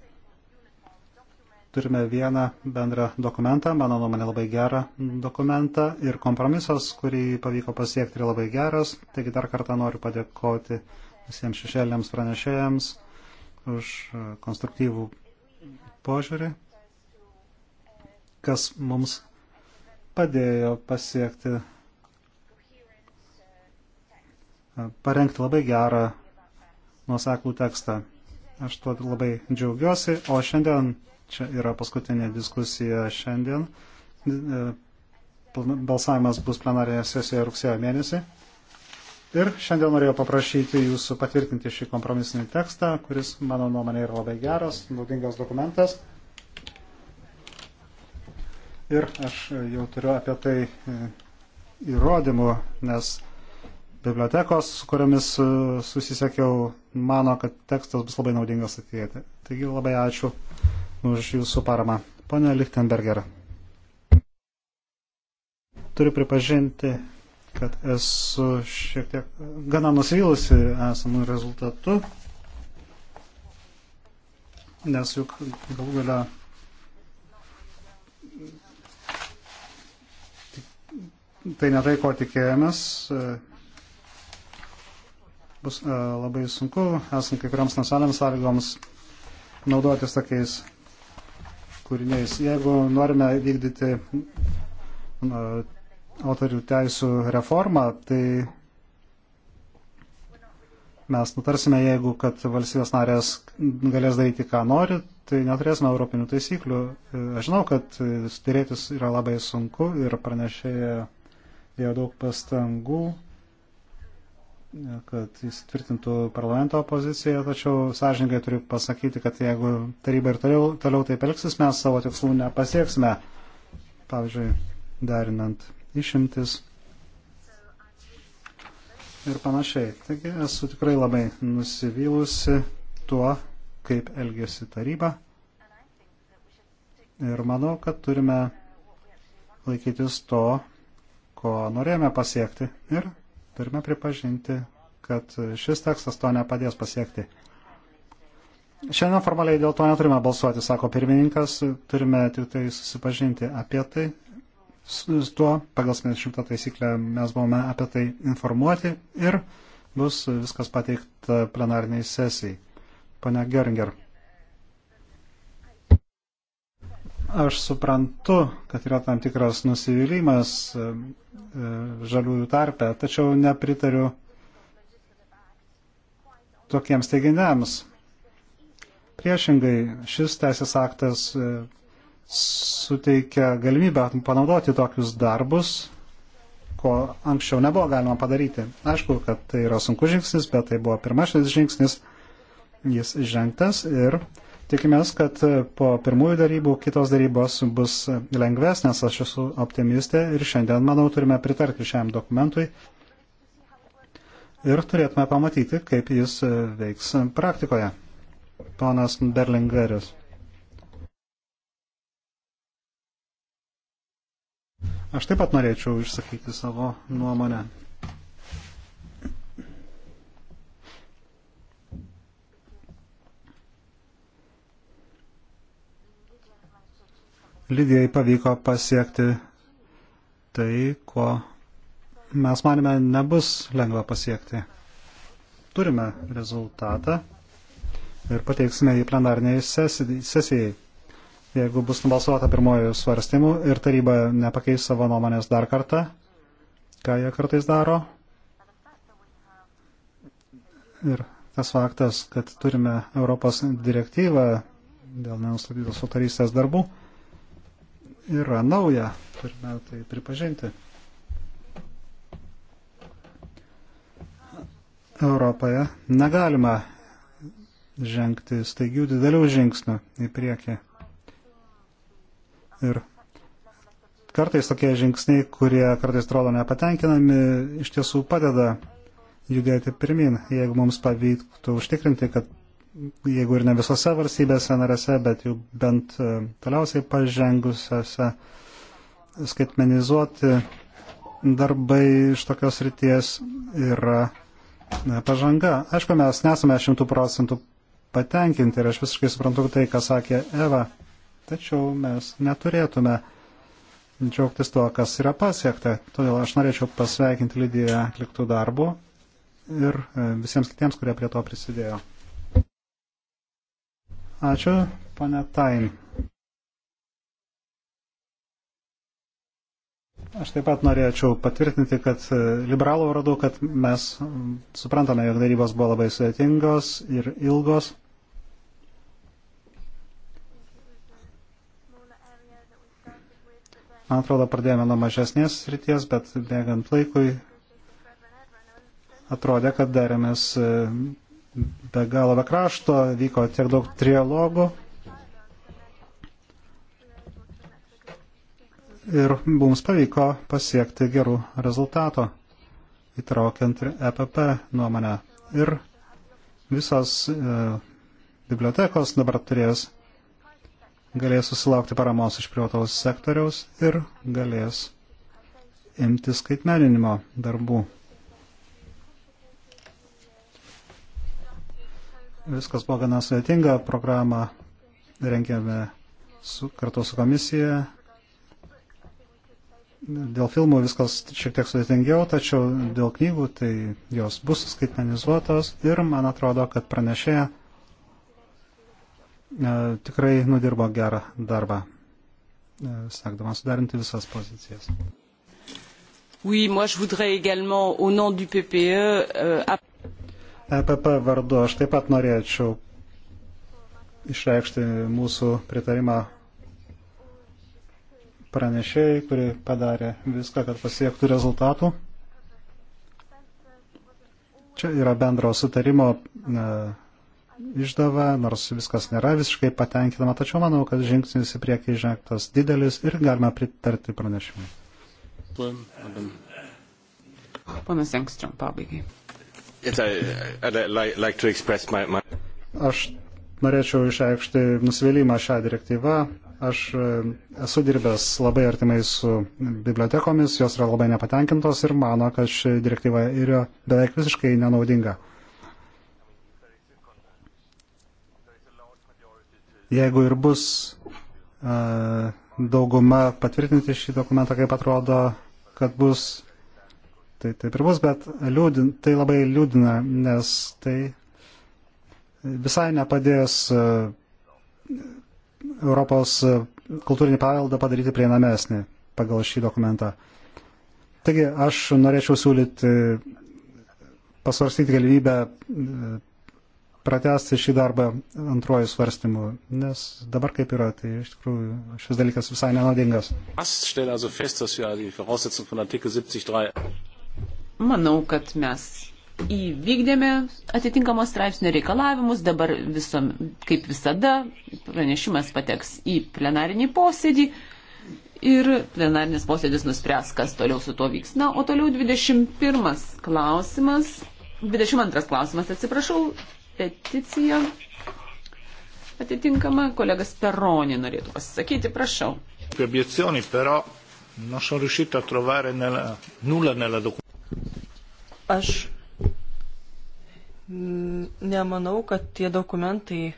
turime vieną bendrą dokumentą, mano nuomonė labai gerą dokumentą ir kompromisas, kurį pavyko pasiekti, yra labai geras. Taigi dar kartą noriu padėkoti visiems šešėliams pranešėjams už konstruktyvų požiūrį, kas mums padėjo pasiekti parengti labai gerą nuoseklų tekstą. Aš tuo labai džiaugiuosi, o šiandien čia yra paskutinė diskusija šiandien. Balsavimas bus plenarinėje sesijoje rugsėjo mėnesį. Ir šiandien norėjau paprašyti jūsų patvirtinti šį kompromisinį tekstą, kuris, mano nuomonė, yra labai geras, naudingas dokumentas. Ir aš jau turiu apie tai e, įrodymų, nes bibliotekos, su kuriomis e, susisiekiau, mano, kad tekstas bus labai naudingas atėjti. Taigi labai ačiū už jūsų paramą. Pone Lichtenberger, turiu pripažinti, kad esu šiek tiek gana nusivylusi esamų rezultatų, nes juk galų galę tai netai, ko tikėjomės. E, bus e, labai sunku, esant kai kuriams nacionaliniams sąlygoms, naudotis tokiais kūriniais. Jeigu norime vykdyti e, autorių teisų reformą, tai mes nutarsime, jeigu kad valstybės narės galės daryti, ką nori, tai neturėsime europinių taisyklių. E, aš žinau, kad styrėtis yra labai sunku ir pranešėja dėjo daug pastangų kad jis tvirtintų parlamento poziciją, tačiau sąžininkai turiu pasakyti, kad jeigu taryba ir toliau, toliau taip elgsis, mes savo tikslų nepasieksime, pavyzdžiui, darinant išimtis ir panašiai. Taigi esu tikrai labai nusivylusi tuo, kaip elgėsi taryba. Ir manau, kad turime laikytis to, ko norėjome pasiekti. Ir Turime pripažinti, kad šis tekstas to nepadės pasiekti. Šiandien formaliai dėl to neturime balsuoti, sako pirmininkas, turime tik tai susipažinti apie tai. Su tuo, pagal 70 taisyklę, mes buvome apie tai informuoti ir bus viskas pateikta plenariniai sesijai. Pane Geringer. Aš suprantu, kad yra tam tikras nusivylimas e, e, žaliųjų tarpe, tačiau nepritariu tokiems teiginiams. Priešingai, šis teisės aktas e, suteikia galimybę panaudoti tokius darbus, ko anksčiau nebuvo galima padaryti. Aišku, kad tai yra sunkus žingsnis, bet tai buvo pirmasis žingsnis, jis žengtas ir Tikimės, kad e, po pirmųjų darybų kitos darybos bus e, lengvesnės, aš esu optimistė ir šiandien, manau, turime pritarti šiam dokumentui ir turėtume pamatyti, kaip jis e, veiks praktikoje. Ponas Berlingeris. Aš taip pat norėčiau išsakyti savo nuomonę. Lydijai pavyko pasiekti tai, ko mes manime nebus lengva pasiekti. Turime rezultatą ir pateiksime jį plenarniai sesijai. Jeigu bus nubalsuota pirmojų svarstymų ir taryba nepakeis savo nuomonės dar kartą, ką jie kartais daro. Ir tas faktas, kad turime Europos direktyvą dėl nenustatytos autorystės darbų, yra nauja, turime tai pripažinti. Europoje negalima žengti staigių didelių žingsnių į priekį. Ir kartais tokie žingsniai, kurie kartais atrodo nepatenkinami, iš tiesų padeda judėti pirmin, jeigu mums pavyktų užtikrinti, kad jeigu ir ne visose valstybėse narėse, bet jau bent e, toliausiai pažengusiose skaitmenizuoti darbai iš tokios ryties yra e, pažanga. Aišku, mes nesame šimtų procentų patenkinti ir aš visiškai suprantu tai, ką sakė Eva, tačiau mes neturėtume džiaugtis tuo, kas yra pasiekta. Todėl aš norėčiau pasveikinti Lydiją atliktų darbų ir e, visiems kitiems, kurie prie to prisidėjo. Ačiū, pane Tain. Aš taip pat norėčiau patvirtinti, kad e, liberalų vardu, kad mes suprantame, jog darybos buvo labai sudėtingos ir ilgos. Man atrodo, pradėjome nuo mažesnės ryties, bet bėgant laikui atrodė, kad darėmės e, be galo be krašto, vyko tiek daug trialogų. Ir mums pavyko pasiekti gerų rezultatų, įtraukiant ir EPP nuomonę. Ir visos e, bibliotekos dabar turės, galės susilaukti paramos iš privataus sektoriaus ir galės imti skaitmeninimo darbų. viskas buvo gana sudėtinga, programą renkėme su, kartu su komisija. Dėl filmų viskas šiek tiek sudėtingiau, tačiau dėl knygų tai jos bus skaitmenizuotos ir man atrodo, kad pranešėja e, tikrai nudirbo gerą darbą, e, sakdama sudarinti visas pozicijas. Oui, moi je voudrais également au nom du PPE euh, EPP vardu aš taip pat norėčiau išreikšti mūsų pritarimą pranešėjai, kuri padarė viską, kad pasiektų rezultatų. Čia yra bendro sutarimo e, išdava, nors viskas nėra visiškai patenkinama, tačiau manau, kad žingsnis į priekį žengtas didelis ir galime pritarti pranešimui. Ponas Engstrom, pabaigai. Aš norėčiau išreikšti nusivylimą šią direktyvą. Aš e, esu dirbęs labai artimai su bibliotekomis, jos yra labai nepatenkintos ir mano, kad ši direktyva yra beveik visiškai nenaudinga. Jeigu ir bus e, dauguma patvirtinti šį dokumentą, kaip atrodo, kad bus tai taip ir bus, bet liūdin, tai labai liūdina, nes tai visai nepadės e, Europos e, kultūrinį paveldą padaryti prieinamesnį pagal šį dokumentą. Taigi aš norėčiau siūlyti pasvarstyti galimybę e, pratesti šį darbą antruoju svarstymu, nes dabar kaip yra, tai iš tikrųjų šis dalykas visai nenodingas manau, kad mes įvykdėme atitinkamos straipsnio reikalavimus, dabar visom, kaip visada pranešimas pateks į plenarinį posėdį ir plenarinis posėdis nuspręs, kas toliau su tuo vyks. Na, o toliau 21 klausimas, 22 klausimas, atsiprašau, peticija atitinkama, kolegas Peronė norėtų pasisakyti, prašau. Obiezioni, però non sono riuscito a trovare nella, nulla nella documentazione. Aš nemanau, kad tie dokumentai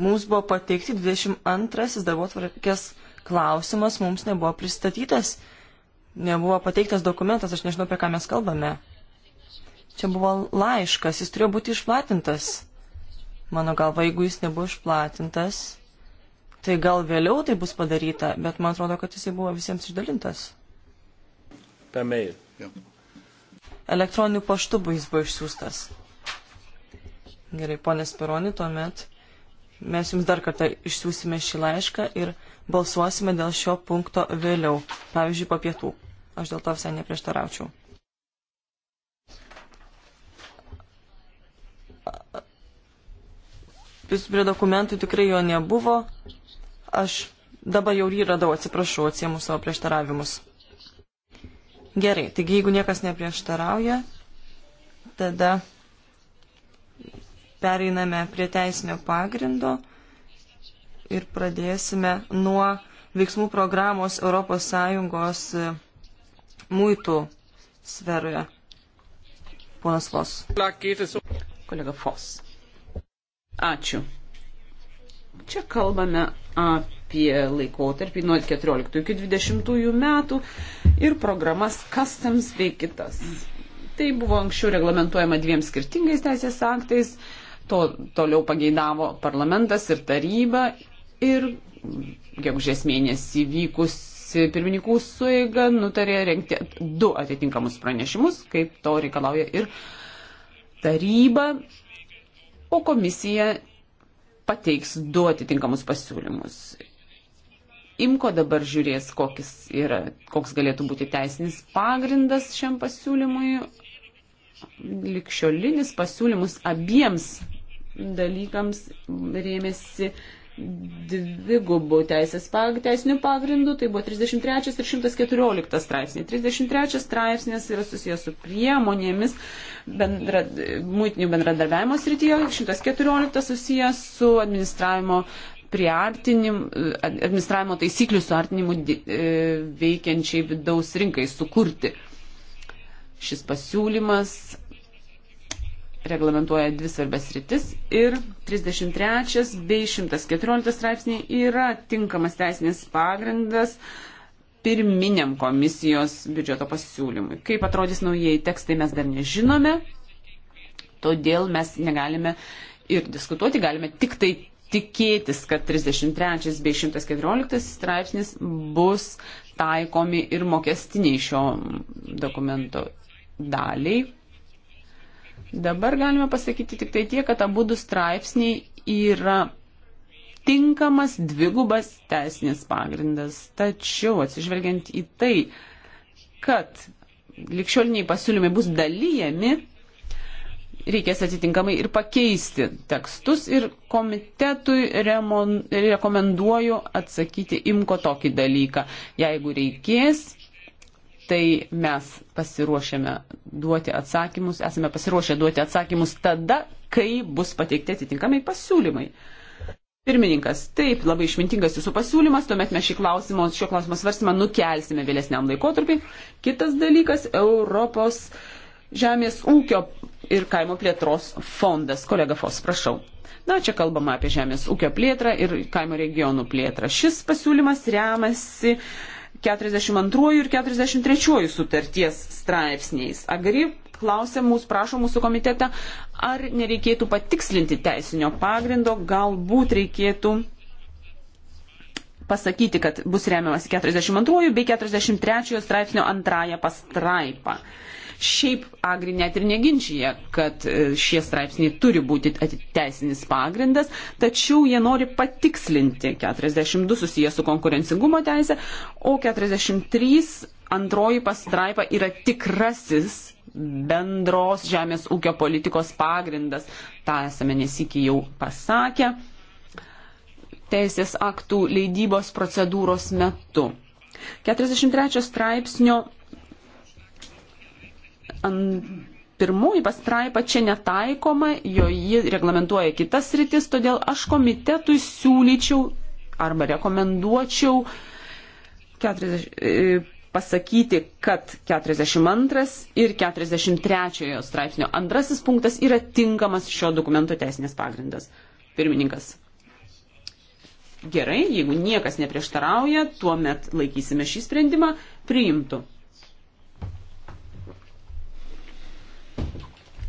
mums buvo pateikti 22 darbo tvarkės klausimas, mums nebuvo pristatytas, nebuvo pateiktas dokumentas, aš nežinau, apie ką mes kalbame. Čia buvo laiškas, jis turėjo būti išplatintas. Mano galva, jeigu jis nebuvo išplatintas, tai gal vėliau tai bus padaryta, bet man atrodo, kad jisai buvo visiems išdalintas. Per mail. Elektroniniu paštu jis buvo išsiųstas. Gerai, ponės Peroni, tuomet mes jums dar kartą išsiųsime šį laišką ir balsuosime dėl šio punkto vėliau, pavyzdžiui, po pietų. Aš dėl to visai neprieštaraučiau. Jūs prie dokumentų tikrai jo nebuvo. Aš dabar jau jį radau, atsiprašau, atsiemu savo prieštaravimus. Gerai, taigi jeigu niekas neprieštarauja, tada pereiname prie teisinio pagrindo ir pradėsime nuo veiksmų programos ES e, muitų sferoje. Ponas Fos. Kolega Fos. Ačiū. Čia kalbame apie apie laikotarpį nuo 14 iki 20 metų ir programas customs bei kitas. Tai buvo anksčiau reglamentuojama dviem skirtingais teisės aktais, to toliau pageidavo parlamentas ir taryba ir gegužės mėnesį vykus pirmininkų suiga nutarė renkti du atitinkamus pranešimus, kaip to reikalauja ir taryba, o komisija pateiks du atitinkamus pasiūlymus. Imko dabar žiūrės, kokis yra, koks galėtų būti teisinis pagrindas šiam pasiūlymui. Likščiolinis pasiūlymus abiems dalykams rėmėsi dvigubų teisės pag, teisinių pagrindų, tai buvo 33 ir 114 straipsniai. 33 straipsnis yra susijęs su priemonėmis bendra, mūtinių bendradarbiavimo srityje, 114 susijęs su administravimo priartinim, administravimo taisyklių suartinimu e, veikiančiai vidaus rinkai sukurti. Šis pasiūlymas reglamentuoja dvi svarbės rytis ir 33 bei 114 straipsniai yra tinkamas teisinis pagrindas pirminiam komisijos biudžeto pasiūlymui. Kaip atrodys naujieji tekstai mes dar nežinome, todėl mes negalime ir diskutuoti, galime tik tai tikėtis, kad 33 bei 114 straipsnis bus taikomi ir mokestiniai šio dokumento daliai. Dabar galime pasakyti tik tai tiek, kad abu du straipsniai yra tinkamas dvigubas teisinis pagrindas. Tačiau atsižvelgiant į tai, kad likščioliniai pasiūlymai bus dalyjami, reikės atitinkamai ir pakeisti tekstus ir komitetui remon, rekomenduoju atsakyti imko tokį dalyką. Jeigu reikės, tai mes pasiruošėme duoti atsakymus, esame pasiruošę duoti atsakymus tada, kai bus pateikti atitinkamai pasiūlymai. Pirmininkas, taip, labai išmintingas jūsų pasiūlymas, tuomet mes šį klausimą, šio klausimo svarstymą nukelsime vėlesniam laikotarpiai. Kitas dalykas - Europos uh, Žemės ūkio ir kaimo plėtros fondas. Kolega Fos, prašau. Na, čia kalbama apie žemės ūkio plėtrą ir kaimo regionų plėtrą. Šis pasiūlymas remiasi 42 ir 43 sutarties straipsniais. Agri klausė mūsų, prašo mūsų komitetą, ar nereikėtų patikslinti teisinio pagrindo, galbūt reikėtų pasakyti, kad bus remiamas 42 bei 43 straipsnio antrąją pastraipą. Šiaip Agri net ir neginčia, kad e, šie straipsniai turi būti teisinis pagrindas, tačiau jie nori patikslinti 42 susiję su konkurencingumo teisė, o 43 antroji pastraipa yra tikrasis bendros žemės ūkio politikos pagrindas. Ta esame nesikį jau pasakę teisės aktų leidybos procedūros metu. 43 straipsnio pirmoji pastraipa čia netaikoma, jo ji reglamentuoja kitas rytis, todėl aš komitetui siūlyčiau arba rekomenduočiau 40, e, pasakyti, kad 42 ir 43 straipsnio antrasis punktas yra tinkamas šio dokumento teisinės pagrindas. Pirmininkas. Gerai, jeigu niekas neprieštarauja, tuomet laikysime šį sprendimą priimtų.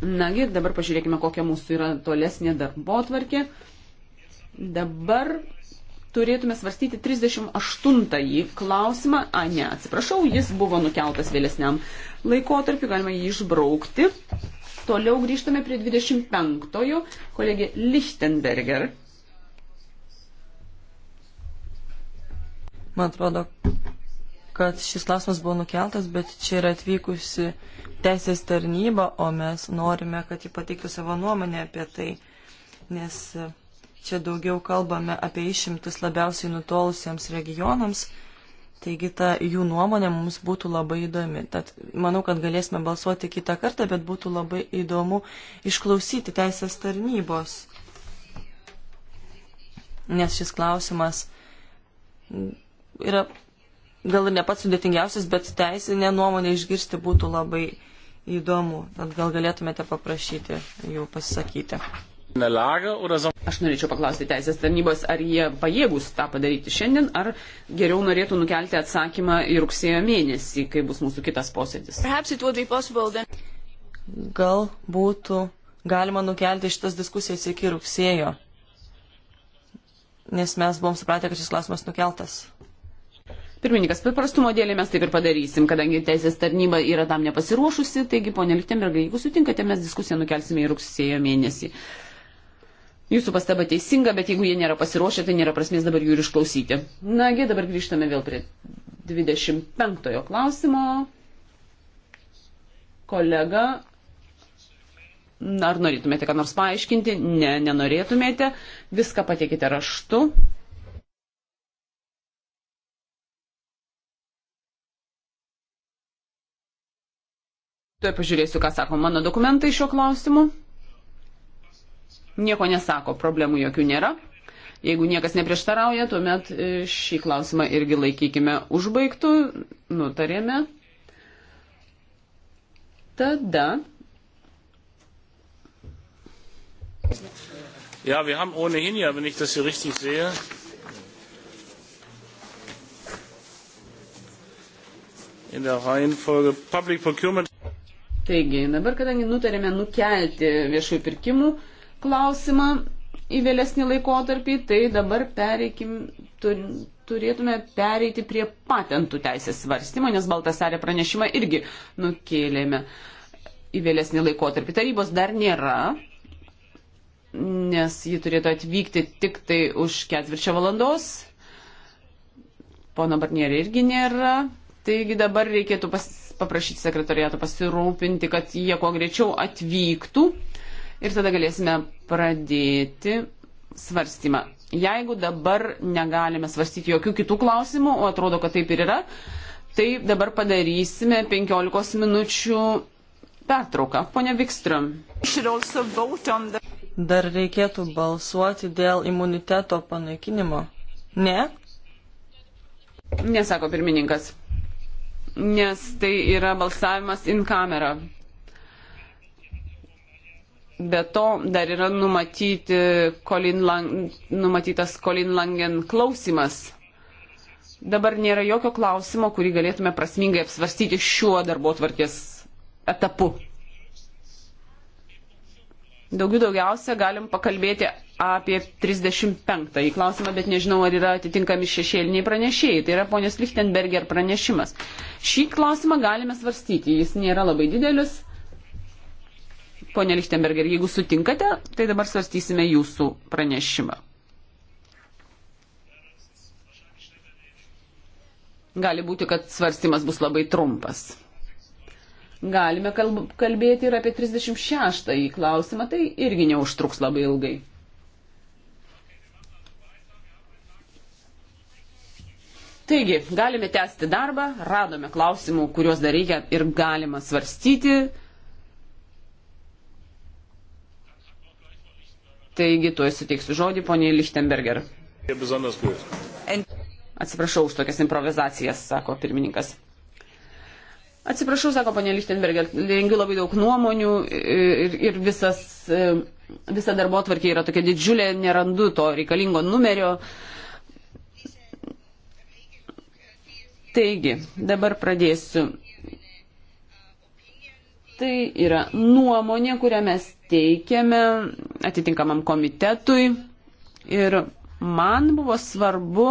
Nagi, dabar pažiūrėkime, kokia mūsų yra tolesnė darbo atvarkė. Dabar turėtume svarstyti 38-ąjį klausimą. A, ne, atsiprašau, jis buvo nukeltas vėlesniam laikotarpiu, galima jį išbraukti. Toliau grįžtame prie 25-ojo, kolegė Lichtenberger. Man atrodo, kad šis klausimas buvo nukeltas, bet čia yra atvykusi teisės tarnyba, o mes norime, kad ji pateiktų savo nuomonę apie tai, nes čia daugiau kalbame apie išimtis labiausiai nutolusiems regionams, taigi ta jų nuomonė mums būtų labai įdomi. Tad manau, kad galėsime balsuoti kitą kartą, bet būtų labai įdomu išklausyti teisės tarnybos, nes šis klausimas yra gal ir ne pats sudėtingiausias, bet teisinė nuomonė išgirsti būtų labai įdomu. Tad gal galėtumėte paprašyti jų pasisakyti. Aš norėčiau paklausti teisės tarnybos, ar jie pajėgus tą padaryti šiandien, ar geriau norėtų nukelti atsakymą į rugsėjo mėnesį, kai bus mūsų kitas posėdis. Gal būtų galima nukelti šitas diskusijas iki rugsėjo, nes mes buvom supratę, kad šis klausimas nukeltas. Pirmininkas, paprastumo dėlį mes taip ir padarysim, kadangi teisės tarnyba yra tam nepasiruošusi, taigi, ponė Liktenbergai, jeigu sutinkate, mes diskusiją nukelsime į rugsėjo mėnesį. Jūsų pastaba teisinga, bet jeigu jie nėra pasiruošę, tai nėra prasmės dabar jų ir išklausyti. Nagi, dabar grįžtame vėl prie 25 klausimo. Kolega, ar norėtumėte ką nors paaiškinti? Ne, nenorėtumėte. Viską patikite raštu. Tuoj pažiūrėsiu, ką sako mano dokumentai šiuo klausimu. Nieko nesako, problemų jokių nėra. Jeigu niekas neprieštarauja, tuomet e, šį klausimą irgi laikykime užbaigtų, nutarėme. Tada. Ja, wir haben ohnehin ja, wenn ich das hier richtig sehe. In der Reihenfolge Public Procurement. Taigi, dabar, kadangi nutarėme nukelti viešųjų pirkimų klausimą į vėlesnį laikotarpį, tai dabar pereikim, turėtume pereiti prie patentų teisės svarstymo, nes Baltasarė pranešimą irgi nukėlėme į vėlesnį laikotarpį. Tarybos dar nėra, nes ji turėtų atvykti tik tai už ketvirčio valandos. Pono Barnierė irgi nėra. Taigi dabar reikėtų pas, paprašyti sekretariato pasirūpinti, kad jie kuo greičiau atvyktų ir tada galėsime pradėti svarstymą. Jeigu dabar negalime svarstyti jokių kitų klausimų, o atrodo, kad taip ir yra, tai dabar padarysime 15 minučių pertrauką. Pone Vikstrom. Dar reikėtų balsuoti dėl imuniteto panaikinimo. Ne? Nesako pirmininkas nes tai yra balsavimas in kamera. Be to dar yra numatyti Colin Lang, numatytas Colin Langen klausimas. Dabar nėra jokio klausimo, kurį galėtume prasmingai apsvarstyti šiuo darbo tvarkės etapu. Daugiau daugiausia galim pakalbėti apie 35 klausimą, bet nežinau, ar yra atitinkami šešėliniai pranešėjai. Tai yra ponios Lichtenberger pranešimas. Šį klausimą galime svarstyti, jis nėra labai didelis. Pone Lichtenberger, jeigu sutinkate, tai dabar svarstysime jūsų pranešimą. Gali būti, kad svarstymas bus labai trumpas. Galime kalbėti ir apie 36-ąjį klausimą, tai irgi neužtruks labai ilgai. Taigi, galime tęsti darbą, radome klausimų, kuriuos dar reikia ir galima svarstyti. Taigi, tuoj suteiksiu žodį poniai Lichtenberger. Atsiprašau už tokias improvizacijas, sako pirmininkas. Atsiprašau, sako ponė Lichtenberger, rengiu labai daug nuomonių ir, ir visas, e, visa darbo tvarkė yra tokia didžiulė, nerandu to reikalingo numerio. Taigi, dabar pradėsiu. Tai yra nuomonė, kurią mes teikiame atitinkamam komitetui. Ir man buvo svarbu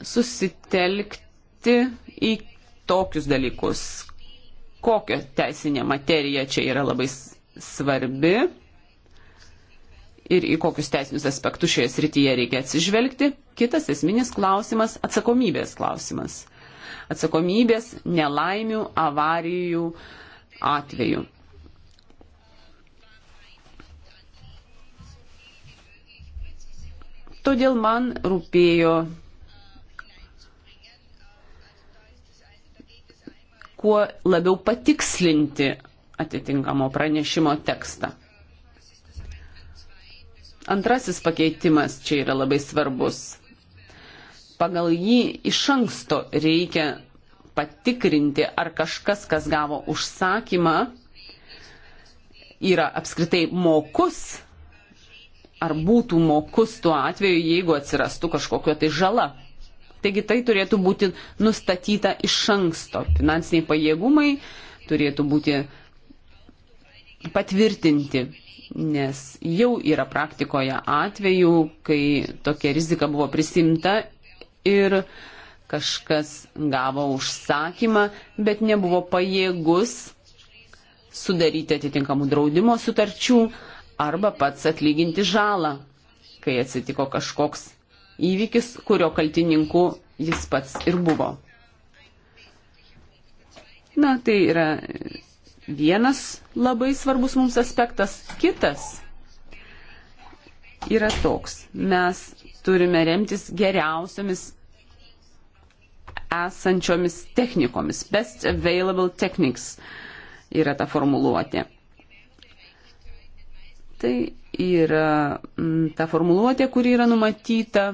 susitelkti atsižvelgti į tokius dalykus, kokia teisinė materija čia yra labai svarbi ir į kokius teisinius aspektus šioje srityje reikia atsižvelgti. Kitas esminis klausimas - atsakomybės klausimas. Atsakomybės nelaimių, avarijų atveju. Todėl man rūpėjo kuo labiau patikslinti atitinkamo pranešimo tekstą. Antrasis pakeitimas čia yra labai svarbus. Pagal jį iš anksto reikia patikrinti, ar kažkas, kas gavo užsakymą, yra apskritai mokus, ar būtų mokus tuo atveju, jeigu atsirastų kažkokia tai žala Taigi tai turėtų būti nustatyta iš anksto. Finansiniai pajėgumai turėtų būti patvirtinti, nes jau yra praktikoje atvejų, kai tokia rizika buvo prisimta ir kažkas gavo užsakymą, bet nebuvo pajėgus sudaryti atitinkamų draudimo sutarčių arba pats atlyginti žalą, kai atsitiko kažkoks įvykis, kurio kaltininku jis pats ir buvo. Na, tai yra vienas labai svarbus mums aspektas. Kitas yra toks. Mes turime remtis geriausiamis esančiomis technikomis. Best available techniques yra ta formuluotė. Tai yra mm, ta formuluotė, kuri yra numatyta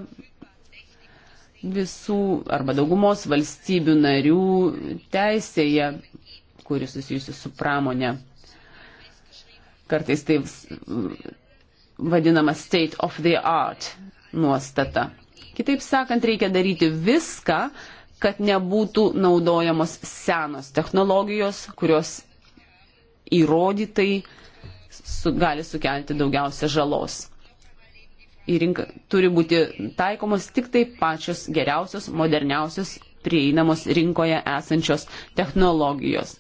visų arba daugumos valstybių narių teisėje, kuri susijusi su pramonė. Kartais tai vadinama state of the art nuostata. Kitaip sakant, reikia daryti viską, kad nebūtų naudojamos senos technologijos, kurios įrodytai uh, su, gali sukelti daugiausia žalos. Į rinką turi būti taikomos tik tai pačios geriausios, moderniausios, prieinamos rinkoje esančios technologijos.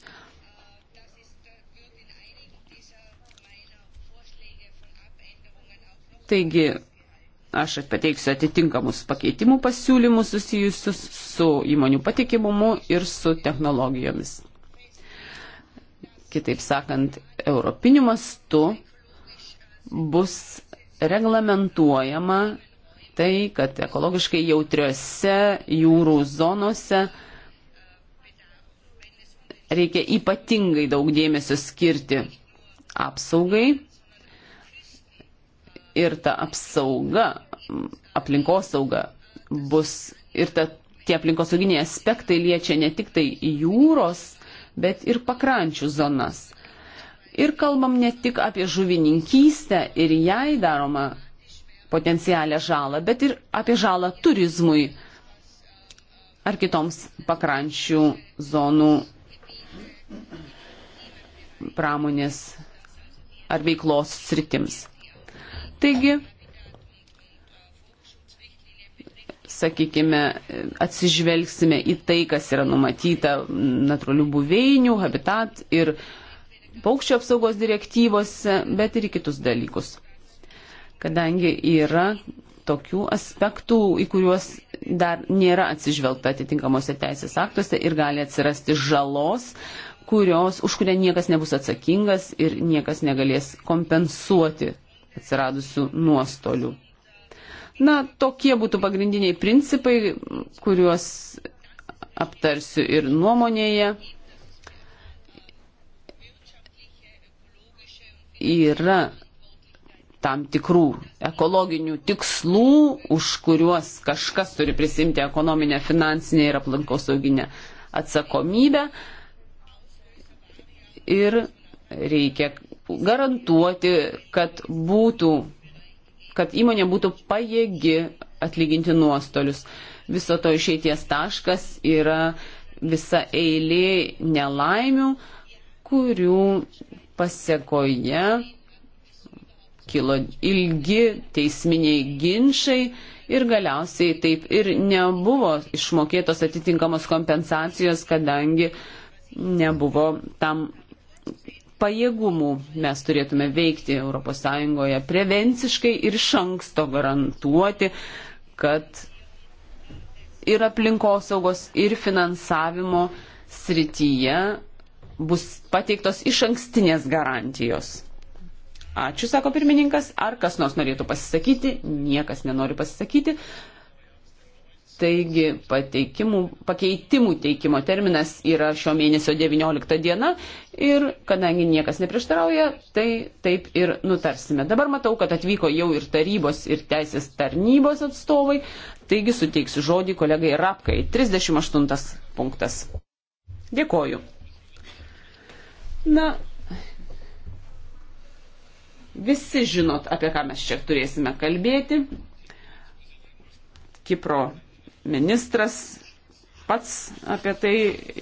Taigi, aš pateiksiu atitinkamus pakeitimų pasiūlymus susijusius su įmonių patikimumu ir su technologijomis kitaip sakant, europiniu mastu bus reglamentuojama tai, kad ekologiškai jautriose jūrų zonose reikia ypatingai daug dėmesio skirti apsaugai ir ta apsauga, aplinkosauga bus ir ta, tie aplinkosauginiai aspektai liečia ne tik tai jūros bet ir pakrančių zonas. Ir kalbam ne tik apie žuvininkystę ir jai daromą potencialią žalą, bet ir apie žalą turizmui ar kitoms pakrančių zonų pramonės ar veiklos sritims. Taigi, sakykime, atsižvelgsime į tai, kas yra numatyta natūralių buveinių, habitat ir paukščio apsaugos direktyvose, bet ir į kitus dalykus. Kadangi yra tokių aspektų, į kuriuos dar nėra atsižvelgta atitinkamuose teisės aktuose ir gali atsirasti žalos, kurios, už kurią niekas nebus atsakingas ir niekas negalės kompensuoti atsiradusių nuostolių. Na, tokie būtų pagrindiniai principai, kuriuos aptarsiu ir nuomonėje. Yra tam tikrų ekologinių tikslų, už kuriuos kažkas turi prisimti ekonominę, finansinę ir aplinkosauginę atsakomybę. Ir reikia garantuoti, kad būtų kad įmonė būtų pajėgi atlyginti nuostolius. Viso to išeities taškas yra visa eilė nelaimių, kurių pasiekoje kilo ilgi teisminiai ginčiai ir galiausiai taip ir nebuvo išmokėtos atitinkamos kompensacijos, kadangi nebuvo tam pajėgumų mes turėtume veikti ES prevenciškai ir iš anksto garantuoti, kad ir aplinkosaugos, ir finansavimo srityje bus pateiktos iš ankstinės garantijos. Ačiū, sako pirmininkas. Ar kas nors norėtų pasisakyti? Niekas nenori pasisakyti. Taigi pakeitimų teikimo terminas yra šio mėnesio 19 diena ir kadangi niekas neprieštarauja, tai taip ir nutarsime. Dabar matau, kad atvyko jau ir tarybos ir teisės tarnybos atstovai, taigi suteiksiu žodį kolegai Rapkai. 38 punktas. Dėkoju. Na, visi žinot, apie ką mes čia turėsime kalbėti. Kipro ministras pats apie tai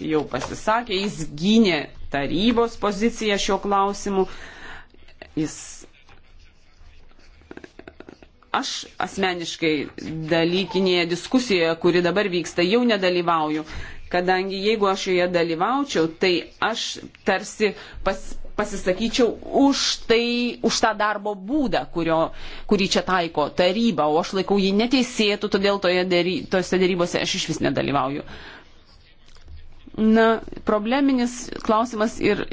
jau pasisakė, jis gynė tarybos poziciją šiuo klausimu. Jis aš asmeniškai dalykinėje diskusijoje, kuri dabar vyksta, jau nedalyvauju, kadangi jeigu aš joje dalyvaučiau, tai aš tarsi pas, pasisakyčiau už, tai, už tą darbo būdą, kurio, kurį čia taiko taryba, o aš laikau jį neteisėtų, todėl dėry, tose dėrybose aš iš vis nedalyvauju. Na, probleminis klausimas ir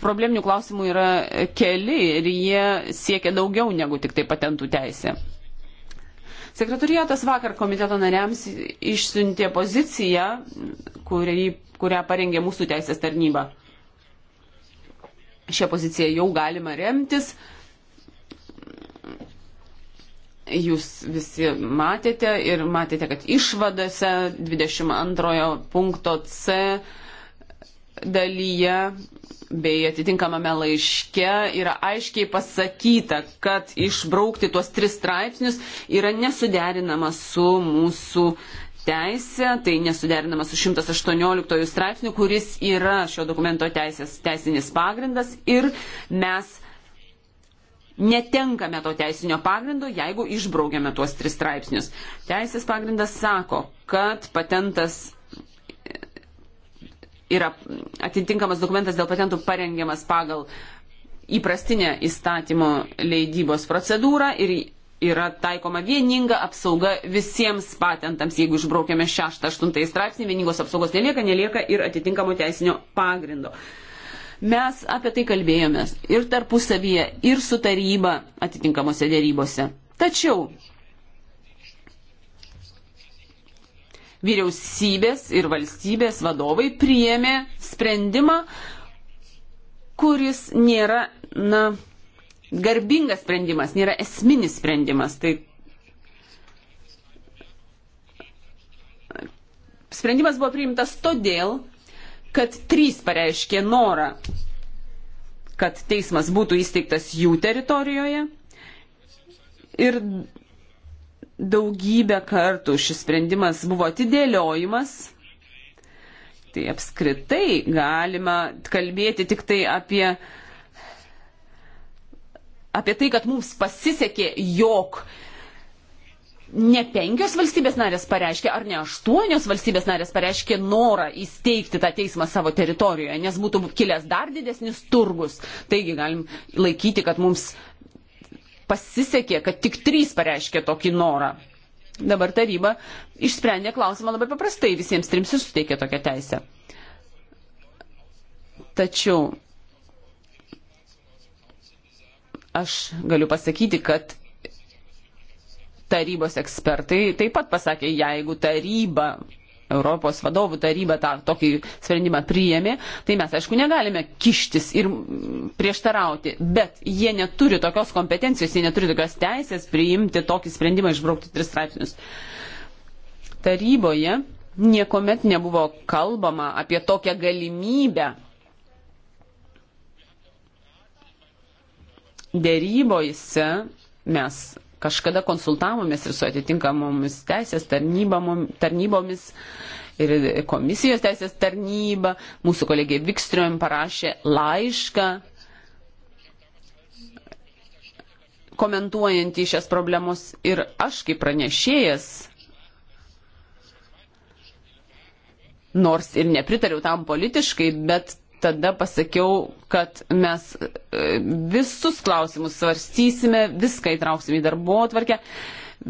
probleminių klausimų yra keli ir jie siekia daugiau negu tik tai patentų teisė. Sekretariatas vakar komiteto nariams išsiuntė poziciją, kurį, kurią parengė mūsų teisės tarnyba. Šią poziciją jau galima remtis. Jūs visi matėte ir matėte, kad išvadose 22 punkto C dalyje bei atitinkamame laiške yra aiškiai pasakyta, kad išbraukti tuos tris straipsnius yra nesuderinama su mūsų uh, teisę, tai nesuderinama su 118 straipsniu, kuris yra šio dokumento teisės, teisinis pagrindas ir mes netenkame to teisinio pagrindo, jeigu išbraukiame tuos tris straipsnius. Teisės pagrindas sako, kad patentas yra atitinkamas dokumentas dėl patentų parengiamas pagal įprastinę įstatymo leidybos procedūrą ir yra taikoma vieninga apsauga visiems patentams. Jeigu išbraukiame 6-8 straipsnį, vieningos apsaugos nelieka, nelieka ir atitinkamo teisinio pagrindo. Mes apie tai kalbėjomės ir tarpusavyje, ir su taryba atitinkamose dėrybose. Tačiau vyriausybės ir valstybės vadovai priėmė sprendimą, kuris nėra, na, garbingas sprendimas, nėra esminis sprendimas. Tai sprendimas buvo priimtas todėl, kad trys pareiškė norą, kad teismas būtų įsteigtas jų teritorijoje. Ir daugybę kartų šis sprendimas buvo atidėliojimas. Tai apskritai galima kalbėti tik tai apie uh, apie tai, kad mums pasisekė, jog ne penkios valstybės narės pareiškė, ar ne aštuonios valstybės narės pareiškė norą įsteigti tą teismą savo teritorijoje, nes būtų kilęs dar didesnis turgus. Taigi galim laikyti, kad mums pasisekė, kad tik trys pareiškė tokį norą. Dabar taryba išsprendė klausimą labai paprastai, visiems trims ir suteikė tokią teisę. Tačiau Aš galiu pasakyti, kad tarybos ekspertai taip pat pasakė, jeigu taryba, Europos vadovų taryba tą tokį sprendimą priėmė, tai mes aišku negalime kištis ir prieštarauti, bet jie neturi tokios kompetencijos, jie neturi tokios teisės priimti tokį sprendimą išbraukti tris straipsnius. Taryboje niekuomet nebuvo kalbama apie tokią galimybę dėrybojse mes kažkada konsultavomės ir su atitinkamomis teisės tarnybomis ir komisijos teisės tarnyba. Mūsų kolegė Vikstriom parašė laišką komentuojantį šias problemos ir aš kaip pranešėjas nors ir nepritariau tam politiškai, bet tada pasakiau, kad mes e, visus klausimus svarstysime, viską įtrauksime į darbo atvarkę,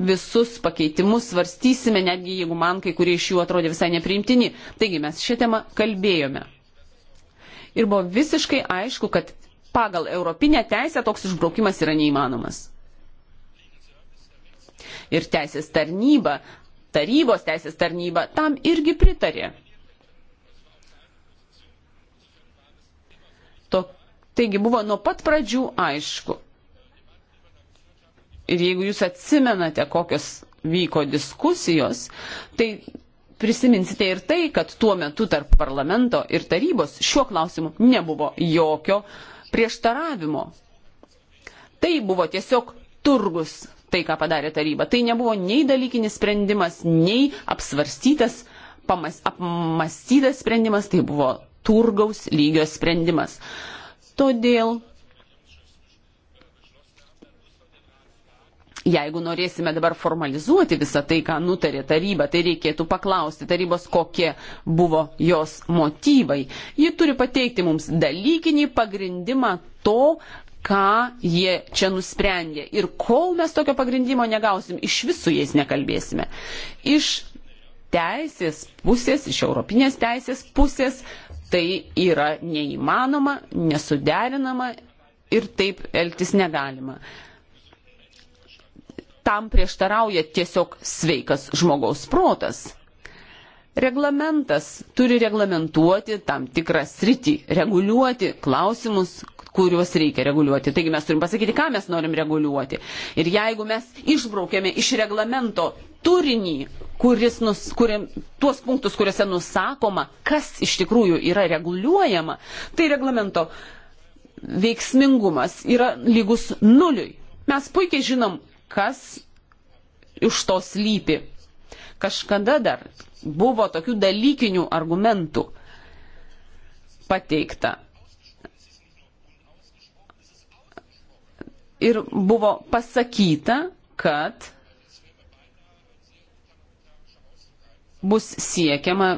visus pakeitimus svarstysime, netgi jeigu man kai kurie iš jų atrodė visai nepriimtini. Taigi mes šią temą kalbėjome. Ir buvo visiškai aišku, kad pagal europinę teisę toks išbraukimas yra neįmanomas. Ir teisės tarnyba, tarybos teisės tarnyba tam irgi pritarė. To, taigi buvo nuo pat pradžių aišku. Ir jeigu jūs atsimenate, kokios vyko diskusijos, tai prisiminsite ir tai, kad tuo metu tarp parlamento ir tarybos šiuo klausimu nebuvo jokio prieštaravimo. Tai buvo tiesiog turgus tai, ką padarė taryba. Tai nebuvo nei dalykinis sprendimas, nei apsvarstytas, pamas, apmastytas sprendimas, tai buvo turgaus lygio sprendimas. Todėl jeigu norėsime dabar formalizuoti visą tai, ką nutarė taryba, tai reikėtų paklausti tarybos, kokie buvo jos motyvai. Ji turi pateikti mums dalykinį pagrindimą to, ką jie čia nusprendė. Ir kol mes tokio pagrindimo negausim, iš visų jais nekalbėsime. Iš teisės pusės, iš europinės teisės pusės tai yra neįmanoma, nesuderinama ir taip elgtis negalima. Tam prieštarauja tiesiog sveikas žmogaus protas reglamentas turi reglamentuoti tam tikrą sritį, reguliuoti klausimus, kuriuos reikia reguliuoti. Taigi mes turim pasakyti, ką mes norim reguliuoti. Ir jeigu mes išbraukėme iš reglamento turinį, kuris nus, kuriam, tuos punktus, kuriuose nusakoma, kas iš tikrųjų yra reguliuojama, tai reglamento veiksmingumas yra lygus nuliui. Mes puikiai žinom, kas iš to slypi kažkada dar buvo tokių dalykinių argumentų pateikta. Ir buvo pasakyta, kad bus siekiama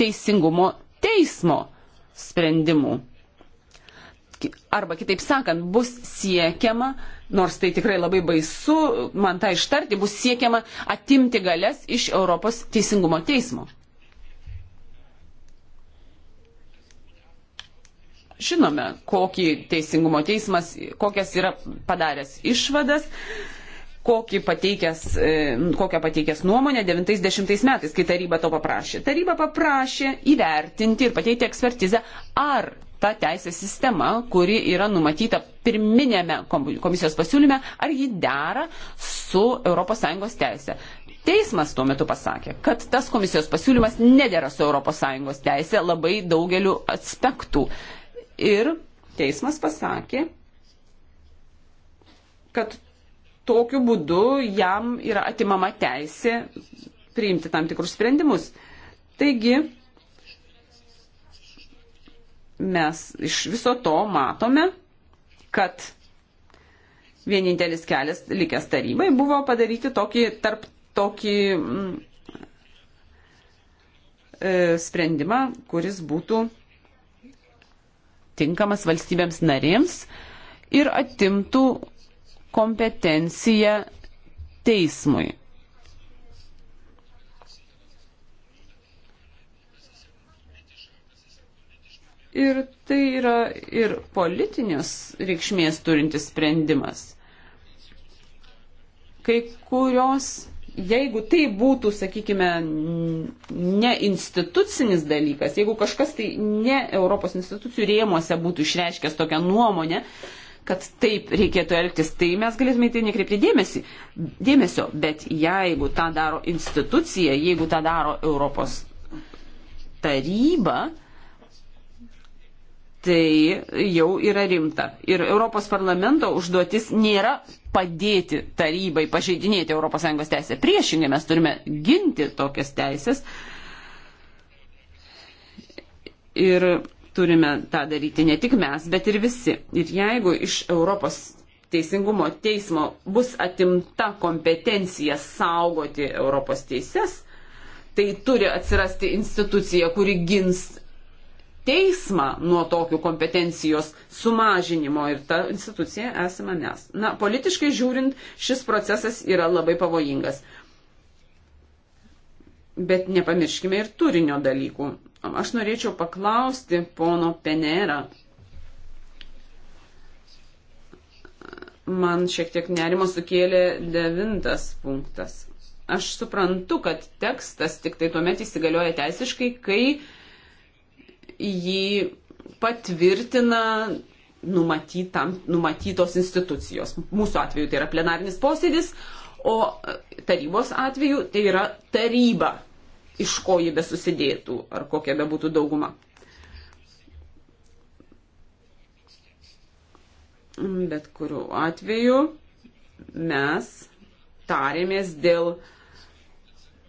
teisingumo teismo sprendimų. Arba kitaip sakant, bus siekiama nors tai tikrai labai baisu, man tą ištarti, bus siekiama atimti galės iš Europos teisingumo teismo. Žinome, kokį teisingumo teismas, kokias yra padaręs išvadas kokį pateikęs, e, kokią pateikęs nuomonę 90 metais, kai taryba to paprašė. Taryba paprašė įvertinti ir pateikti ekspertizę, ar ta teisės sistema, kuri yra numatyta pirminėme komisijos pasiūlyme, ar ji dera su ES teisė. Teismas tuo metu pasakė, kad tas komisijos pasiūlymas nedėra su ES teisė labai daugeliu aspektų. Ir teismas pasakė, kad tokiu būdu jam yra atimama teisė priimti tam tikrus sprendimus. Taigi, mes iš viso to matome, kad vienintelis kelias likęs tarybai buvo padaryti tokį, tarp, tokį mm, e, sprendimą, kuris būtų tinkamas valstybėms narėms ir atimtų kompetenciją teismui. Ir tai yra ir politinės reikšmės turintis sprendimas. Kai kurios, jeigu tai būtų, sakykime, ne institucinis dalykas, jeigu kažkas tai ne Europos institucijų rėmuose būtų išreiškęs tokią nuomonę, kad taip reikėtų elgtis, tai mes galėtume į tai nekreipti dėmesį, dėmesio. Bet jeigu tą daro institucija, jeigu tą daro Europos taryba, tai jau yra rimta. Ir Europos parlamento užduotis nėra padėti tarybai pažeidinėti ES teisę. Priešingai mes turime ginti tokias teisės ir turime tą daryti ne tik mes, bet ir visi. Ir jeigu iš Europos teisingumo teismo bus atimta kompetencija saugoti Europos teises, tai turi atsirasti institucija, kuri gins teismą nuo tokių kompetencijos sumažinimo ir ta institucija esame mes. Na, politiškai žiūrint, šis procesas yra labai pavojingas. Bet nepamirškime ir turinio dalykų. Aš norėčiau paklausti pono Penera. Man šiek tiek nerimo sukėlė devintas punktas. Aš suprantu, kad tekstas tik tai tuomet įsigalioja teisiškai, kai jį patvirtina numatytam, numatytos institucijos. Mūsų atveju tai yra plenarinis posėdis, o e, tarybos atveju tai yra taryba, iš ko jį besusidėtų ar kokia bebūtų dauguma. Bet kuriuo atveju mes tarėmės dėl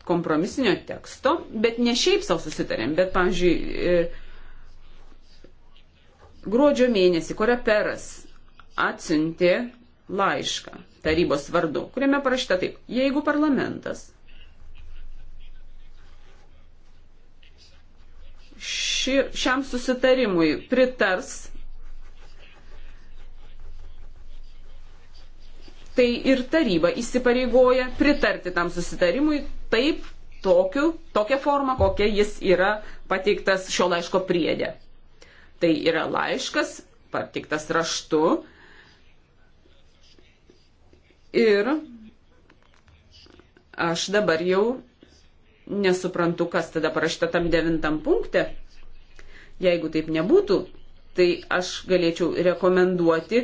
kompromisinio teksto, bet ne šiaip savo susitarėm, bet, pavyzdžiui, e, Gruodžio mėnesį Koreperas atsiuntė laišką tarybos vardu, kuriame parašyta taip, jeigu parlamentas ši, šiam susitarimui pritars, tai ir taryba įsipareigoja pritarti tam susitarimui taip, tokiu, tokia forma, kokia jis yra pateiktas šio laiško priedė. Tai yra laiškas, patiktas raštu. Ir aš dabar jau nesuprantu, kas tada parašyta tam devintam punkte. Jeigu taip nebūtų, tai aš galėčiau rekomenduoti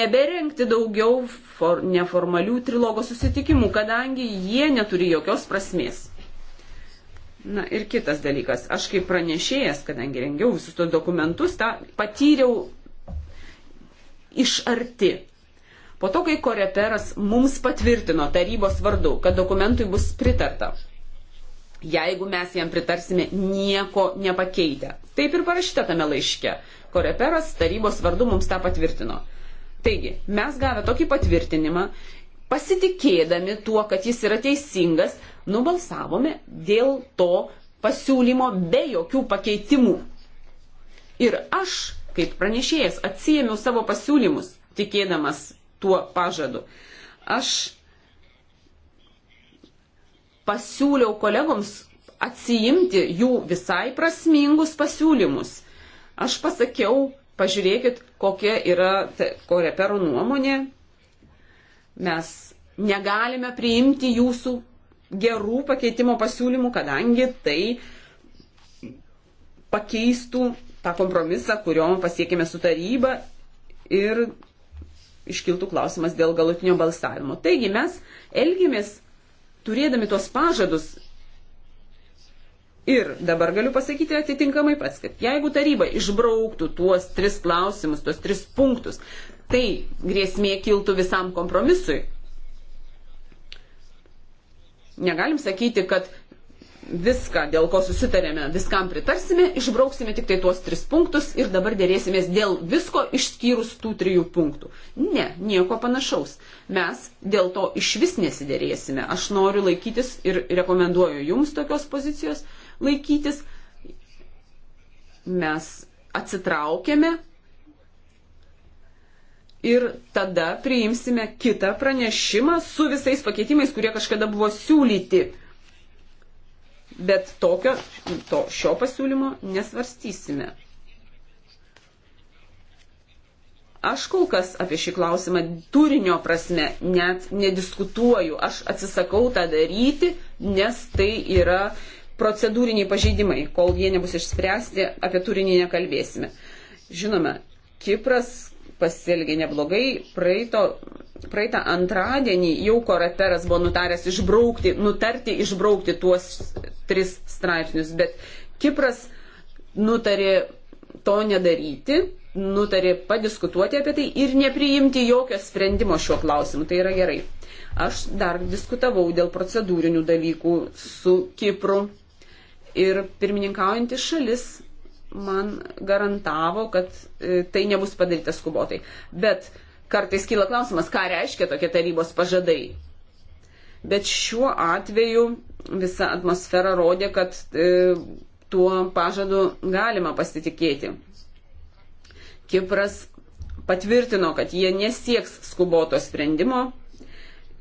neberengti daugiau for, neformalių trilogo susitikimų, kadangi jie neturi jokios prasmės. Na ir kitas dalykas, aš kaip pranešėjas, kadangi rengiau visus tos dokumentus, tą patyriau iš arti. Po to, kai koreperas mums patvirtino tarybos vardu, kad dokumentui bus pritarta, jeigu mes jam pritarsime nieko nepakeitę. Taip ir parašyta tame laiške. Koreperas tarybos vardu mums tą patvirtino. Taigi, mes gavę tokį patvirtinimą pasitikėdami tuo, kad jis yra teisingas, nubalsavome dėl to pasiūlymo be jokių pakeitimų. Ir aš, kaip pranešėjas, atsijėmiau savo pasiūlymus, tikėdamas tuo pažadu. Aš pasiūliau kolegoms atsijimti jų visai prasmingus pasiūlymus. Aš pasakiau, pažiūrėkit, kokia yra korepero nuomonė, Mes negalime priimti jūsų gerų pakeitimo pasiūlymų, kadangi tai pakeistų tą kompromisą, kurio pasiekėme su taryba ir iškiltų klausimas dėl galutinio balsavimo. Taigi mes elgėmės turėdami tuos pažadus ir dabar galiu pasakyti atitinkamai pats, kad jeigu taryba išbrauktų tuos tris klausimus, tuos tris punktus, tai grėsmė kiltų visam kompromisui. Negalim sakyti, kad viską, dėl ko susitarėme, viskam pritarsime, išbrauksime tik tai tuos tris punktus ir dabar dėrėsimės dėl visko išskyrus tų trijų punktų. Ne, nieko panašaus. Mes dėl to iš vis nesidėrėsime. Aš noriu laikytis ir rekomenduoju jums tokios pozicijos laikytis. Mes atsitraukėme ir tada priimsime kitą pranešimą su visais pakeitimais, kurie kažkada buvo siūlyti. Bet tokio, to, šio pasiūlymo nesvarstysime. Aš kol kas apie šį klausimą turinio prasme net nediskutuoju. Aš atsisakau tą daryti, nes tai yra procedūriniai pažeidimai. Kol jie nebus išspręsti, apie turinį nekalbėsime. Žinoma, Kipras pasielgė neblogai. Praeito, praeitą antradienį jau Koreperas buvo nutaręs išbraukti, nutarti išbraukti tuos tris straipsnius, bet Kipras nutarė to nedaryti, nutarė padiskutuoti apie tai ir nepriimti jokio sprendimo šiuo klausimu. Tai yra gerai. Aš dar diskutavau dėl procedūrinių dalykų su Kipru ir pirmininkaujantis šalis man garantavo, kad e, tai nebus padaryta skubotai. Bet kartais kyla klausimas, ką reiškia tokie tarybos pažadai. Bet šiuo atveju visa atmosfera rodė, kad e, tuo pažadu galima pasitikėti. Kipras patvirtino, kad jie nesieks skuboto sprendimo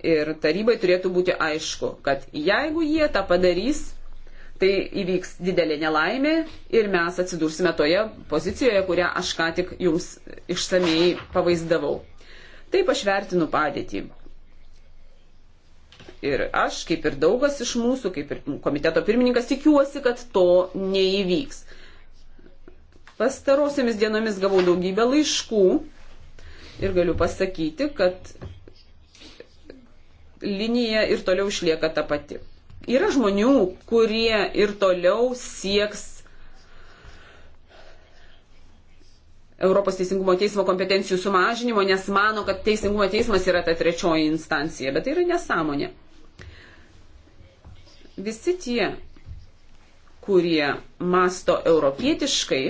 ir tarybai turėtų būti aišku, kad jeigu jie tą padarys, tai įvyks didelė nelaimė ir mes atsidursime toje pozicijoje, kurią aš ką tik jums išsamei pavaizdavau. Taip aš vertinu padėtį. Ir aš, kaip ir daugas iš mūsų, kaip ir komiteto pirmininkas, tikiuosi, kad to neįvyks. Pastarosiamis dienomis gavau daugybę laiškų ir galiu pasakyti, kad linija ir toliau išlieka ta pati. Yra žmonių, kurie ir toliau sieks Europos Teisingumo Teismo kompetencijų sumažinimo, nes mano, kad Teisingumo Teismas yra ta trečioji instancija, bet tai yra nesąmonė. Visi tie, kurie masto europietiškai,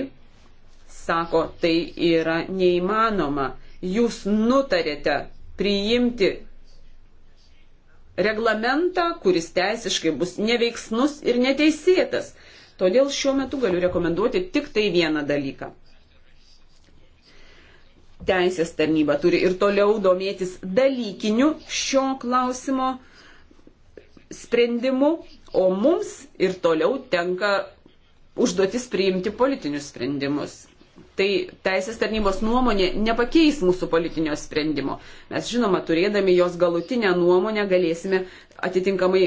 sako, tai yra neįmanoma. Jūs nutarėte priimti reglamentą, kuris teisiškai bus neveiksnus ir neteisėtas. Todėl šiuo metu galiu rekomenduoti tik tai vieną dalyką. Teisės tarnyba turi ir toliau domėtis dalykiniu šio klausimo sprendimu, o mums ir toliau tenka užduotis priimti politinius sprendimus tai teisės tarnybos nuomonė nepakeis mūsų politinio sprendimo. Mes žinoma, turėdami jos galutinę nuomonę, galėsime atitinkamai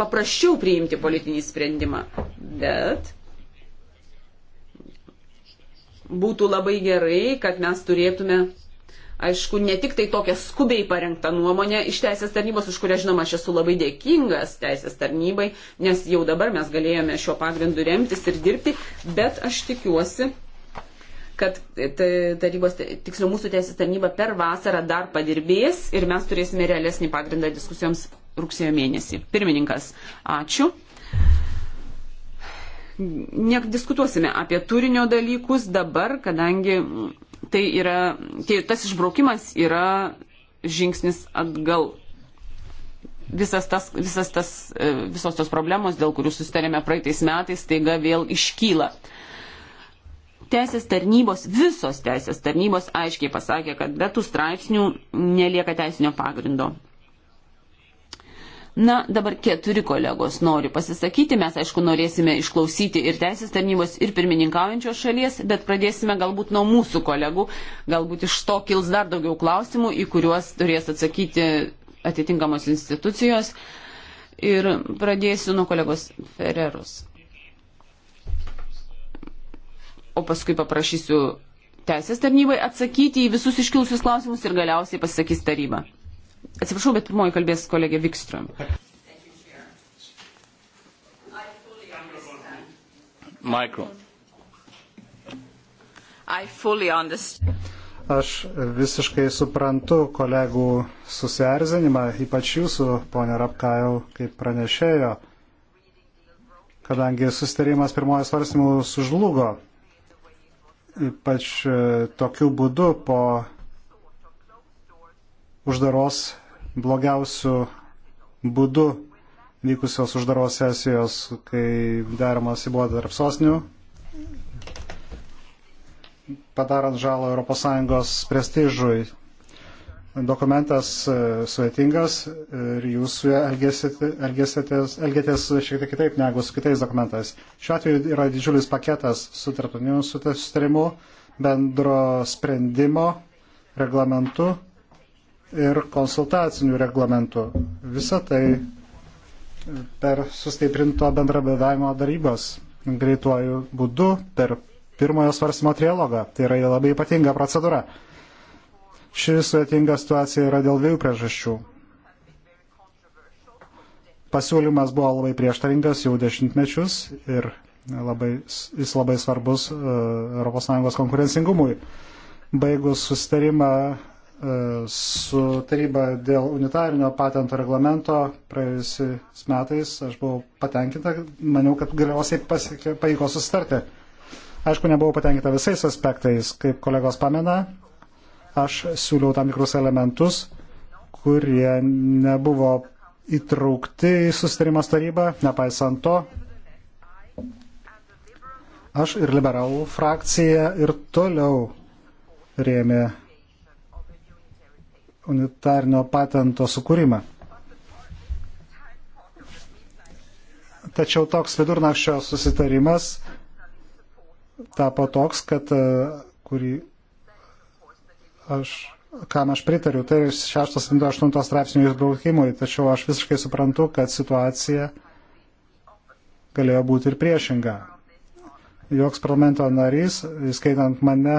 paprasčiau priimti politinį sprendimą. Bet būtų labai gerai, kad mes turėtume, aišku, ne tik tai tokią skubiai parengtą nuomonę iš teisės tarnybos, už kurią, žinoma, aš esu labai dėkingas teisės tarnybai, nes jau dabar mes galėjome šiuo pagrindu remtis ir dirbti, bet aš tikiuosi, kad tarybos, tiksliau mūsų teisės tarnyba per vasarą dar padirbės ir mes turėsime realesnį pagrindą diskusijoms rugsėjo mėnesį. Pirmininkas, ačiū. Nediskutuosime apie turinio dalykus dabar, kadangi tai yra, tai tas išbraukimas yra žingsnis atgal. Visas tas, visas tas, e, visos tos problemos, dėl kurių susitarėme praeitais metais, taiga vėl iškyla teisės tarnybos, visos teisės tarnybos aiškiai pasakė, kad be tų straipsnių nelieka teisinio pagrindo. Na, dabar keturi kolegos nori pasisakyti, mes aišku norėsime išklausyti ir teisės tarnybos, ir pirmininkaujančios šalies, bet pradėsime galbūt nuo mūsų kolegų, galbūt iš to kils dar daugiau klausimų, į kuriuos turės atsakyti atitinkamos institucijos. Ir pradėsiu nuo kolegos Ferreros o paskui paprašysiu teisės tarnybai atsakyti į visus iškilusius klausimus ir galiausiai pasisakys taryba. Atsiprašau, bet pirmoji kalbės kolegė Vikström. Mikro. Aš visiškai suprantu kolegų susierzinimą, ypač jūsų, ponė Rapkajau, kaip pranešėjo, kadangi susitarimas pirmojo svarstymų sužlugo ypač e, tokiu būdu po uždaros blogiausių būdų vykusios uždaros sesijos, kai deramasi buvo tarp sosnių, padarant žalą ES prestižui dokumentas e, svetingas ir jūs su juo elgėtės šiek tiek kitaip negu su kitais dokumentais. Šiuo atveju yra didžiulis paketas su tarptautiniu sutarimu, bendro sprendimo reglamentu ir konsultacinių reglamentų. Visą tai per sustiprinto bendrabėdavimo darybos greituoju būdu per pirmojo svarstymo trilogą. Tai yra labai ypatinga procedūra. Ši sudėtinga situacija yra dėl dviejų priežasčių. Pasiūlymas buvo labai prieštaringas jau dešimtmečius ir labai, jis labai svarbus ES konkurencingumui. Baigus susitarimą e, su taryba dėl unitarinio patento reglamento praėjusiais metais aš buvau patenkinta, maniau, kad galiausiai pavyko susitarti. Aišku, nebuvau patenkinta visais aspektais, kaip kolegos pamena, Aš siūliau tam tikrus elementus, kurie nebuvo įtraukti į susitarimas tarybą, nepaisant to. Aš ir liberalų frakcija ir toliau rėmė unitarnio patento sukūrimą. Tačiau toks vidurnakščio susitarimas tapo toks, kad e, kurį aš, kam aš pritariu, tai 6.8 straipsnių išbraukimui, tačiau aš visiškai suprantu, kad situacija galėjo būti ir priešinga. Joks parlamento narys, įskaitant mane,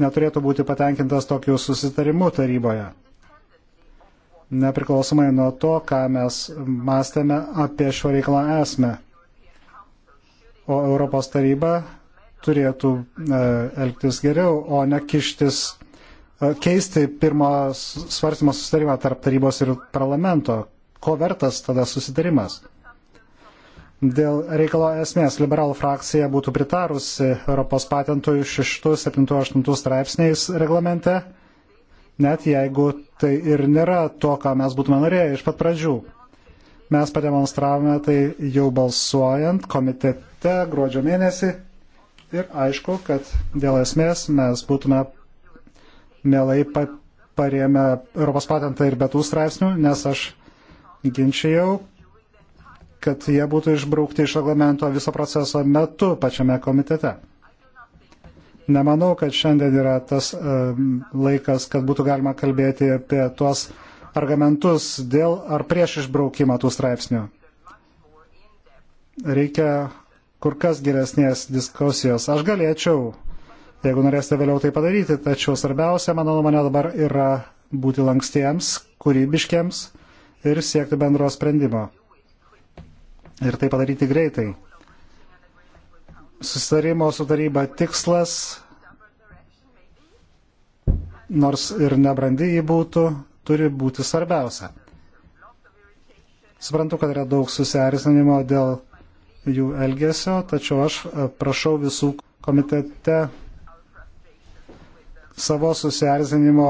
neturėtų būti patenkintas tokiu susitarimu taryboje. Nepriklausomai nuo to, ką mes mąstėme apie šio reikalo esmę. O Europos taryba turėtų e, elgtis geriau, o ne kištis, e, keisti pirmo svarstymo susitarimą tarp tarybos ir parlamento. Ko vertas tada susitarimas? Dėl reikalo esmės liberalų frakcija būtų pritarusi Europos patentų 6, 7, 8 straipsniais reglamente, net jeigu tai ir nėra to, ką mes būtume norėję iš pat pradžių. Mes pademonstravome tai jau balsuojant komitete gruodžio mėnesį Ir aišku, kad dėl esmės mes būtume mielai pa parėmę Europos patentą ir betų straipsnių, nes aš ginčijau, kad jie būtų išbraukti iš reglamento viso proceso metu pačiame komitete. Nemanau, kad šiandien yra tas um, laikas, kad būtų galima kalbėti apie tuos argumentus dėl ar prieš išbraukimą tų straipsnių. Reikia kur kas geresnės diskusijos. Aš galėčiau, jeigu norėsite vėliau tai padaryti, tačiau svarbiausia, mano nuomonė, dabar yra būti lankstiems, kūrybiškiams ir siekti bendro sprendimo. Ir tai padaryti greitai. Susitarimo su taryba tikslas, nors ir nebrandi jį būtų, turi būti svarbiausia. Suprantu, kad yra daug susiarzinimo dėl jų elgesio, tačiau aš e, prašau visų komitete savo susierzinimo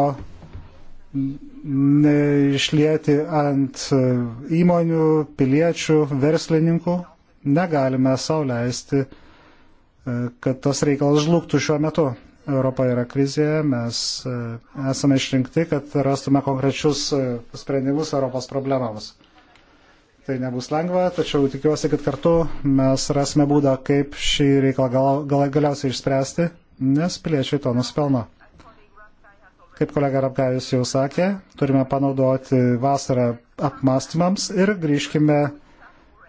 neišlėti ant e, įmonių, piliečių, verslininkų. Negalime sauliaisti, e, kad tas reikalas žlugtų šiuo metu. Europa yra krizėje, mes esame išrinkti, kad rastume konkrečius sprendimus Europos problemams. Tai nebus lengva, tačiau tikiuosi, kad kartu mes rasime būdą, kaip šį reikalą gal, gal, galiausiai išspręsti, nes piliečiai to nusipelno. Kaip kolega Rapkajus jau sakė, turime panaudoti vasarą apmastymams ir grįžkime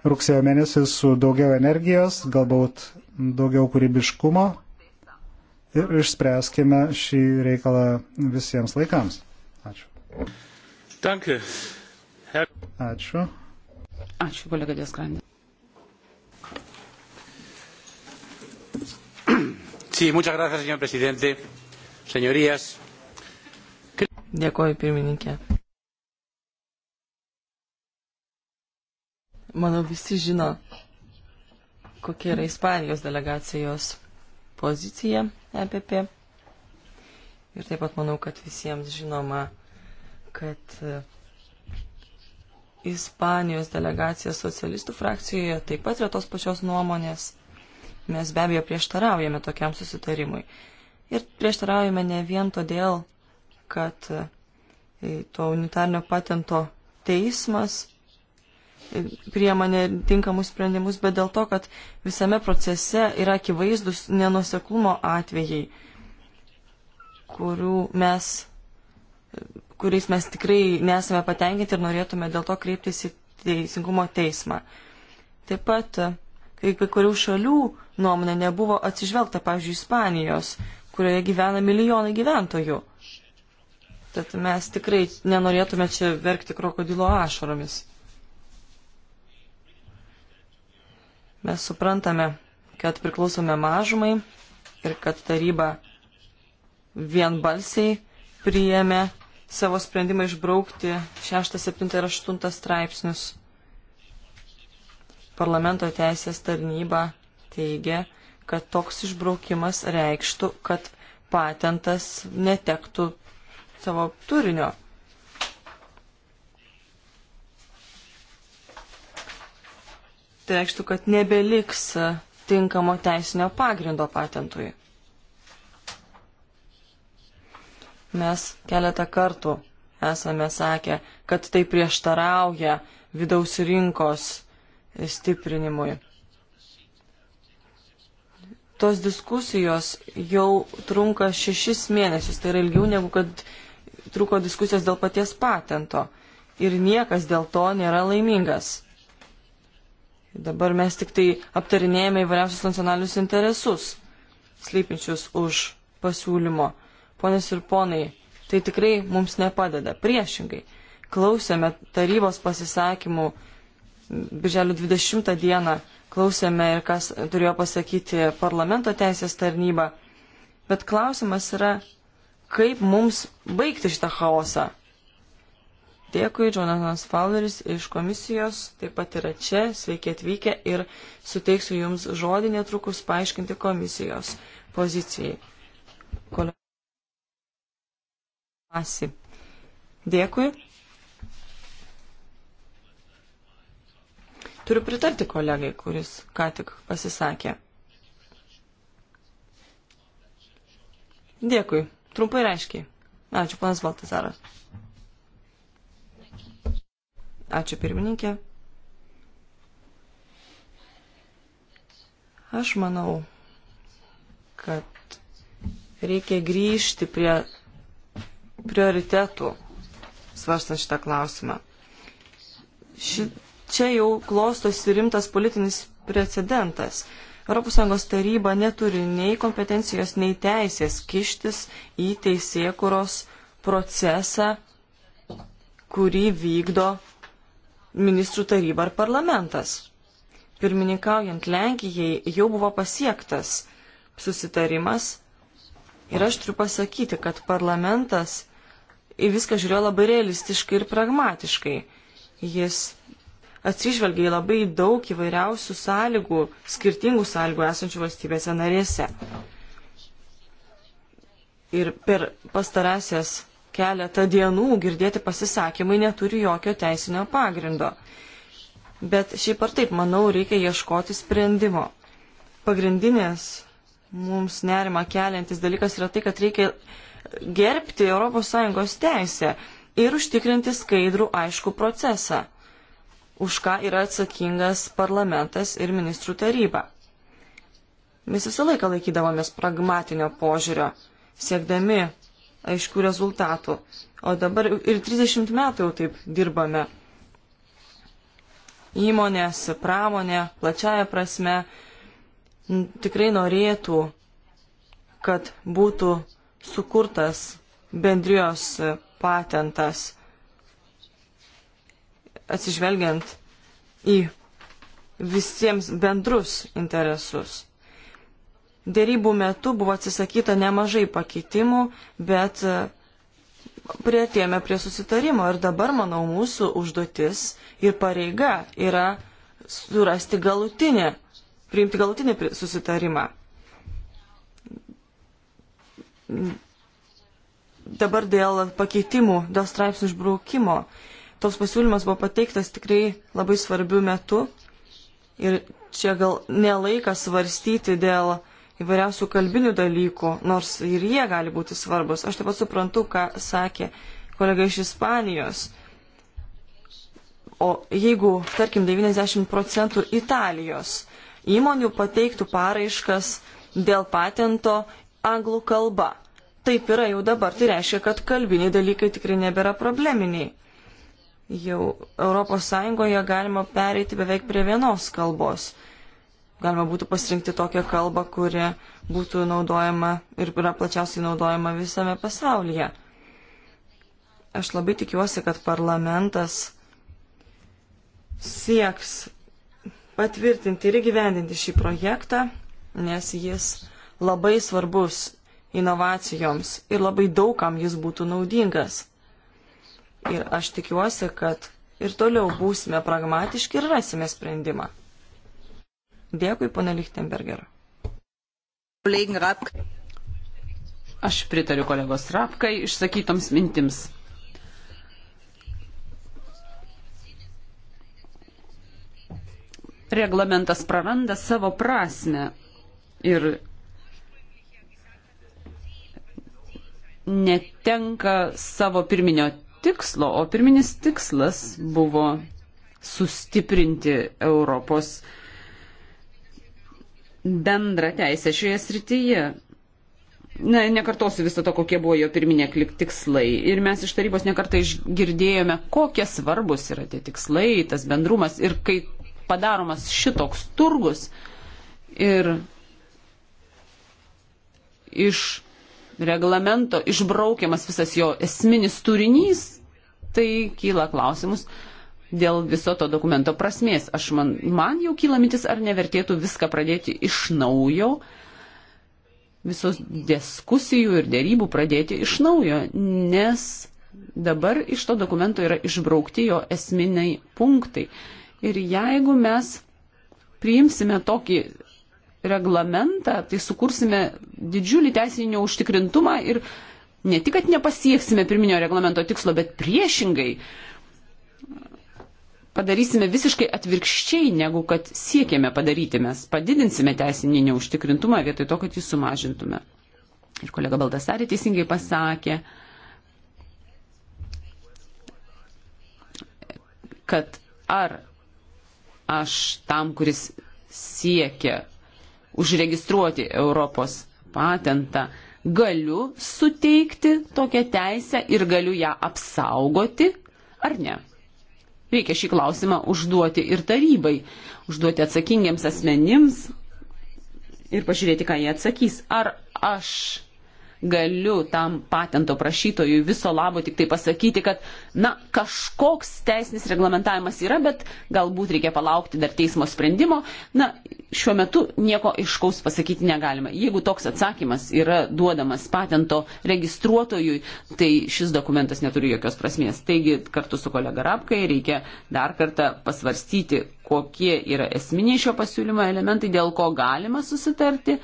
rugsėjo mėnesį su daugiau energijos, galbūt daugiau kūrybiškumo ir išspręskime šį reikalą visiems laikams. Ačiū. Danke. Ačiū. Ačiū, kolega Dėskrandė. Sí, muchas gracias, señor presidente. Señorías. Dėkoju, pirmininkė. Manau, visi žino, kokia yra Ispanijos delegacijos pozicija EPP. Ir taip pat manau, kad visiems žinoma, kad Ispanijos delegacija socialistų frakcijoje taip pat yra tos pačios nuomonės. Mes be abejo prieštaraujame tokiam susitarimui. Ir prieštaraujame ne vien todėl, kad e, to unitarnio patento teismas e, priemonė tinkamus sprendimus, bet dėl to, kad visame procese yra akivaizdus nenuseklumo atvejai, kurių mes kuriais mes tikrai nesame patenkinti ir norėtume dėl to kreiptis į Teisingumo teismą. Taip pat e, kai kurių šalių nuomonė nebuvo atsižvelgta, pavyzdžiui, Ispanijos, kurioje gyvena milijonai gyventojų. Tad mes tikrai nenorėtume čia verkti krokodilo ašaromis. Mes suprantame, kad priklausome mažumai ir kad taryba vienbalsiai priėmė savo sprendimą išbraukti 6, 7 ir 8 straipsnius. Parlamento teisės tarnyba teigia, kad toks išbraukimas reikštų, kad patentas netektų savo turinio. Tai reikštų, kad nebeliks tinkamo teisinio pagrindo patentui. Mes keletą kartų esame sakę, kad tai prieštarauja vidaus rinkos stiprinimui. Tos diskusijos jau trunka šešis mėnesius, tai yra ilgiau negu kad truko diskusijos dėl paties patento. Ir niekas dėl to nėra laimingas. Dabar mes tik tai aptarinėjame įvairiausius nacionalinius interesus, slypinčius už pasiūlymo. Ponas ir ponai, tai tikrai mums nepadeda. Priešingai, klausėme tarybos pasisakymų birželio 20 dieną, klausėme ir kas turėjo pasakyti parlamento teisės tarnyba. Bet klausimas yra, kaip mums baigti šitą chaosą. Dėkui, Jonathanas Fowleris iš komisijos taip pat yra čia, sveiki atvykę ir suteiksiu Jums žodį netrukus paaiškinti komisijos pozicijai. Kole... Asi. Dėkui. Turiu pritarti kolegai, kuris ką tik pasisakė. Dėkui. Trumpai ir aiškiai. Ačiū, panas Baltasaras. Ačiū, pirmininkė. Aš manau, kad reikia grįžti prie prioritetų svarstant šitą klausimą. Ši, čia jau klostosi rimtas politinis precedentas. ES taryba neturi nei kompetencijos, nei teisės kištis į teisėkuros procesą, kurį vykdo ministrų taryba ar parlamentas. Pirmininkaujant Lenkijai jau buvo pasiektas susitarimas ir aš turiu pasakyti, kad parlamentas į viską žiūrėjo labai realistiškai ir pragmatiškai. Jis atsižvelgia į labai daug įvairiausių sąlygų, skirtingų sąlygų esančių valstybėse narėse. Ir per pastarąsias keletą dienų girdėti pasisakymai neturi jokio teisinio pagrindo. Bet šiaip ar taip, manau, reikia ieškoti sprendimo. Pagrindinės mums nerima keliantis dalykas yra tai, kad reikia gerbti ES teisę ir užtikrinti skaidrų aišku procesą, už ką yra atsakingas parlamentas ir ministrų taryba. Mes visą laiką laikydavomės pragmatinio požiūrio, siekdami aiškių rezultatų, o dabar ir 30 metų jau taip dirbame. Įmonės, pramonė, plačiaja prasme, tikrai norėtų, kad būtų sukurtas bendrijos patentas atsižvelgiant į visiems bendrus interesus. Dėrybų metu buvo atsisakyta nemažai pakeitimų, bet e, prietėme prie susitarimo ir dabar, manau, mūsų užduotis ir pareiga yra surasti galutinį, priimti galutinį susitarimą dabar dėl pakeitimų, dėl straipsnių išbraukimo. Toks pasiūlymas buvo pateiktas tikrai labai svarbių metų ir čia gal nelaikas svarstyti dėl įvairiausių kalbinių dalykų, nors ir jie gali būti svarbus. Aš taip pat suprantu, ką sakė kolega iš Ispanijos. O jeigu, tarkim, 90 procentų Italijos įmonių pateiktų paraiškas dėl patento anglų kalba, taip yra jau dabar, tai reiškia, kad kalbiniai dalykai tikrai nebėra probleminiai. Jau ES galima pereiti beveik prie vienos kalbos. Galima būtų pasirinkti tokią kalbą, kuri būtų naudojama ir yra plačiausiai naudojama visame pasaulyje. Aš labai tikiuosi, kad parlamentas sieks patvirtinti ir įgyvendinti šį projektą, nes jis labai svarbus inovacijoms ir labai daugam jis būtų naudingas. Ir aš tikiuosi, kad ir toliau būsime pragmatiški ir rasime sprendimą. Dėkui, pana Lichtenberger. Aš pritariu kolegos Rapkai išsakytoms mintims. Reglamentas praranda savo prasme ir netenka savo pirminio tikslo, o pirminis tikslas buvo sustiprinti Europos bendrą teisę šioje srityje. Na, nekartosiu viso to, kokie buvo jo pirminė klik tikslai. Ir mes iš tarybos nekartą išgirdėjome, kokie svarbus yra tie tikslai, tas bendrumas ir kai padaromas šitoks turgus ir iš reglamento išbraukiamas visas jo esminis turinys, tai kyla klausimus dėl viso to dokumento prasmės. Aš man, man jau kyla mintis, ar nevertėtų viską pradėti iš naujo, visos diskusijų ir dėrybų pradėti iš naujo, nes dabar iš to dokumento yra išbraukti jo esminiai punktai. Ir jeigu mes priimsime tokį reglamentą, tai sukursime didžiulį teisinį neužtikrintumą ir ne tik, kad nepasieksime pirminio reglamento tikslo, bet priešingai padarysime visiškai atvirkščiai, negu kad siekėme padaryti. Mes padidinsime teisinį neužtikrintumą vietoj to, kad jį sumažintume. Ir kolega Baldasarė teisingai pasakė, kad ar aš tam, kuris siekia užregistruoti Europos patentą, galiu suteikti tokią teisę ir galiu ją apsaugoti ar ne? Reikia šį klausimą užduoti ir tarybai, užduoti atsakingiams asmenims ir pažiūrėti, ką jie atsakys. Ar aš galiu tam patento prašytojui viso labo tik tai pasakyti, kad, na, kažkoks teisinis reglamentavimas yra, bet galbūt reikia palaukti dar teismo sprendimo. Na, šiuo metu nieko iškaus pasakyti negalime. Jeigu toks atsakymas yra duodamas patento registruotojui, tai šis dokumentas neturi jokios prasmės. Taigi, kartu su kolega Rapkai reikia dar kartą pasvarstyti, kokie yra esminiai šio pasiūlymo elementai, dėl ko galima susitarti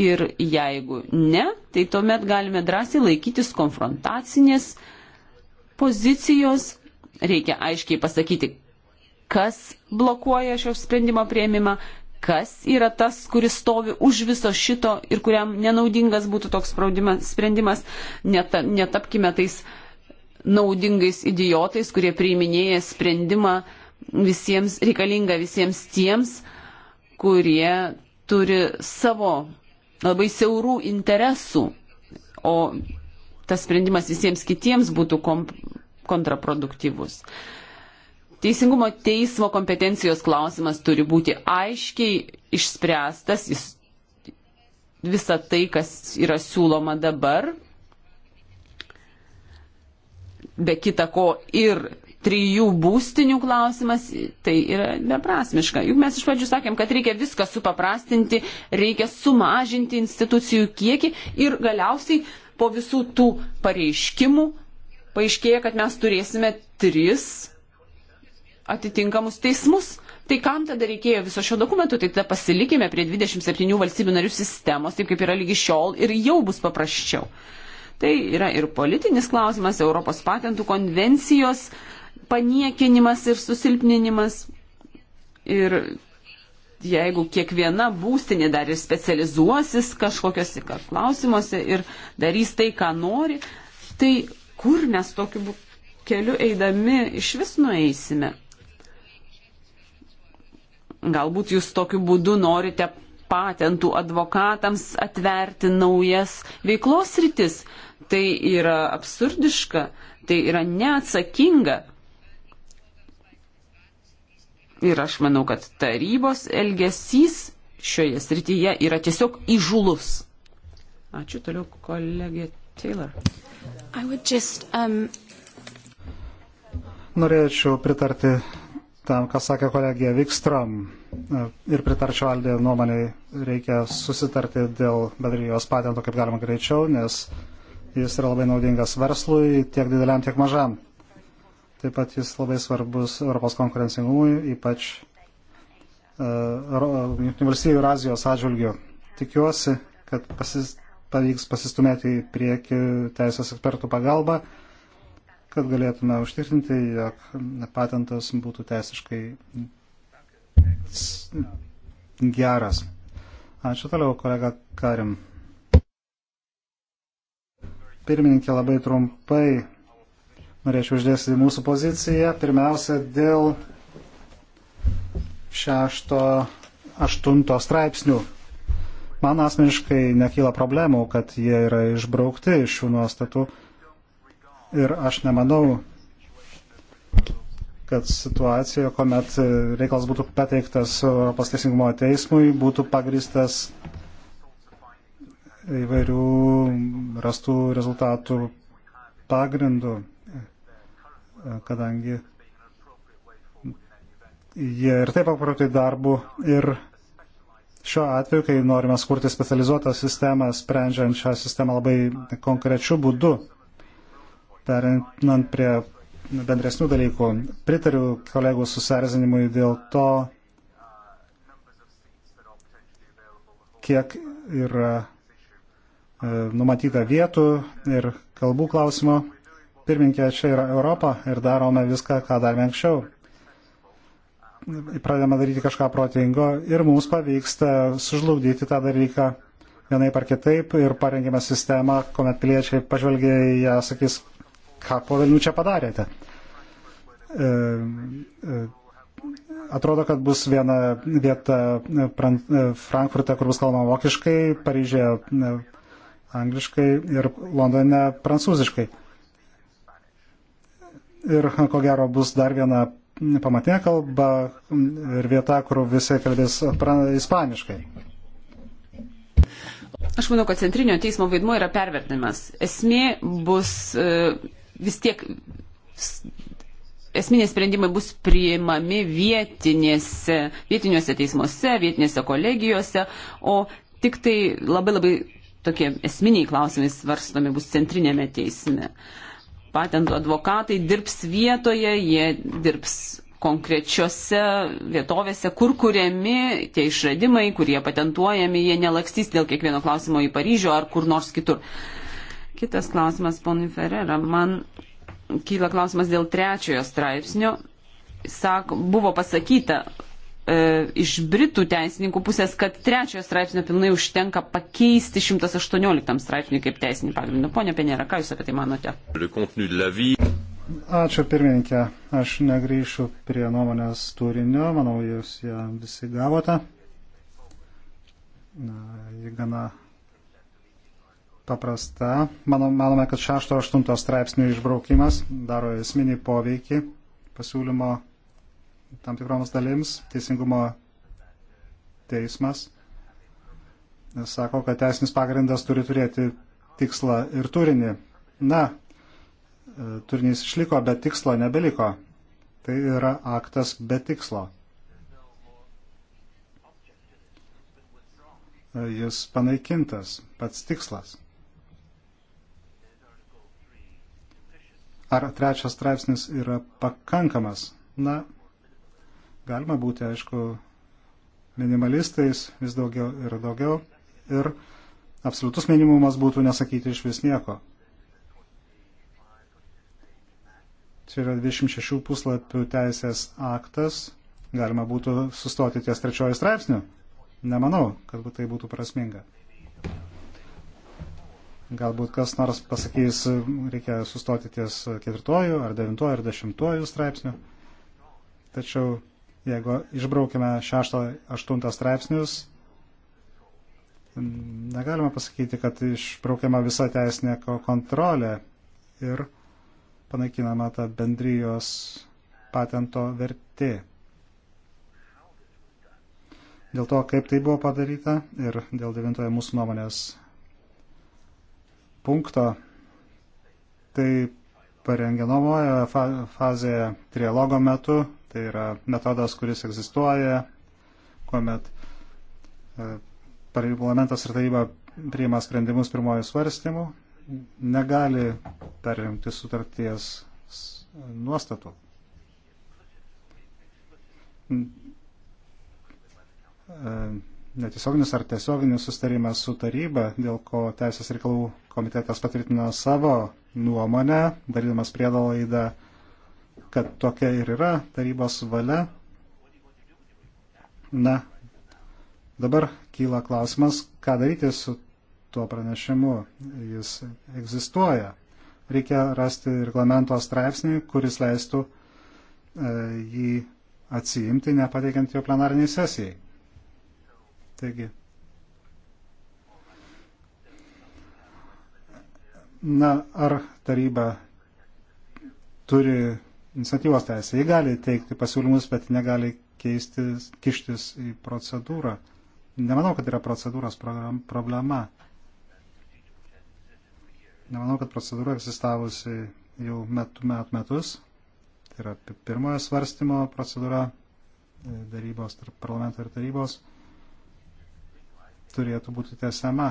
Ir jeigu ne, tai tuomet galime drąsiai laikytis konfrontacinės pozicijos. Reikia aiškiai pasakyti, kas blokuoja šio sprendimo prieimimą, kas yra tas, kuris stovi už viso šito ir kuriam nenaudingas būtų toks sprendimas. Neta, netapkime tais naudingais idiotais, kurie priiminėja sprendimą visiems, reikalingą visiems tiems, kurie turi savo labai siaurų interesų, o tas sprendimas visiems kitiems būtų kontraproduktyvus. Teisingumo teismo kompetencijos klausimas turi būti aiškiai išspręstas, jis visa tai, kas yra siūloma dabar, be kita ko ir trijų būstinių klausimas, tai yra beprasmiška. Juk mes iš pradžių sakėm, kad reikia viską supaprastinti, reikia sumažinti institucijų kiekį ir galiausiai po visų tų pareiškimų paaiškėja, kad mes turėsime tris atitinkamus teismus. Tai kam tada reikėjo viso šio dokumento, tai tada pasilikime prie 27 valstybių narių sistemos, taip kaip yra lygi šiol ir jau bus paprasčiau. Tai yra ir politinis klausimas, Europos patentų konvencijos uh, paniekinimas ir susilpninimas. Ir jeigu kiekviena būstinė dar ir specializuosis kažkokiuose klausimuose ir darys tai, ką nori, tai kur mes tokiu keliu eidami iš vis nueisime? Galbūt jūs tokiu būdu norite patentų advokatams atverti naujas veiklos rytis. Tai yra absurdiška, tai yra neatsakinga. Ir aš manau, kad tarybos elgesys šioje srityje yra tiesiog įžulus. Ačiū toliau kolegė Taylor. Just, um... Norėčiau pritarti tam, ką sakė kolegija Vikstrom e, ir pritarčiau Aldė nuomonėj, reikia susitarti dėl bendrijos patento kaip galima greičiau, nes jis yra labai naudingas verslui, tiek dideliam, tiek mažam. Taip pat jis labai svarbus Europos konkurencingumui, ypač e, Junktinių valstybių ir Azijos atžvilgių. Tikiuosi, kad pasis, pavyks pasistumėti į priekį teisės ekspertų pagalba, kad galėtume užtikrinti, jog patentas būtų teisiškai geras. Ačiū toliau, kolega Karim. Pirmininkė, labai trumpai norėčiau išdėstyti mūsų poziciją. Pirmiausia, dėl šešto, aštunto straipsnių. Man asmeniškai nekyla problemų, kad jie yra išbraukti iš šių nuostatų ir aš nemanau, kad situacija, kuomet reikalas būtų pateiktas Europos teisingumo teismui, būtų pagristas įvairių rastų rezultatų pagrindų kadangi jie ir taip apkrauti darbu ir šiuo atveju, kai norime skurti specializuotą sistemą, sprendžiant šią sistemą labai konkrečiu būdu, perinant prie bendresnių dalykų, pritariu kolegų susierzinimui dėl to, kiek yra e, numatyta vietų ir kalbų klausimo pirminkė, čia yra Europa ir darome viską, ką darėme anksčiau. Pradėjome daryti kažką protingo ir mums pavyksta sužlugdyti tą dalyką vienai par kitaip ir parengėme sistemą, kuomet piliečiai pažvelgia į ją, sakys, ką po velnių čia padarėte. E, e, atrodo, kad bus viena vieta e, e, Frankfurte, kur bus kalbama vokiškai, Paryžėje e, angliškai ir Londone prancūziškai ir ko gero bus dar viena pamatinė kalba ir vieta, kur visi kalbės ispaniškai. Aš manau, kad centrinio teismo vaidmuo yra pervertinimas. Esmė bus e, vis tiek. Esminiai sprendimai bus priimami vietinėse, vietiniuose teismuose, vietinėse kolegijose, o tik tai labai labai tokie esminiai klausimai svarstomi bus centrinėme teisme. Uh, patentų advokatai dirbs vietoje, jie dirbs konkrečiose vietovėse, kur kuriami tie išradimai, kurie patentuojami, jie nelakstys dėl kiekvieno klausimo į Paryžių ar kur nors kitur. Kitas klausimas, ponui Ferrera, man kyla klausimas dėl trečiojo straipsnio. Sako, buvo pasakyta e, iš Britų teisininkų pusės, kad trečiojo straipsnio pilnai užtenka pakeisti 118 straipsnį kaip teisinį pagrindą. Pone Penėra, ką Jūs apie tai manote? Ačiū pirmininkė. Aš negryšiu prie nuomonės turinio, manau, jūs ją visi gavote. Na, ji gana paprasta. Mano, manome, kad 6-8 straipsnių išbraukimas daro esminį poveikį pasiūlymo tam tikroms dalims. Teisingumo teismas sako, kad teisinis pagrindas turi turėti tikslą ir turinį. Na, e, turinys išliko, bet tikslo nebeliko. Tai yra aktas be tikslo. E, jis panaikintas, pats tikslas. Ar trečias straipsnis yra pakankamas? Na, Galima būti, aišku, minimalistais vis daugiau ir daugiau ir absoliutus minimumas būtų nesakyti iš vis nieko. Čia yra 26 puslapių teisės aktas, galima būtų sustoti ties trečiojo straipsniu. Nemanau, kad tai būtų prasminga. Galbūt kas nors pasakys, reikia sustoti ties ketvirtuoju ar devintuoju ar dešimtuoju straipsniu. Tačiau Jeigu išbraukime 6-8 straipsnius, negalima pasakyti, kad išbraukiama visa teisinė kontrolė ir panaikinama ta bendrijos patento vertė. Dėl to, kaip tai buvo padaryta ir dėl devintojo mūsų nuomonės punkto, tai parengiamojo fazėje trialogo metu Tai yra metodas, kuris egzistuoja, kuomet e, parlamentas ir taryba priima sprendimus pirmojų svarstymų, negali perimti sutarties nuostatų. E, netiesioginis ar tiesioginis sustarimas su taryba, dėl ko Teisės reikalų komitetas patvirtino savo nuomonę, dalydamas priedalaidą kad tokia ir yra tarybos valia. Na, dabar kyla klausimas, ką daryti su tuo pranešimu. Jis egzistuoja. Reikia rasti reglamento straipsnį, kuris leistų e, jį atsiimti, nepateikiant jo plenariniai sesijai. Taigi. Na, ar taryba turi iniciatyvos teisę. Jie gali teikti pasiūlymus, bet negali keistis, kištis į procedūrą. Nemanau, kad yra procedūros problema. Nemanau, kad procedūra egzistavusi jau metų met, metus. Tai yra pirmojo svarstymo procedūra e, darybos tarp parlamento ir tarybos turėtų būti tęsiama.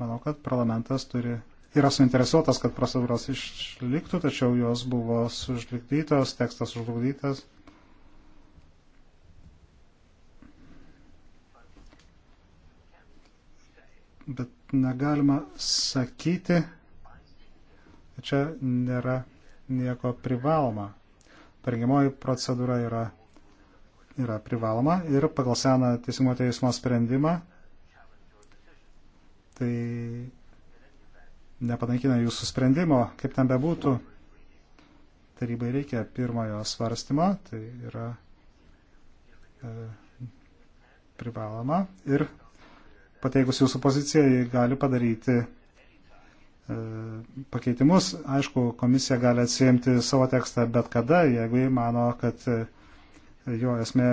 Manau, kad parlamentas turi yra suinteresuotas, kad procedūros išliktų, tačiau jos buvo sužlugdytos, tekstas sužlugdytas. Bet negalima sakyti, čia nėra nieko privaloma. Parengimoji procedūra yra, yra privaloma ir pagal seną teisingumo teismo sprendimą tai nepanaikina jūsų sprendimo, kaip ten bebūtų, tarybai reikia pirmojo svarstymo, tai yra e, privaloma ir pateikus jūsų poziciją jį gali padaryti e, pakeitimus. Aišku, komisija gali atsiimti savo tekstą bet kada, jeigu jį mano, kad e, jo esmė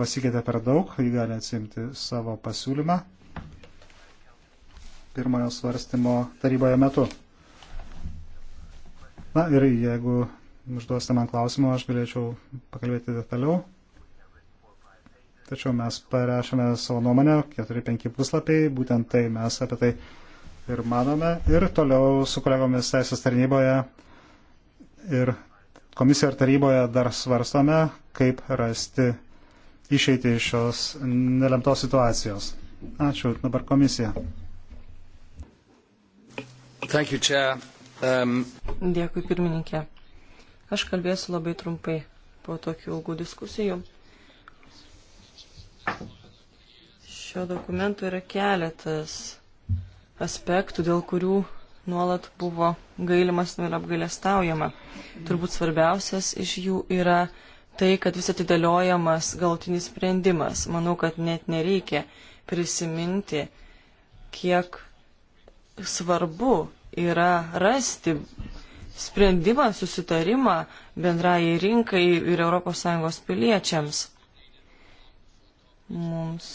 pasikeitė per daug, jį gali atsiimti savo pasiūlymą pirmojo svarstymo taryboje metu. Na ir jeigu užduosite man klausimą, aš galėčiau pakalbėti detaliau. Tačiau mes parašėme savo nuomonę, 4-5 puslapiai, būtent tai mes apie tai ir manome. Ir toliau su kolegomis teisės tarnyboje ir komisija ir taryboje dar svarstome, kaip rasti išeitį iš šios nelemtos situacijos. Ačiū. Dabar komisija. Thank you, Chair. Um... Dėkui, pirmininkė. Aš kalbėsiu labai trumpai po tokių ilgų diskusijų. Šio dokumento yra keletas aspektų, dėl kurių nuolat buvo gailimas ir apgailestaujama. Turbūt svarbiausias iš jų yra tai, kad vis atidėliojamas galutinis sprendimas. Manau, kad net nereikia prisiminti, kiek svarbu yra rasti sprendimą, susitarimą bendrajai rinkai ir ES piliečiams. Mums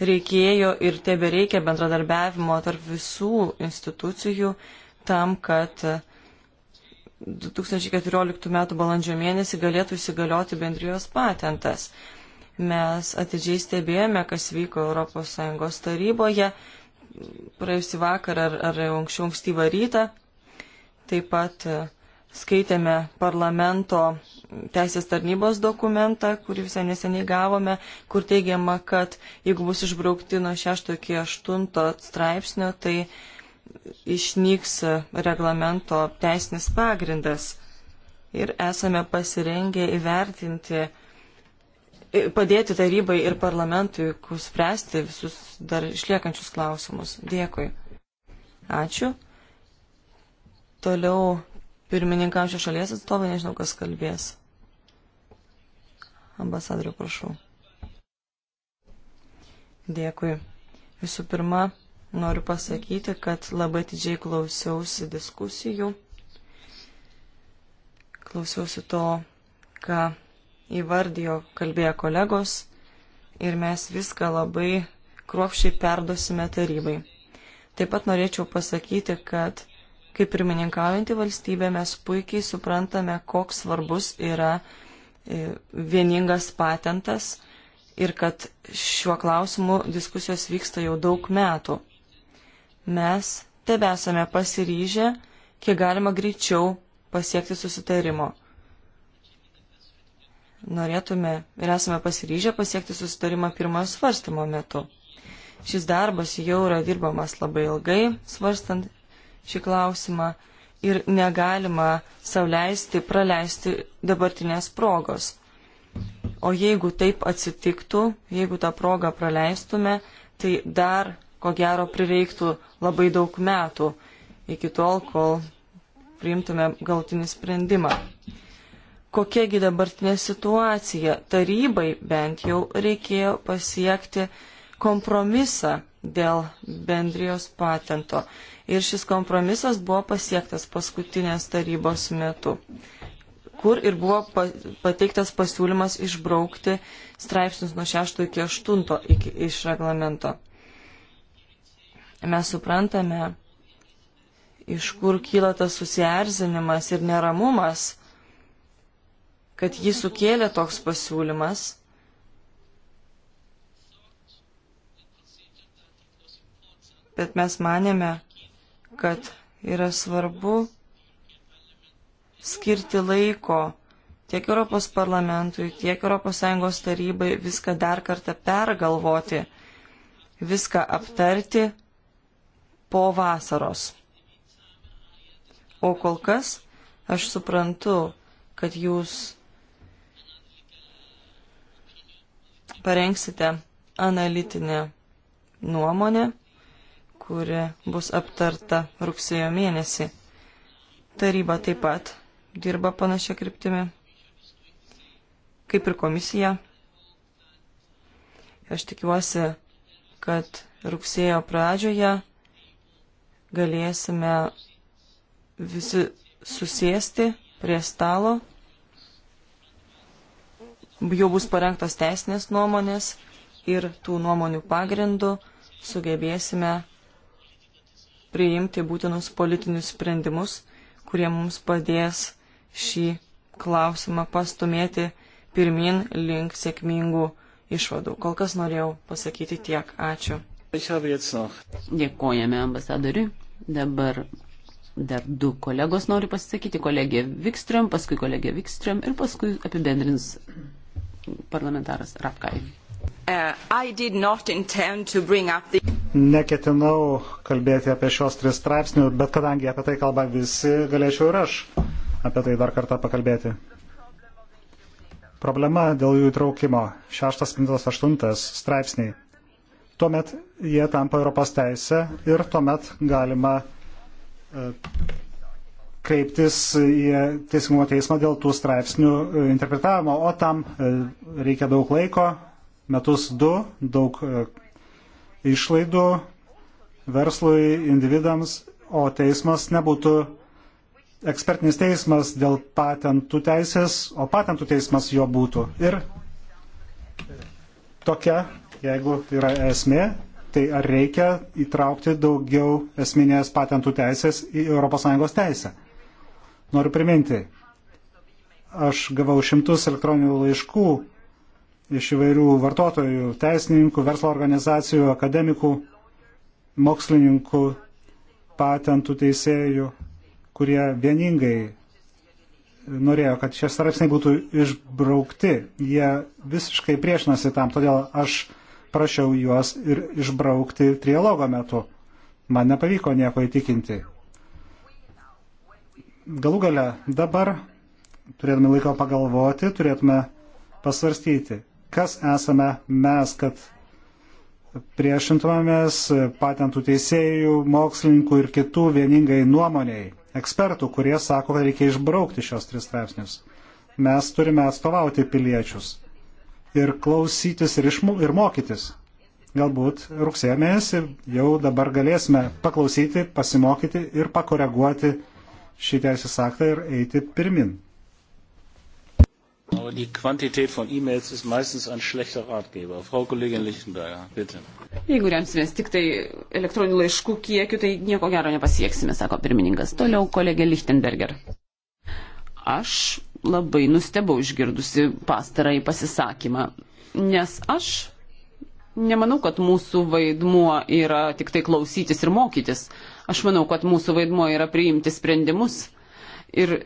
reikėjo ir tebe reikia bendradarbiavimo tarp visų institucijų tam, kad 2014 m. balandžio mėnesį galėtų įsigalioti bendrijos patentas. Mes atidžiai stebėjome, kas vyko ES taryboje, praėjusį vakarą ar, ar anksčiau ankstyvą rytą. Taip pat e, skaitėme parlamento teisės tarnybos dokumentą, kurį visai neseniai gavome, kur teigiama, kad jeigu bus išbraukti nuo 6 iki 8 straipsnio, tai išnyks e, reglamento teisinis pagrindas. Ir esame pasirengę įvertinti, padėti tarybai ir parlamentui spręsti visus dar išliekančius klausimus. Dėkui. Ačiū. Toliau pirmininkaučio šalies atstovai, nežinau, kas kalbės. Ambasadoriu, prašau. Dėkui. Visų pirma, noriu pasakyti, kad labai didžiai klausiausi diskusijų. Klausiausi to, ką įvardijo, kalbėjo kolegos ir mes viską labai kruopšiai perdosime tarybai. Taip pat norėčiau pasakyti, kad kaip pirmininkaujantį valstybę mes puikiai suprantame, koks svarbus yra e, vieningas patentas ir kad šiuo klausimu diskusijos vyksta jau daug metų. Mes tebesame pasiryžę, kiek galima greičiau pasiekti susitarimo norėtume ir esame pasiryžę pasiekti susitarimą pirmojo svarstymo metu. Šis darbas jau yra dirbamas labai ilgai, svarstant šį klausimą ir negalima sauliaisti praleisti dabartinės progos. O jeigu taip atsitiktų, jeigu tą progą praleistume, tai dar, ko gero, prireiktų labai daug metų iki tol, kol priimtume galtinį sprendimą kokiagi dabartinė situacija. Tarybai bent jau reikėjo pasiekti kompromisą dėl bendrijos patento. Ir šis kompromisas buvo pasiektas paskutinės tarybos metu, kur ir buvo pateiktas pasiūlymas išbraukti straipsnius nuo 6 iki 8 iki, iš reglamento. Mes suprantame, iš kur kyla tas susierzinimas ir neramumas kad jį sukėlė toks pasiūlymas. Bet mes manėme, kad yra svarbu skirti laiko tiek Europos parlamentui, tiek ES tarybai viską dar kartą pergalvoti, viską aptarti po vasaros. O kol kas aš suprantu, kad jūs parengsite analitinę nuomonę, kuri bus aptarta rugsėjo mėnesį. Taryba taip pat dirba panašia kryptimi, kaip ir komisija. Aš tikiuosi, kad rugsėjo pradžioje galėsime visi susėsti prie stalo jau bus parengtos teisinės nuomonės ir tų nuomonių pagrindų sugebėsime priimti būtinus politinius sprendimus, kurie mums padės šį klausimą pastumėti pirmin link sėkmingų išvadų. Kol kas norėjau pasakyti tiek. Ačiū. Dėkojame ambasadoriui. Dabar dar du kolegos nori pasisakyti. Kolegė Vikström, paskui kolegė Vikström ir paskui apibendrins parlamentaras Rapkai. Uh, neketinau kalbėti apie šios tris straipsnių, bet kadangi apie tai kalba visi, galėčiau ir aš apie tai dar kartą pakalbėti. Problema dėl jų įtraukimo. 6.8 straipsniai. Tuomet jie tampa Europos teisė ir tuomet galima e, kreiptis į Teisingumo teismą dėl tų straipsnių e, interpretavimo, o tam e, reikia daug laiko, metus du, daug e, išlaidų verslui, individams, o teismas nebūtų ekspertinis teismas dėl patentų teisės, o patentų teismas jo būtų. Ir tokia, jeigu yra esmė, tai ar reikia įtraukti daugiau esminės patentų teisės į ES teisę? Noriu priminti, aš gavau šimtus elektroninių laiškų iš įvairių vartotojų, teisininkų, verslo organizacijų, akademikų, mokslininkų, patentų teisėjų, kurie vieningai norėjo, kad šie straipsniai būtų išbraukti. Jie visiškai priešinasi tam, todėl aš prašiau juos ir išbraukti trialogo metu. Man nepavyko nieko įtikinti galų gale dabar, turėdami laiko pagalvoti, turėtume pasvarstyti, kas esame mes, kad priešintumėmės patentų teisėjų, mokslininkų ir kitų vieningai nuomoniai, ekspertų, kurie sako, kad reikia išbraukti šios tris straipsnius. Mes turime atstovauti piliečius ir klausytis ir, išmų, ir mokytis. Galbūt rugsėjo mėnesį jau dabar galėsime paklausyti, pasimokyti ir pakoreguoti šį teisės aktą ir eiti pirmin. Aber die Quantität von E-Mails ist meistens ein schlechter Ratgeber. Frau Kollegin Lichtenberger, bitte. Jeigu remsimės tik tai elektroninių laiškų kiekiu, tai nieko gero nepasieksime, sako pirmininkas. Toliau kolegė Lichtenberger. Aš labai nustebau išgirdusi pastarąjį pasisakymą, nes aš nemanau, kad mūsų vaidmuo yra tik tai klausytis ir mokytis. Aš manau, kad mūsų vaidmuo yra priimti sprendimus ir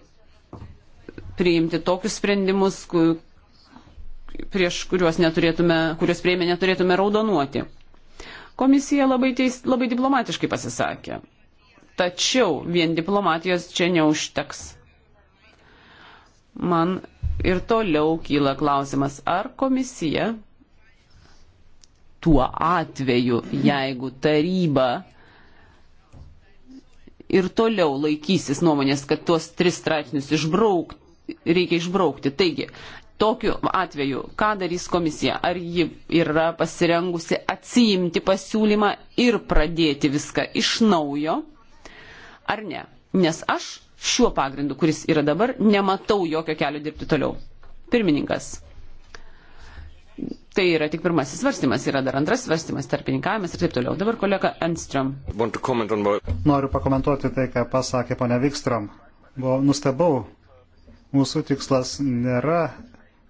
priimti tokius sprendimus, prieš kuriuos, kuriuos prieimė neturėtume raudonuoti. Komisija labai, teis, labai diplomatiškai pasisakė. Tačiau vien diplomatijos čia neužteks. Man ir toliau kyla klausimas, ar komisija tuo atveju, jeigu taryba ir toliau laikysis nuomonės, kad tuos tris straipsnius išbraukti, reikia išbraukti. Taigi, tokiu atveju, ką darys komisija? Ar ji yra pasirengusi atsiimti pasiūlymą ir pradėti viską iš naujo, ar ne? Nes aš šiuo pagrindu, kuris yra dabar, nematau jokio kelio dirbti toliau. Pirmininkas. Tai yra tik pirmasis svarstymas, yra dar antras svarstymas, tarpininkavimas ir taip toliau. Dabar kolega Enstrom. Noriu pakomentuoti tai, ką pasakė ponia Vikstrom. Buvo nustebau, mūsų tikslas nėra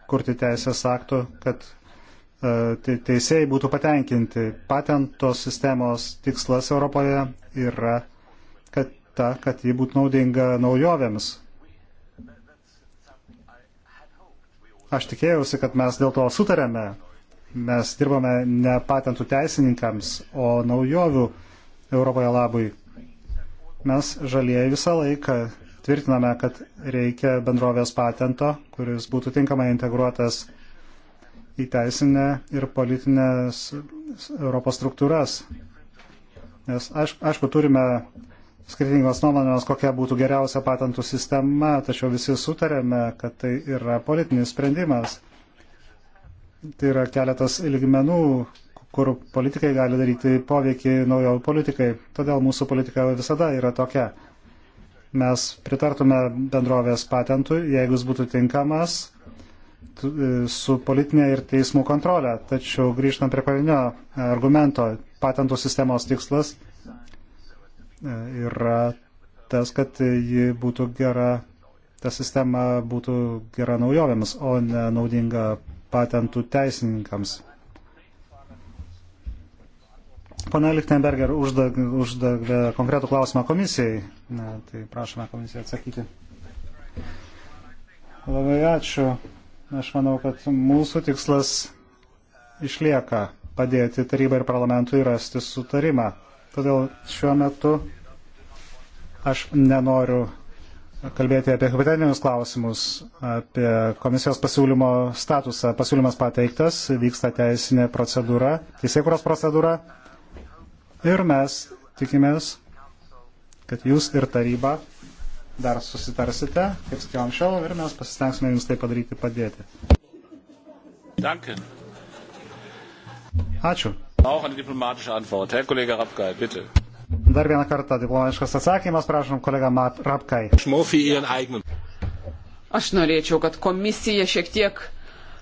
kurti teisės aktų, kad e, teisėjai būtų patenkinti. Patento sistemos tikslas Europoje yra, kad ta, kad ji būtų naudinga naujovėms, Aš tikėjausi, kad mes dėl to sutarėme. Mes dirbame ne patentų teisininkams, o naujovių Europoje labui. Mes žalieji visą laiką tvirtiname, kad reikia bendrovės patento, kuris būtų tinkamai integruotas į teisinę ir politinės Europos struktūras. Nes aišku, aišku turime skirtingos nuomonės, kokia būtų geriausia patentų sistema, tačiau visi sutarėme, kad tai yra politinis sprendimas. Tai yra keletas lygmenų, kur politikai gali daryti poveikį naujo politikai. Todėl mūsų politika visada yra tokia. Mes pritartume bendrovės patentui, jeigu jis būtų tinkamas su politinė ir teismų kontrolė. Tačiau grįžtant prie pavinio argumento, patentų sistemos tikslas yra tas, kad ji būtų gera, ta sistema būtų gera naujovėms, o ne naudinga patentų teisininkams. Pana Lichtenberger uždavė užda, konkretų klausimą komisijai. Na, tai prašome komisiją atsakyti. Labai ačiū. Aš manau, kad mūsų tikslas išlieka padėti tarybai ir parlamentui rasti sutarimą Todėl šiuo metu aš nenoriu kalbėti apie hipotetinius klausimus, apie komisijos pasiūlymo statusą. Pasiūlymas pateiktas, vyksta teisinė procedūra, teisėkuros procedūra. Ir mes tikimės, kad jūs ir taryba dar susitarsite, kaip sakiau anksčiau, ir mes pasistengsime jums tai padaryti padėti. Danke. Ačiū. Dar vieną kartą diplomatiškas atsakymas, prašom, kolega Mat Rapkai. Aš norėčiau, kad komisija šiek tiek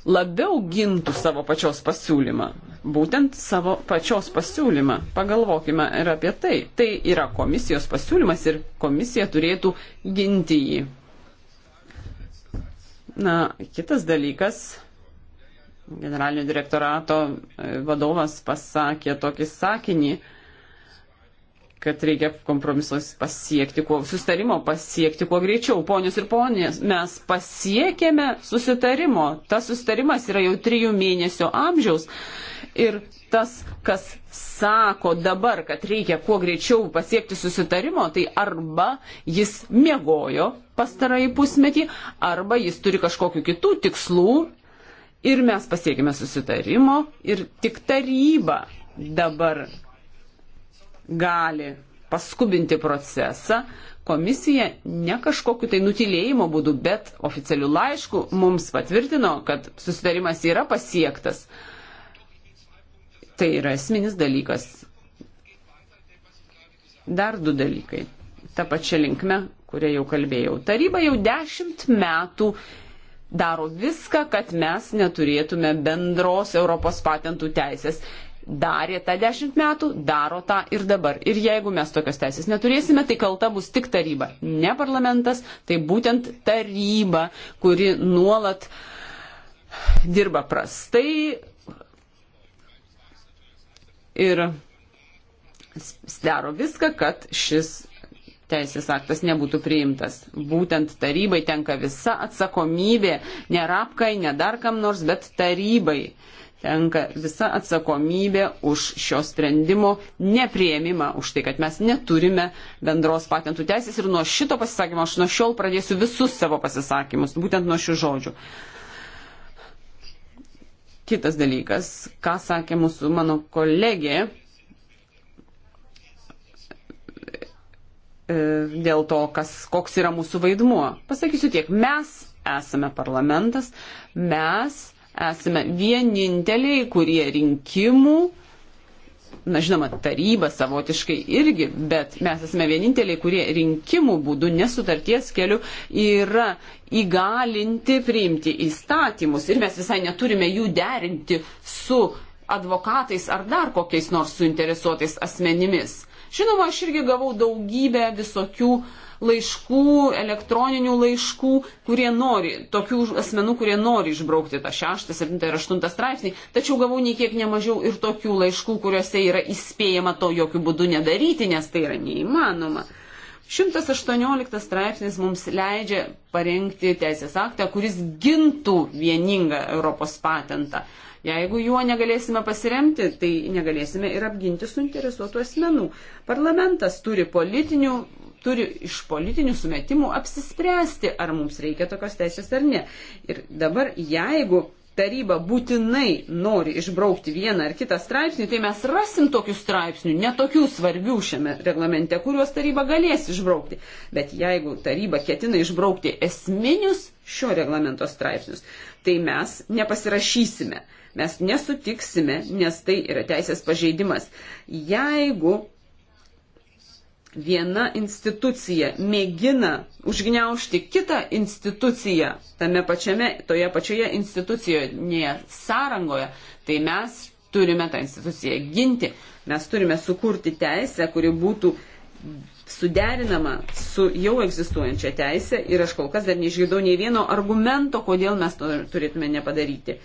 labiau gintų savo pačios pasiūlymą. Būtent savo pačios pasiūlymą. Pagalvokime ir apie tai. Tai yra komisijos pasiūlymas ir komisija turėtų ginti jį. Na, kitas dalykas generalinio direktorato e, vadovas pasakė tokį sakinį, kad reikia kompromisos pasiekti, kuo, sustarimo pasiekti kuo greičiau. Ponius ir ponės, mes pasiekėme susitarimo. Tas susitarimas yra jau trijų mėnesių amžiaus. Ir tas, kas sako dabar, kad reikia kuo greičiau pasiekti susitarimo, tai arba jis miegojo pastarai pusmetį, arba jis turi kažkokiu kitų tikslų Ir mes pasiekime susitarimo ir tik taryba dabar gali paskubinti procesą. Komisija ne kažkokiu tai nutilėjimo būdu, bet oficialių laiškų mums patvirtino, kad susitarimas yra pasiektas. Tai yra esminis dalykas. Dar du dalykai. Ta pačia linkme, kurie jau kalbėjau. Taryba jau dešimt metų daro viską, kad mes neturėtume bendros Europos patentų teisės. Darė tą dešimt metų, daro tą ir dabar. Ir jeigu mes tokios teisės neturėsime, tai kalta bus tik taryba, ne parlamentas, tai būtent taryba, kuri nuolat dirba prastai ir daro viską, kad šis teisės aktas nebūtų priimtas. Būtent tarybai tenka visa atsakomybė, ne rapkai, ne dar kam nors, bet tarybai tenka visa atsakomybė už šio sprendimo neprieimimą, už tai, kad mes neturime bendros patentų teisės ir nuo šito pasisakymo aš nuo šiol pradėsiu visus savo pasisakymus, būtent nuo šių žodžių. Kitas dalykas, ką sakė mūsų mano kolegė, E, dėl to, kas, koks yra mūsų vaidmuo. Pasakysiu tiek, mes esame parlamentas, mes esame vieninteliai, kurie rinkimų, na žinoma, taryba savotiškai irgi, bet mes esame vieninteliai, kurie rinkimų būdų nesutarties keliu yra įgalinti priimti įstatymus ir mes visai neturime jų derinti su advokatais ar dar kokiais nors suinteresuotais asmenimis. Žinoma, aš irgi gavau daugybę visokių laiškų, elektroninių laiškų, kurie nori, tokių asmenų, kurie nori išbraukti tą 6, 7 ir 8 straipsnį, tačiau gavau nei kiek nemažiau ir tokių laiškų, kuriuose yra įspėjama to jokių būdų nedaryti, nes tai yra neįmanoma. 118 straipsnis mums leidžia parengti teisės aktą, kuris gintų vieningą Europos patentą. Jeigu juo negalėsime pasiremti, tai negalėsime ir apginti suinteresuotų asmenų. Parlamentas turi politinių turi iš politinių sumetimų apsispręsti, ar mums reikia tokios teisės ar ne. Ir dabar, jeigu taryba būtinai nori išbraukti vieną ar kitą straipsnį, tai mes rasim tokių straipsnių, netokių svarbių šiame reglamente, kuriuos taryba galės išbraukti. Bet jeigu taryba ketina išbraukti esminius šio reglamento straipsnius, tai mes nepasirašysime. Mes nesutiksime, nes tai yra teisės pažeidimas. Jeigu viena institucija mėgina užgneušti kitą instituciją tame pačiame, toje pačioje institucijoje sąrangoje, tai mes turime tą instituciją ginti. Mes turime sukurti teisę, kuri būtų suderinama su jau egzistuojančia teisė ir aš kol kas dar neišgirdau nei vieno argumento, kodėl mes to turėtume nepadaryti.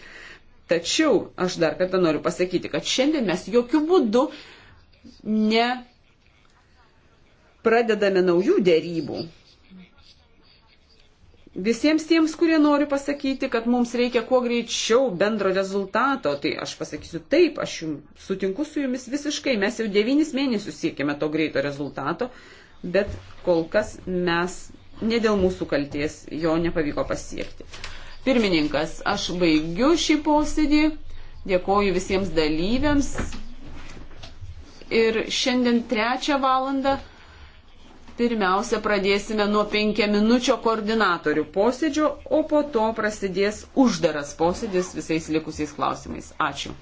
Tačiau aš dar kartą noriu pasakyti, kad šiandien mes jokių būdų ne pradedame naujų dėrybų. Visiems tiems, kurie nori pasakyti, kad mums reikia kuo greičiau bendro rezultato, tai aš pasakysiu taip, aš jums sutinku su jumis visiškai, mes jau devynis mėnesius siekime to greito rezultato, bet kol kas mes ne dėl mūsų kalties jo nepavyko pasiekti. Pirmininkas, aš baigiu šį posėdį, dėkoju visiems dalyviams ir šiandien trečią valandą pirmiausia pradėsime nuo penkiaminučio koordinatorių posėdžio, o po to prasidės uždaras posėdis visais likusiais klausimais. Ačiū.